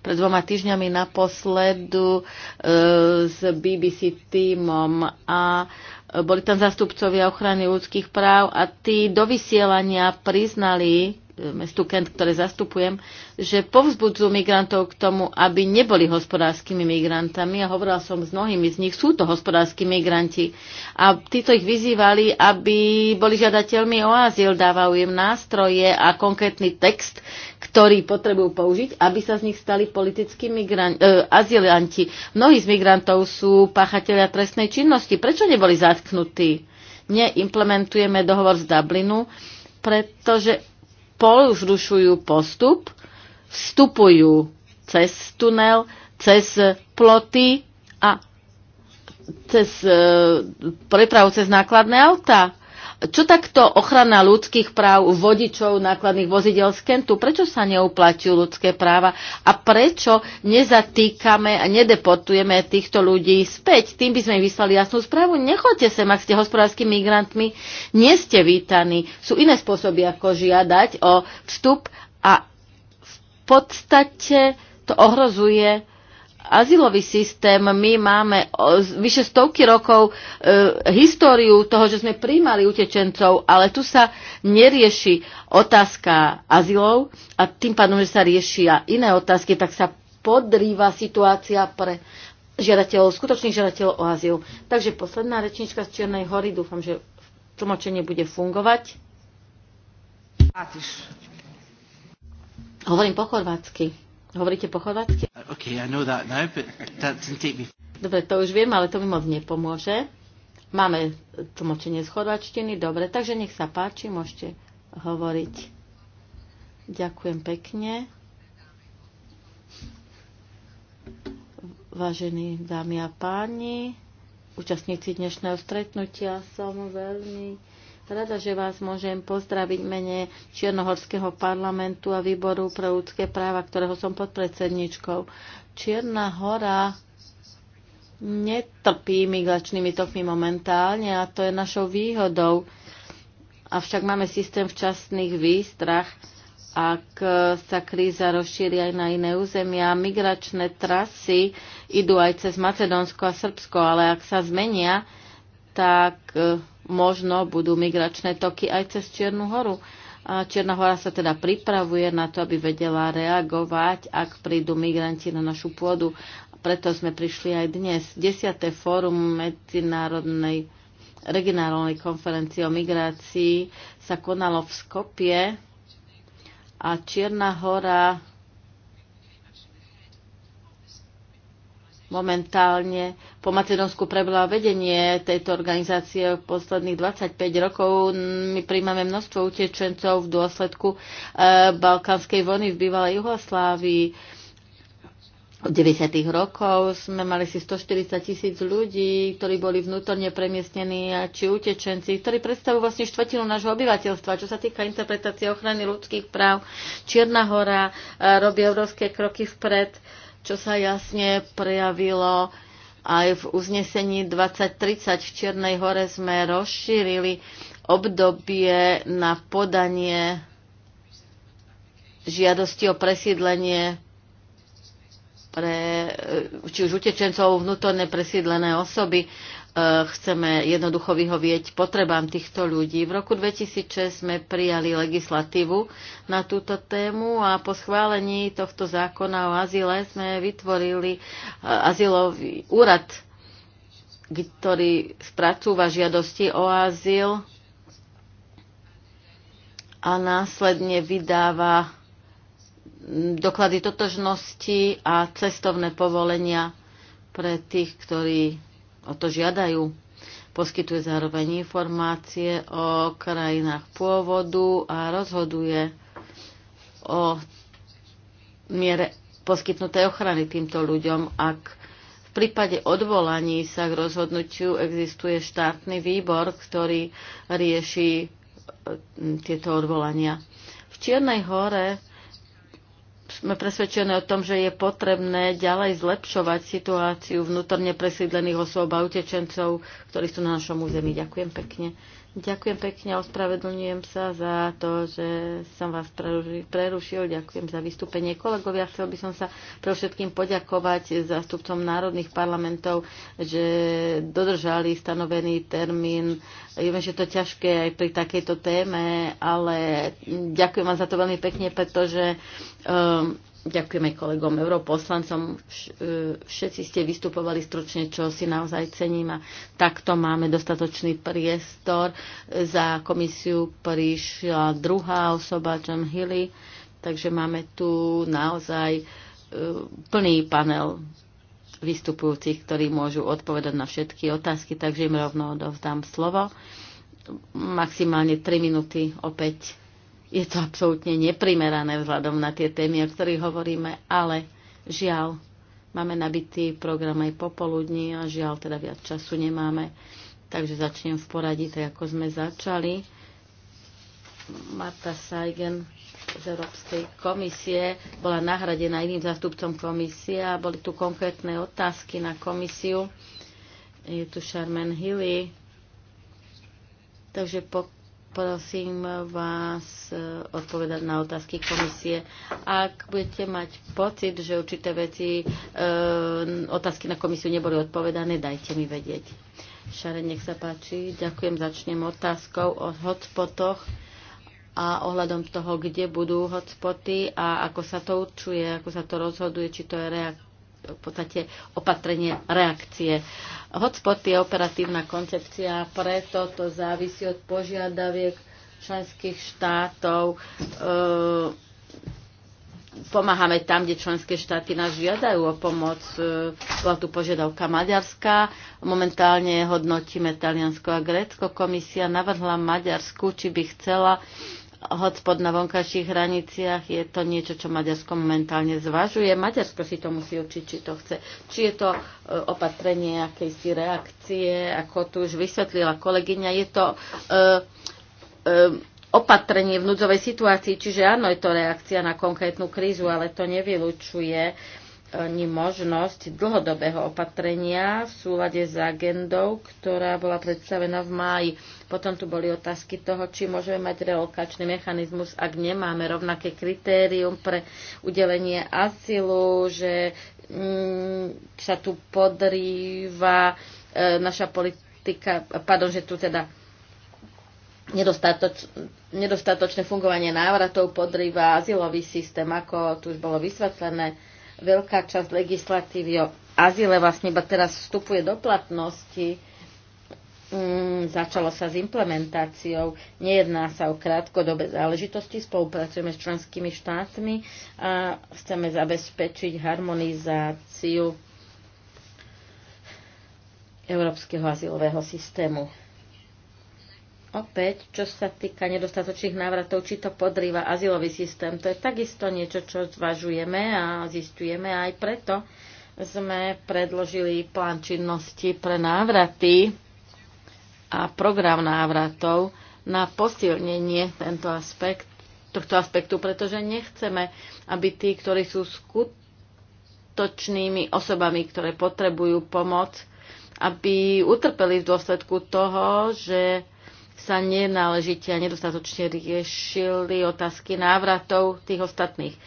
pred dvoma týždňami naposledu e, eh, s BBC týmom a boli tam zastupcovia ochrany ľudských práv a tí do vysielania priznali, mestu Kent, ktoré zastupujem, že povzbudzujú migrantov k tomu, aby neboli hospodárskymi migrantami. A hovorila som s mnohými z nich, sú to hospodárski migranti. A títo ich vyzývali, aby boli žiadateľmi o azyl, dávajú im nástroje a konkrétny text, ktorý potrebujú použiť, aby sa z nich stali politickí migranti, e, azylanti. Mnohí z migrantov sú páchatelia trestnej činnosti. Prečo neboli zatknutí? Neimplementujeme dohovor z Dublinu, pretože porušujú postup, vstupujú cez tunel, cez ploty a cez e, prepravu cez nákladné auta. Čo takto ochrana ľudských práv vodičov nákladných vozidel z Kentu? Prečo sa neuplatujú ľudské práva? A prečo nezatýkame a nedeportujeme týchto ľudí späť? Tým by sme im vyslali jasnú správu. Nechoďte sem, ak ste hospodárskymi migrantmi. Nie ste vítaní. Sú iné spôsoby, ako žiadať o vstup a v podstate to ohrozuje azylový systém, my máme vyše stovky rokov e, históriu toho, že sme príjmali utečencov, ale tu sa nerieši otázka azylov a tým pádom, že sa riešia iné otázky, tak sa podrýva situácia pre žiadateľov, skutočných žiadateľov o azyl. Takže posledná rečnička z Čiernej hory, dúfam, že tlmočenie bude fungovať. Hovorím po chorvátsky. Hovoríte po chorvátsky? Okay, Dobre, to už viem, ale to mi moc nepomôže. Máme tlmočenie z chorvačtiny, dobre, takže nech sa páči, môžete hovoriť. Ďakujem pekne. Vážení dámy a páni, účastníci dnešného stretnutia, som veľmi Rada, že vás môžem pozdraviť mene Čiernohorského parlamentu a výboru pre ľudské práva, ktorého som podpredsedničkou. Čierna hora netrpí migračnými tokmi momentálne a to je našou výhodou. Avšak máme systém včasných výstrach, ak sa kríza rozšíri aj na iné územia. Migračné trasy idú aj cez Macedónsko a Srbsko, ale ak sa zmenia, tak možno budú migračné toky aj cez Čiernu horu. A Čierna hora sa teda pripravuje na to, aby vedela reagovať, ak prídu migranti na našu pôdu. Preto sme prišli aj dnes. 10. fórum medzinárodnej regionálnej konferencie o migrácii sa konalo v Skopie a Čierna hora momentálne po Macedónsku prebila vedenie tejto organizácie v posledných 25 rokov. My príjmame množstvo utečencov v dôsledku e, balkánskej vojny v bývalej Juhoslávii. Od 90. rokov sme mali si 140 tisíc ľudí, ktorí boli vnútorne premiestnení, či utečenci, ktorí predstavujú vlastne štvrtinu nášho obyvateľstva. Čo sa týka interpretácie ochrany ľudských práv, Čierna hora eh, robí obrovské kroky vpred. E, čo sa jasne prejavilo aj v uznesení 2030 v Čiernej hore sme rozšírili obdobie na podanie žiadosti o presídlenie pre či už utečencov vnútorne presídlené osoby E, chceme jednoducho vyhovieť potrebám týchto ľudí. V roku 2006 sme prijali legislatívu na túto tému a po schválení tohto zákona o azile sme vytvorili e, azylový úrad, ktorý spracúva žiadosti o azyl a následne vydáva doklady totožnosti a cestovné povolenia pre tých, ktorí o to žiadajú. Poskytuje zároveň informácie o krajinách pôvodu a rozhoduje o miere poskytnutej ochrany týmto ľuďom, ak v prípade odvolaní sa k rozhodnutiu existuje štátny výbor, ktorý rieši e, tieto odvolania. V Čiernej hore sme presvedčení o tom, že je potrebné ďalej zlepšovať situáciu vnútorne presídlených osôb a utečencov, ktorí sú na našom území. Ďakujem pekne. Ďakujem pekne ospravedlňujem sa za to, že som vás prerušil. Ďakujem za vystúpenie kolegovia. Chcel by som sa pre všetkým poďakovať zástupcom národných parlamentov, že dodržali stanovený termín. Viem, že to ťažké aj pri takejto téme, ale ďakujem vám za to veľmi pekne, pretože um, Ďakujeme kolegom europoslancom. E, všetci ste vystupovali stručne, čo si naozaj cením a takto máme dostatočný priestor. Za komisiu prišla druhá osoba, John Hilly, takže máme tu naozaj e, plný panel vystupujúcich, ktorí môžu odpovedať na všetky otázky, takže im rovno odovzdám slovo. Maximálne 3 minúty opäť je to absolútne neprimerané vzhľadom na tie témy, o ktorých hovoríme, ale žiaľ, máme nabitý program aj popoludní a žiaľ teda viac času nemáme. Takže začnem v poradí, tak ako sme začali. Marta Sajgen z Európskej komisie bola nahradená iným zástupcom komisie a boli tu konkrétne otázky na komisiu. Je tu Charmaine Hilly. Takže po Prosím vás e, odpovedať na otázky komisie. Ak budete mať pocit, že určité veci, e, otázky na komisiu neboli odpovedané, dajte mi vedieť. Šare, nech sa páči. Ďakujem, začnem otázkou o hotspotoch a ohľadom toho, kde budú hotspoty a ako sa to určuje, ako sa to rozhoduje, či to je reak- v podstate opatrenie reakcie. Hotspot je operatívna koncepcia, preto to závisí od požiadaviek členských štátov. E, pomáhame tam, kde členské štáty nás žiadajú o pomoc. E, bola tu požiadavka Maďarská. Momentálne hodnotíme Taliansko a Grécko. Komisia navrhla Maďarsku, či by chcela hotspot na vonkajších hraniciach, je to niečo, čo Maďarsko momentálne zvažuje. Maďarsko si to musí učiť, či to chce. Či je to e, opatrenie akejsi reakcie, ako tu už vysvetlila kolegyňa, je to uh, e, opatrenie v núdzovej situácii, čiže áno, je to reakcia na konkrétnu krízu, ale to nevylučuje ani možnosť dlhodobého opatrenia v súlade s agendou, ktorá bola predstavená v máji. Potom tu boli otázky toho, či môžeme mať relokačný mechanizmus, ak nemáme rovnaké kritérium pre udelenie asilu, že mm, sa tu podrýva e, naša politika, pardon, že tu teda nedostatoč, nedostatočné fungovanie návratov podrýva azylový systém, ako tu už bolo vysvetlené veľká časť legislatívy o azile vlastne iba teraz vstupuje do platnosti. Mm, začalo sa s implementáciou, nejedná sa o krátkodobé záležitosti, spolupracujeme s členskými štátmi a chceme zabezpečiť harmonizáciu európskeho azylového systému opäť, čo sa týka nedostatočných návratov, či to podrýva azylový systém. To je takisto niečo, čo zvažujeme a zistujeme a aj preto sme predložili plán činnosti pre návraty a program návratov na posilnenie tento aspekt, tohto aspektu, pretože nechceme, aby tí, ktorí sú skutočnými osobami, ktoré potrebujú pomoc, aby utrpeli v dôsledku toho, že sa nenáležite a nedostatočne riešili otázky návratov tých ostatných.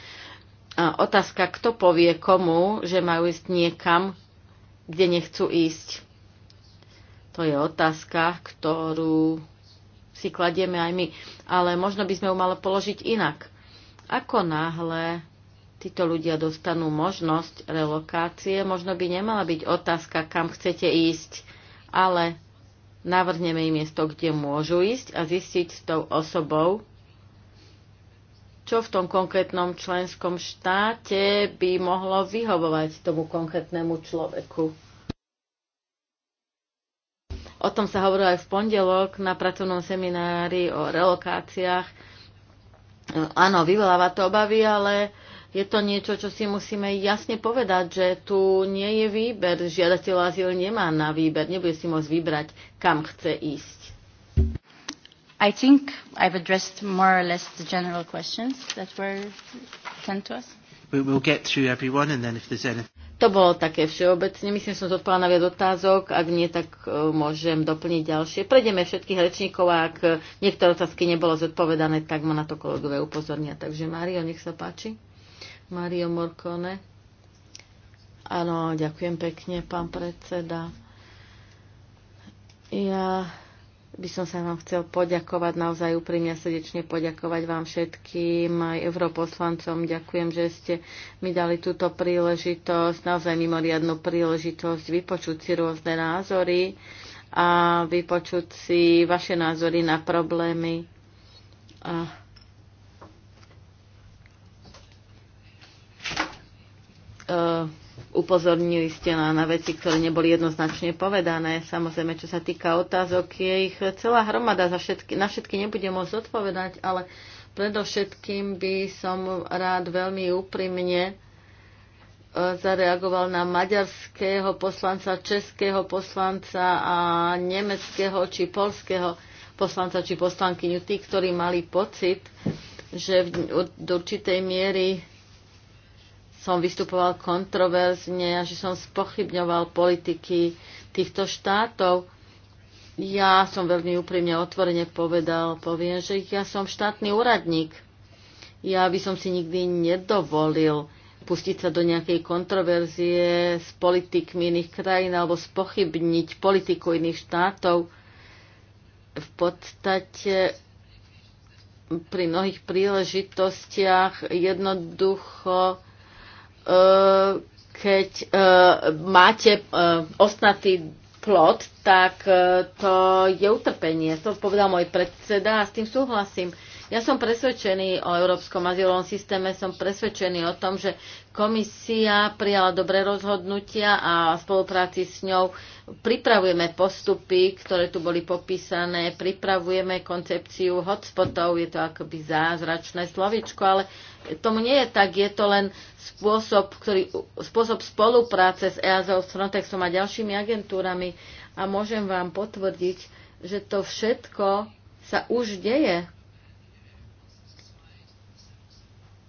A otázka, kto povie komu, že majú ísť niekam, kde nechcú ísť. To je otázka, ktorú si kladieme aj my. Ale možno by sme ju mali položiť inak. Ako náhle títo ľudia dostanú možnosť relokácie, možno by nemala byť otázka, kam chcete ísť, ale navrhneme im miesto, kde môžu ísť a zistiť s tou osobou, čo v tom konkrétnom členskom štáte by mohlo vyhovovať tomu konkrétnemu človeku. O tom sa hovorilo aj v pondelok na pracovnom seminári o relokáciách. Áno, vyvoláva to obavy, ale je to niečo, čo si musíme jasne povedať, že tu nie je výber. Žiadateľ azyl nemá na výber, nebude si môcť vybrať, kam chce ísť. I think I've addressed more or less the general questions that were sent to us. We will get through everyone and then if there's anything... To bolo také všeobecne. Myslím, že som zodpovedala na viac otázok. Ak nie, tak e, môžem doplniť ďalšie. Prejdeme všetkých rečníkov a ak niektoré otázky nebolo zodpovedané, tak ma na to kolegové upozornia. Takže Mário, nech sa páči. Mario Morkone. Áno, ďakujem pekne, pán predseda. Ja by som sa vám chcel poďakovať, naozaj úprimne srdečne poďakovať vám všetkým, aj europoslancom. Ďakujem, že ste mi dali túto príležitosť, naozaj mimoriadnú príležitosť vypočuť si rôzne názory a vypočuť si vaše názory na problémy. A Eh, upozornili ste na, na veci, ktoré neboli jednoznačne povedané. Samozrejme, čo sa týka otázok, je ich celá hromada. Za všetky, na všetky nebudem môcť odpovedať, ale predovšetkým by som rád veľmi úprimne eh, zareagoval na maďarského poslanca, českého poslanca a nemeckého či polského poslanca či poslankyňu. Tí, ktorí mali pocit, že do určitej miery som vystupoval kontroverzne a že som spochybňoval politiky týchto štátov. Ja som veľmi úprimne otvorene povedal, poviem, že ja som štátny úradník. Ja by som si nikdy nedovolil pustiť sa do nejakej kontroverzie s politikmi iných krajín alebo spochybniť politiku iných štátov. V podstate pri mnohých príležitostiach jednoducho E, keď e, máte e, osnatý plot, tak to je utrpenie. To povedal môj predseda a s tým súhlasím. Ja som presvedčený o európskom azylovom systéme, som presvedčený o tom, že komisia prijala dobré rozhodnutia a v spolupráci s ňou pripravujeme postupy, ktoré tu boli popísané, pripravujeme koncepciu hotspotov, je to akoby zázračné slovičko, ale tomu nie je tak, je to len spôsob, ktorý, spôsob spolupráce s EASO, s Frontexom a ďalšími agentúrami a môžem vám potvrdiť, že to všetko sa už deje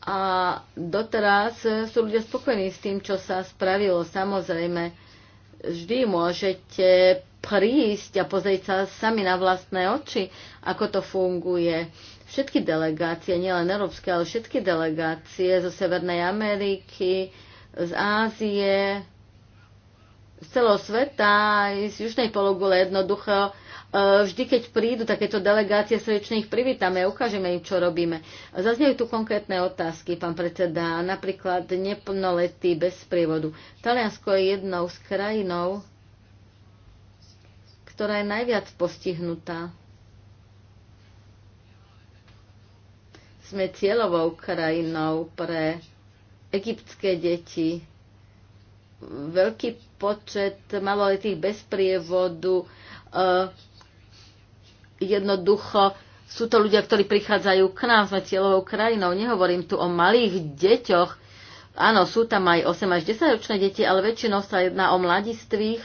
a doteraz sú ľudia spokojní s tým, čo sa spravilo. Samozrejme, vždy môžete prísť a pozrieť sa sami na vlastné oči, ako to funguje. Všetky delegácie, nielen európske, ale všetky delegácie zo Severnej Ameriky, z Ázie, z celého sveta, aj z južnej pologule jednoducho E, vždy, keď prídu takéto delegácie, srdečne ich privítame a ukážeme im, čo robíme. Zaznejú tu konkrétne otázky, pán predseda, napríklad neplnoletí bez sprievodu. Taliansko je jednou z krajinou, ktorá je najviac postihnutá. Sme cieľovou krajinou pre egyptské deti. Veľký počet maloletých bez prievodu e, jednoducho sú to ľudia, ktorí prichádzajú k nám, sme cieľovou krajinou. Nehovorím tu o malých deťoch. Áno, sú tam aj 8 až 10 ročné deti, ale väčšinou sa jedná o mladistvých.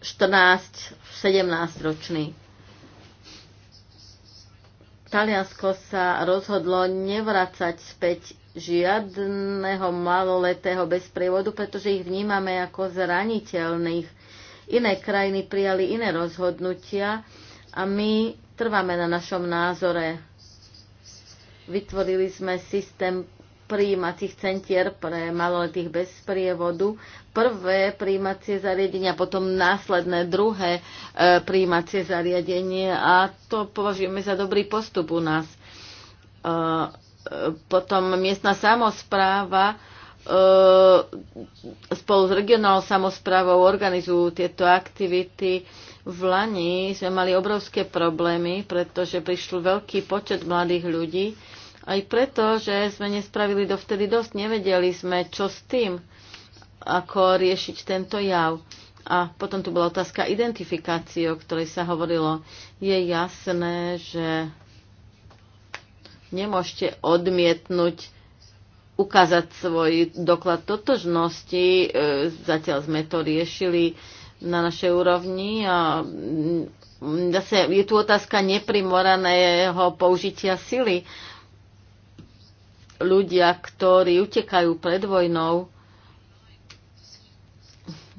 14, 17 ročný. Taliansko sa rozhodlo nevrácať späť žiadného maloletého bez prievodu, pretože ich vnímame ako zraniteľných Iné krajiny prijali iné rozhodnutia a my trváme na našom názore. Vytvorili sme systém príjímacích centier pre maloletých bez prievodu. Prvé príjímacie zariadenia, potom následné druhé e, príjímacie zariadenie a to považujeme za dobrý postup u nás. E, e, potom miestna samozpráva e, E, spolu s regionálnou samozprávou organizujú tieto aktivity. V Lani sme mali obrovské problémy, pretože prišiel veľký počet mladých ľudí. Aj preto, že sme nespravili dovtedy dosť, nevedeli sme, čo s tým, ako riešiť tento jav. A potom tu bola otázka identifikácie, o ktorej sa hovorilo. Je jasné, že nemôžete odmietnúť ukázať svoj doklad totožnosti. E, zatiaľ sme to riešili na našej úrovni a mm, zase je tu otázka neprimoraného použitia sily. Ľudia, ktorí utekajú pred vojnou,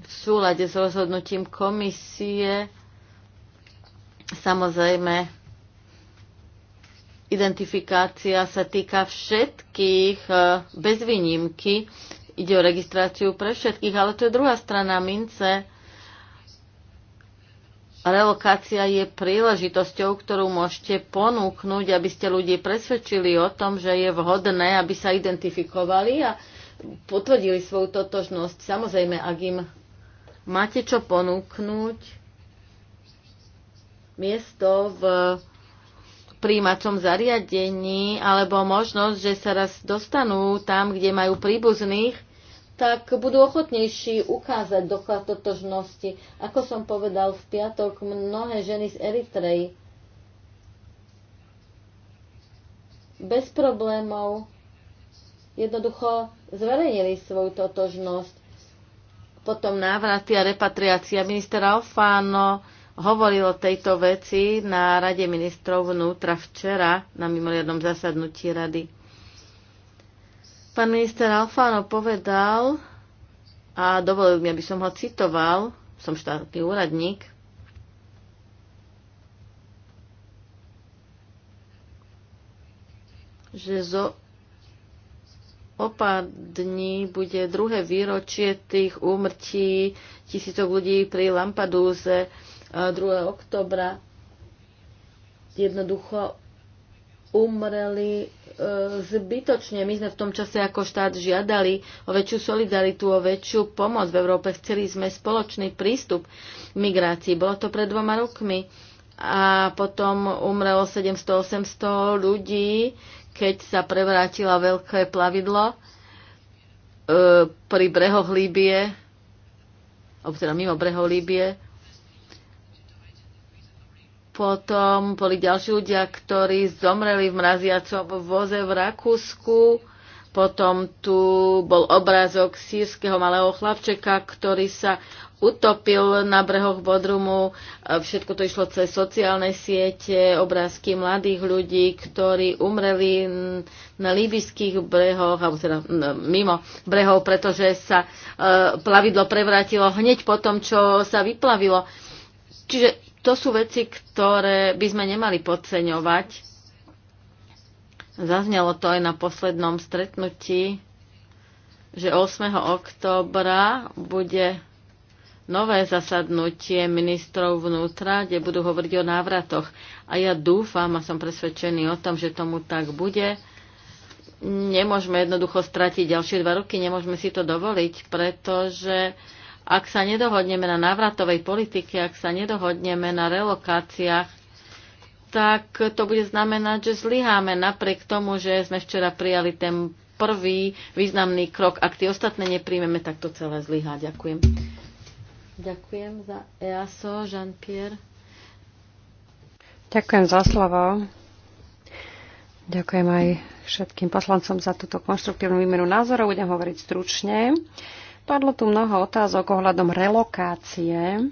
v súlade s rozhodnutím komisie, samozrejme identifikácia sa týka všetkých e, bez výnimky. Ide o registráciu pre všetkých, ale to je druhá strana mince. Relokácia je príležitosťou, ktorú môžete ponúknuť, aby ste ľudí presvedčili o tom, že je vhodné, aby sa identifikovali a potvrdili svoju totožnosť. Samozrejme, ak im máte čo ponúknuť, miesto v príjimačom zariadení alebo možnosť, že sa raz dostanú tam, kde majú príbuzných, tak budú ochotnejší ukázať doklad totožnosti. Ako som povedal v piatok, mnohé ženy z Eritreji bez problémov jednoducho zverejnili svoju totožnosť. Potom návraty a repatriácia. Minister Alfáno hovoril o tejto veci na Rade ministrov vnútra včera na mimoriadnom zasadnutí rady. Pán minister Alfano povedal, a dovolil mi, aby som ho citoval, som štátny úradník, že zo opár dní bude druhé výročie tých úmrtí tisícok ľudí pri Lampadúze 2. oktobra jednoducho umreli e, zbytočne. My sme v tom čase ako štát žiadali o väčšiu solidaritu, o väčšiu pomoc v Európe. Chceli sme spoločný prístup k migrácii. Bolo to pred dvoma rokmi. A potom umrelo 700-800 ľudí, keď sa prevrátila veľké plavidlo e, pri brehoch Líbie, teda mimo brehov Líbie, potom boli ďalší ľudia, ktorí zomreli v mraziacom voze v Rakúsku. Potom tu bol obrázok sírskeho malého chlapčeka, ktorý sa utopil na brehoch Bodrumu. Všetko to išlo cez sociálne siete, obrázky mladých ľudí, ktorí umreli na líbyských brehoch, alebo teda mimo brehov, pretože sa e, plavidlo prevrátilo hneď po čo sa vyplavilo. Čiže to sú veci, ktoré by sme nemali podceňovať. Zaznelo to aj na poslednom stretnutí, že 8. októbra bude nové zasadnutie ministrov vnútra, kde budú hovoriť o návratoch. A ja dúfam a som presvedčený o tom, že tomu tak bude. Nemôžeme jednoducho stratiť ďalšie dva roky, nemôžeme si to dovoliť, pretože ak sa nedohodneme na návratovej politike, ak sa nedohodneme na relokáciách, tak to bude znamenať, že zlyháme napriek tomu, že sme včera prijali ten prvý významný krok. Ak tie ostatné nepríjmeme, tak to celé zlyhá. Ďakujem. Ďakujem za EASO, Jean-Pierre. Ďakujem za slovo. Ďakujem aj všetkým poslancom za túto konštruktívnu výmenu názorov. Budem hovoriť stručne. Uh, Padlo tu mnoho otázok ohľadom relokácie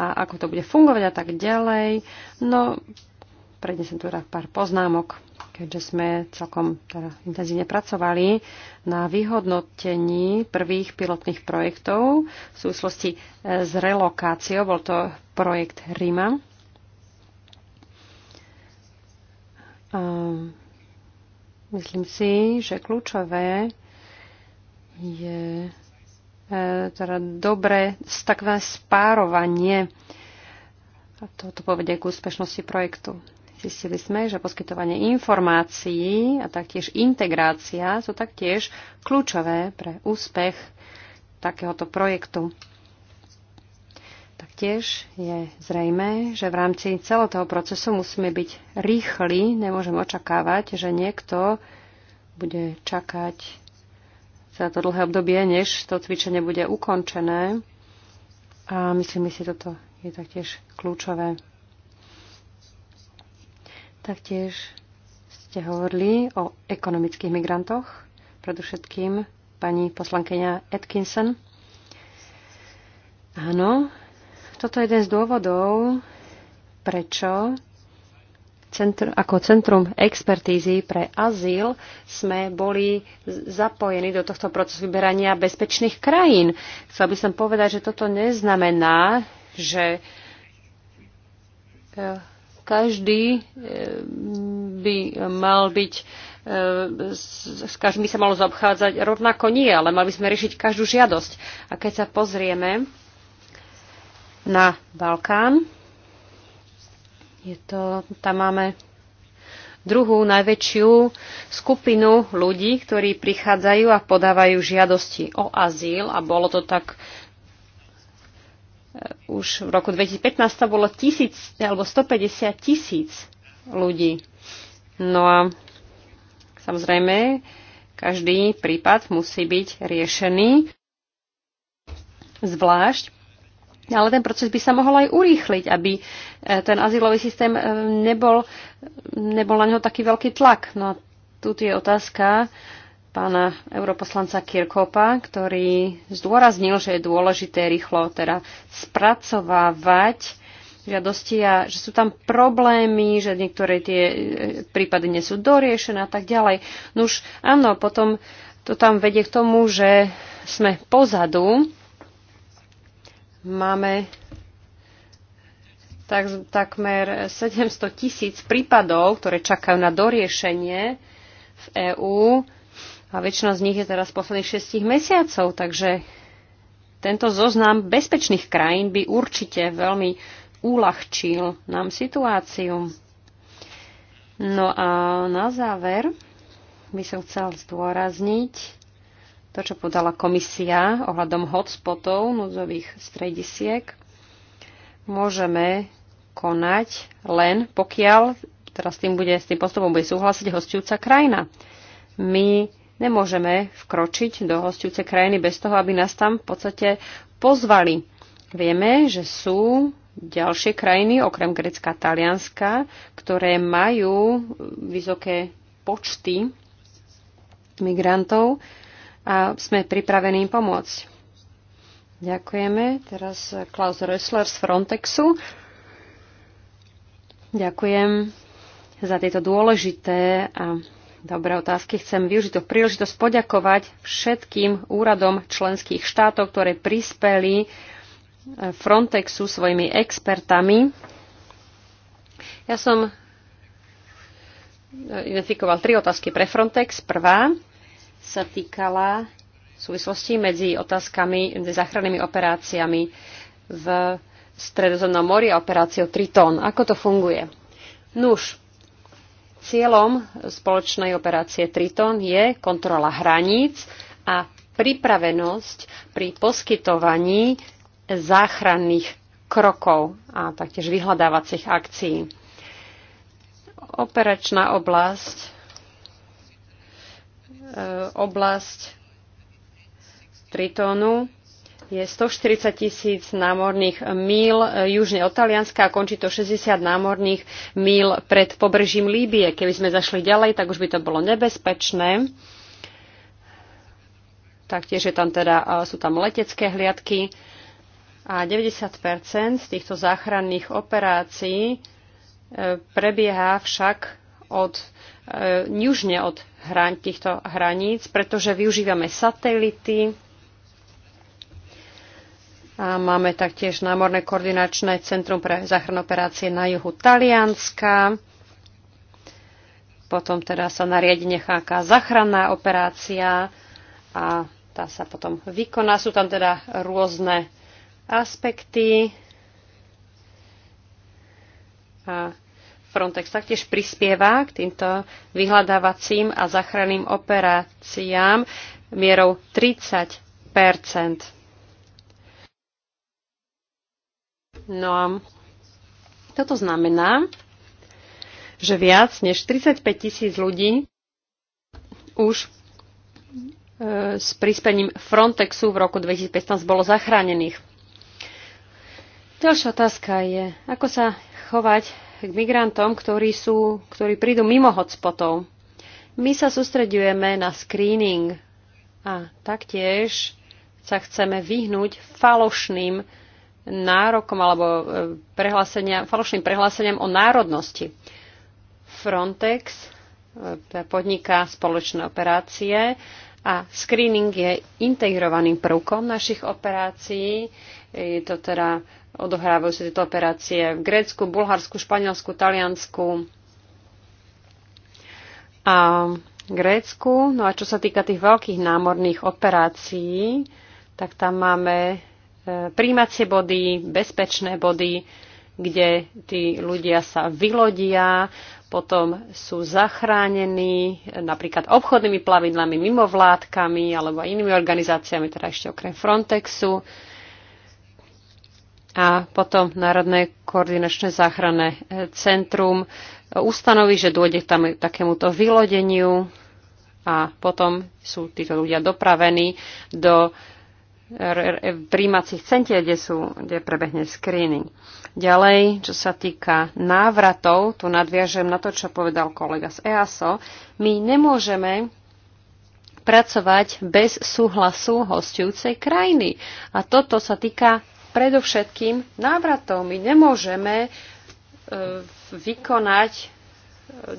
a ako to bude fungovať a tak ďalej. No, prednesem tu teda pár poznámok, keďže sme celkom teda intenzívne pracovali na vyhodnotení prvých pilotných projektov v súvislosti e, s relokáciou. Bol to projekt RIMA. A myslím si, že kľúčové je E, teda dobre takové spárovanie. A to povedie k úspešnosti projektu. Zistili sme, že poskytovanie informácií a taktiež integrácia sú taktiež kľúčové pre úspech takéhoto projektu. Taktiež je zrejme, že v rámci celého toho procesu musíme byť rýchli, nemôžeme očakávať, že niekto bude čakať za to dlhé obdobie, než to cvičenie bude ukončené. A myslím si, toto je taktiež kľúčové. Taktiež ste hovorili o ekonomických migrantoch, predovšetkým pani poslankyňa Atkinson. Áno, toto je jeden z dôvodov, prečo centr, ako Centrum expertízy pre azyl sme boli zapojení do tohto procesu vyberania bezpečných krajín. Chcel by som povedať, že toto neznamená, že e, každý e, by mal byť e, s každým by sa malo zaobchádzať rovnako nie, ale mali by sme riešiť každú žiadosť. A keď sa pozrieme na Balkán, je to, tam máme druhú najväčšiu skupinu ľudí, ktorí prichádzajú a podávajú žiadosti o azyl a bolo to tak e, už v roku 2015 to bolo tisíc, alebo 150 tisíc ľudí. No a samozrejme, každý prípad musí byť riešený zvlášť. Ale ten proces by sa mohol aj urýchliť, aby e, ten azylový systém e, nebol, nebol na neho taký veľký tlak. No a tu je otázka pána europoslanca Kirkopa, ktorý zdôraznil, že je dôležité rýchlo teda spracovávať žiadosti a že sú tam problémy, že niektoré tie e, prípady nie sú doriešené a tak ďalej. No už áno, potom to tam vedie k tomu, že sme pozadu máme tak, takmer 700 tisíc prípadov, ktoré čakajú na doriešenie v EÚ a väčšina z nich je teraz posledných 6 mesiacov, takže tento zoznam bezpečných krajín by určite veľmi uľahčil nám situáciu. No a na záver by som chcel zdôrazniť, to, čo podala komisia ohľadom hotspotov, núdzových stredisiek, môžeme konať len pokiaľ teraz tým bude, s tým postupom bude súhlasiť hostujúca krajina. My nemôžeme vkročiť do hostujúcej krajiny bez toho, aby nás tam v podstate pozvali. Vieme, že sú ďalšie krajiny, okrem Grecka a Talianska, ktoré majú vysoké počty migrantov, a sme pripravení im pomôcť. Ďakujeme. Teraz Klaus Rössler z Frontexu. Ďakujem za tieto dôležité a dobré otázky. Chcem využiť tú príležitosť poďakovať všetkým úradom členských štátov, ktoré prispeli e, Frontexu svojimi expertami. Ja som e, identifikoval tri otázky pre Frontex. Prvá, sa týkala súvislosti medzi otázkami, záchrannými operáciami v Stredozemnom mori a operáciou Triton. Ako to funguje? Nuž, cieľom spoločnej operácie Triton je kontrola hraníc a pripravenosť pri poskytovaní záchranných krokov a taktiež vyhľadávacích akcií. Operačná oblasť E, oblasť Tritónu je 140 tisíc námorných míl e, južne od Talianska a končí to 60 námorných míl pred pobržím Líbie. Keby sme zašli ďalej, tak už by to bolo nebezpečné. Taktiež je tam teda, e, sú tam letecké hliadky a 90 z týchto záchranných operácií prebieha však od E, južne od hraň, týchto hraníc, pretože využívame satelity a máme taktiež námorné koordinačné centrum pre záchranné operácie na juhu Talianska. Potom teda sa nariadi necháka záchranná operácia a tá sa potom vykoná. Sú tam teda rôzne aspekty. A Frontex taktiež prispieva k týmto vyhľadávacím a zachranným operáciám mierou 30 No a toto znamená, že viac než 35 tisíc ľudí už e, s prispením Frontexu v roku 2015 bolo zachránených. Ďalšia otázka je, ako sa chovať k migrantom, ktorí, sú, ktorí prídu mimo hotspotov. My sa sústredujeme na screening a taktiež sa chceme vyhnúť falošným nárokom alebo e, prehlásenia, falošným prehláseniam o národnosti. Frontex e, podniká spoločné operácie a screening je integrovaným prvkom našich operácií. Je to teda Odohrávajú sa tieto operácie v Grécku, Bulharsku, Španielsku, Taliansku a Grécku. No a čo sa týka tých veľkých námorných operácií, tak tam máme e, príjmacie body, bezpečné body, kde tí ľudia sa vylodia, potom sú zachránení napríklad obchodnými plavidlami, mimovládkami alebo inými organizáciami, teda ešte okrem Frontexu a potom Národné koordinačné záchranné e, centrum ustanoví, že dôjde tam k takémuto vylodeniu a potom sú títo ľudia dopravení do príjmacích centier, kde, sú, kde prebehne screening. Ďalej, čo sa týka návratov, tu nadviažem na to, čo povedal kolega z EASO, my nemôžeme pracovať bez súhlasu hostujúcej krajiny. A toto sa týka predovšetkým návratom My nemôžeme e, vykonať e,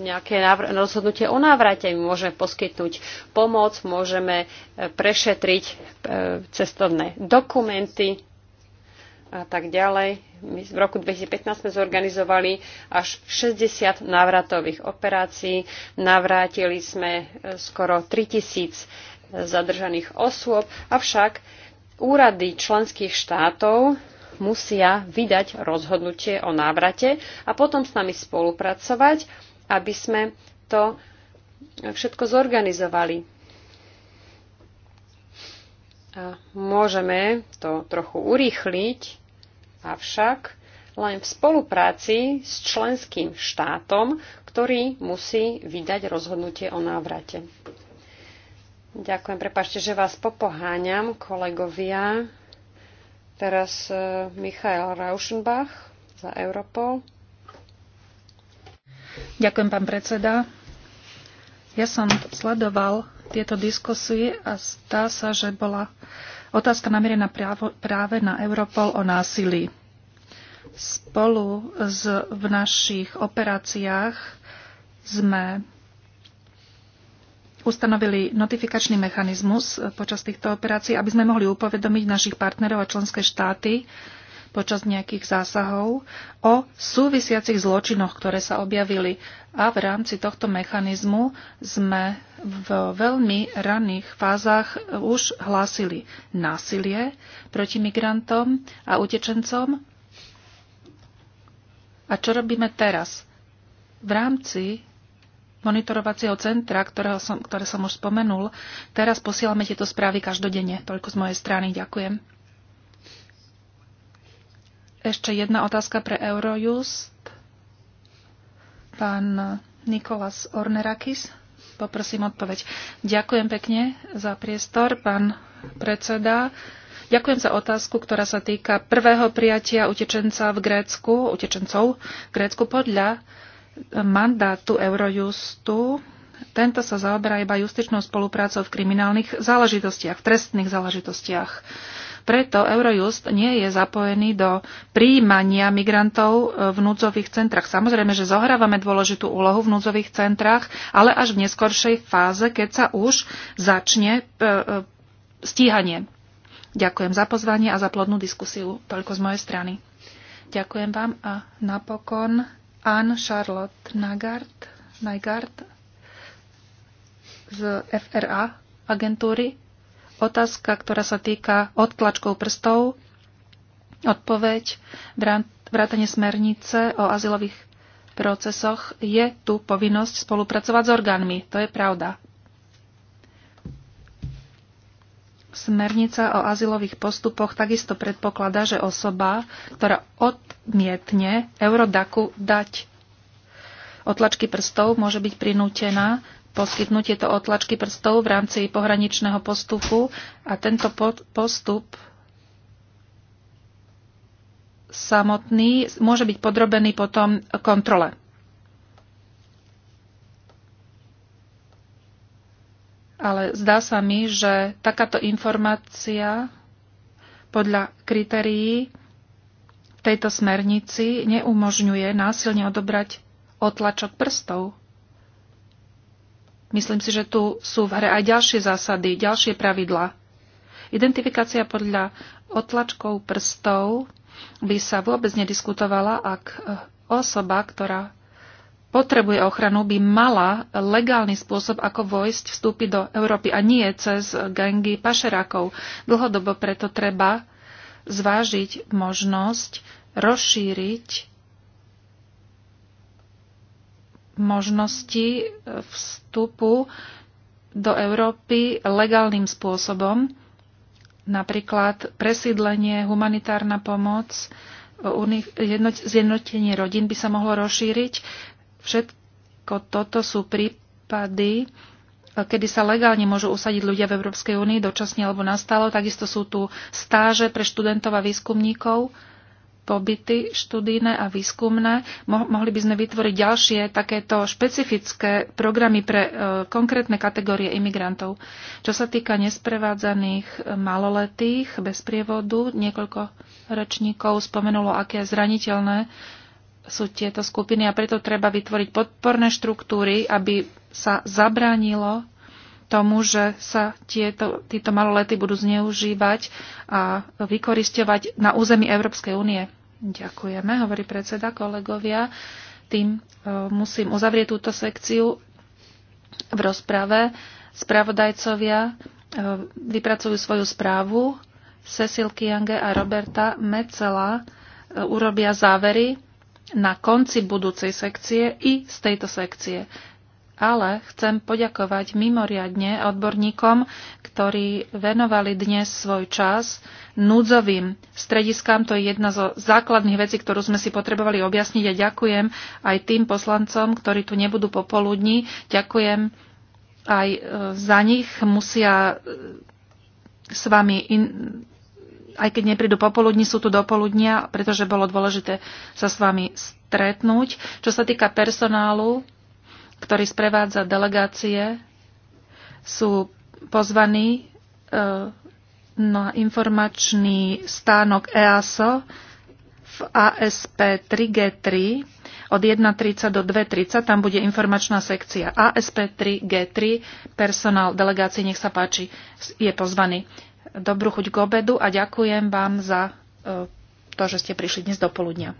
nejaké rozhodnutie o návrate. My môžeme poskytnúť pomoc, môžeme e, prešetriť cestovné dokumenty a tak ďalej. My v roku 2015 sme zorganizovali až 60 návratových operácií. Navrátili sme skoro 3000 zadržaných osôb, avšak úrady členských štátov musia vydať rozhodnutie o návrate a potom s nami spolupracovať, aby sme to všetko zorganizovali. A môžeme to trochu urýchliť, avšak len v spolupráci s členským štátom, ktorý musí vydať rozhodnutie o návrate. Ďakujem, prepašte, že vás popoháňam, kolegovia. Teraz e, Michael Rauschenbach za Europol. Ďakujem, pán predseda. Ja som sledoval tieto diskusie a zdá sa, že bola otázka namierená práve na Europol o násilí. Spolu s, v našich operáciách sme ustanovili notifikačný mechanizmus eh, počas týchto operácií, aby sme mohli upovedomiť našich partnerov a členské štáty počas nejakých zásahov o súvisiacich zločinoch, ktoré sa objavili. A v rámci tohto mechanizmu sme v veľmi raných fázach eh, už hlásili násilie proti migrantom a utečencom. A čo robíme teraz? V rámci monitorovacieho centra, ktorého som, ktoré som už spomenul. Teraz posielame tieto správy každodenne. Toľko z mojej strany. Ďakujem. Ešte jedna otázka pre Eurojust. Pán Nikolas Ornerakis, poprosím odpoveď. Ďakujem pekne za priestor, pán predseda. Ďakujem za otázku, ktorá sa týka prvého prijatia utečenca v Grécku, utečencov v Grécku podľa mandátu Eurojustu. Tento sa zaoberá iba justičnou spoluprácou v kriminálnych záležitostiach, v trestných záležitostiach. Preto Eurojust nie je zapojený do príjmania migrantov e, v núdzových centrách. Samozrejme, že zohrávame dôležitú úlohu v núdzových centrách, ale až v neskoršej fáze, keď sa už začne e, e, stíhanie. Ďakujem za pozvanie a za plodnú diskusiu. Toľko z mojej strany. Ďakujem vám a napokon Anne-Charlotte Nagard, Nagard z FRA agentúry. Otázka, ktorá sa týka odtlačkov prstov. Odpoveď vrátanie smernice o azylových procesoch je tu povinnosť spolupracovať s orgánmi. To je pravda. Smernica o azylových postupoch takisto predpokladá, že osoba, ktorá odmietne Eurodaku dať otlačky prstov, môže byť prinútená poskytnúť tieto otlačky prstov v rámci pohraničného postupu a tento postup samotný môže byť podrobený potom kontrole. ale zdá sa mi, že takáto informácia podľa kritérií v tejto smernici neumožňuje násilne odobrať otlačok prstov. Myslím si, že tu sú v hre aj ďalšie zásady, ďalšie pravidlá. Identifikácia podľa otlačkov prstov by sa vôbec nediskutovala, ak osoba, ktorá potrebuje ochranu, by mala legálny spôsob, ako vojsť, vstúpiť do Európy a nie cez gangy pašerákov. Dlhodobo preto treba zvážiť možnosť rozšíriť možnosti vstupu do Európy legálnym spôsobom, napríklad presídlenie, humanitárna pomoc, zjednotenie rodín by sa mohlo rozšíriť Všetko toto sú prípady, kedy sa legálne môžu usadiť ľudia v Európskej únii dočasne alebo nastalo. Takisto sú tu stáže pre študentov a výskumníkov, pobyty študijné a výskumné. Mohli by sme vytvoriť ďalšie takéto špecifické programy pre e, konkrétne kategórie imigrantov. Čo sa týka nesprevádzaných e, maloletých bez prievodu, niekoľko rečníkov spomenulo, aké zraniteľné sú tieto skupiny a preto treba vytvoriť podporné štruktúry, aby sa zabránilo tomu, že sa tieto, títo malolety budú zneužívať a vykoristovať na území Európskej únie. Ďakujeme, hovorí predseda kolegovia. Tým e, musím uzavrieť túto sekciu v rozprave. Spravodajcovia e, vypracujú svoju správu. Cecil Kiange a Roberta Mecela e, urobia závery na konci budúcej sekcie i z tejto sekcie. Ale chcem poďakovať mimoriadne odborníkom, ktorí venovali dnes svoj čas núdzovým strediskám. To je jedna zo základných vecí, ktorú sme si potrebovali objasniť a ďakujem aj tým poslancom, ktorí tu nebudú popoludní. Ďakujem aj e, za nich. Musia e, s vami in, aj keď neprídu popoludní, sú tu dopoludnia, pretože bolo dôležité sa s vami stretnúť. Čo sa týka personálu, ktorý sprevádza delegácie, sú pozvaní e, na informačný stánok EASO v ASP 3G3 od 1.30 do 2.30. Tam bude informačná sekcia ASP 3G3. Personál delegácie, nech sa páči, je pozvaný dobrú chuť k obedu a ďakujem vám za e, to, že ste prišli dnes do poludnia.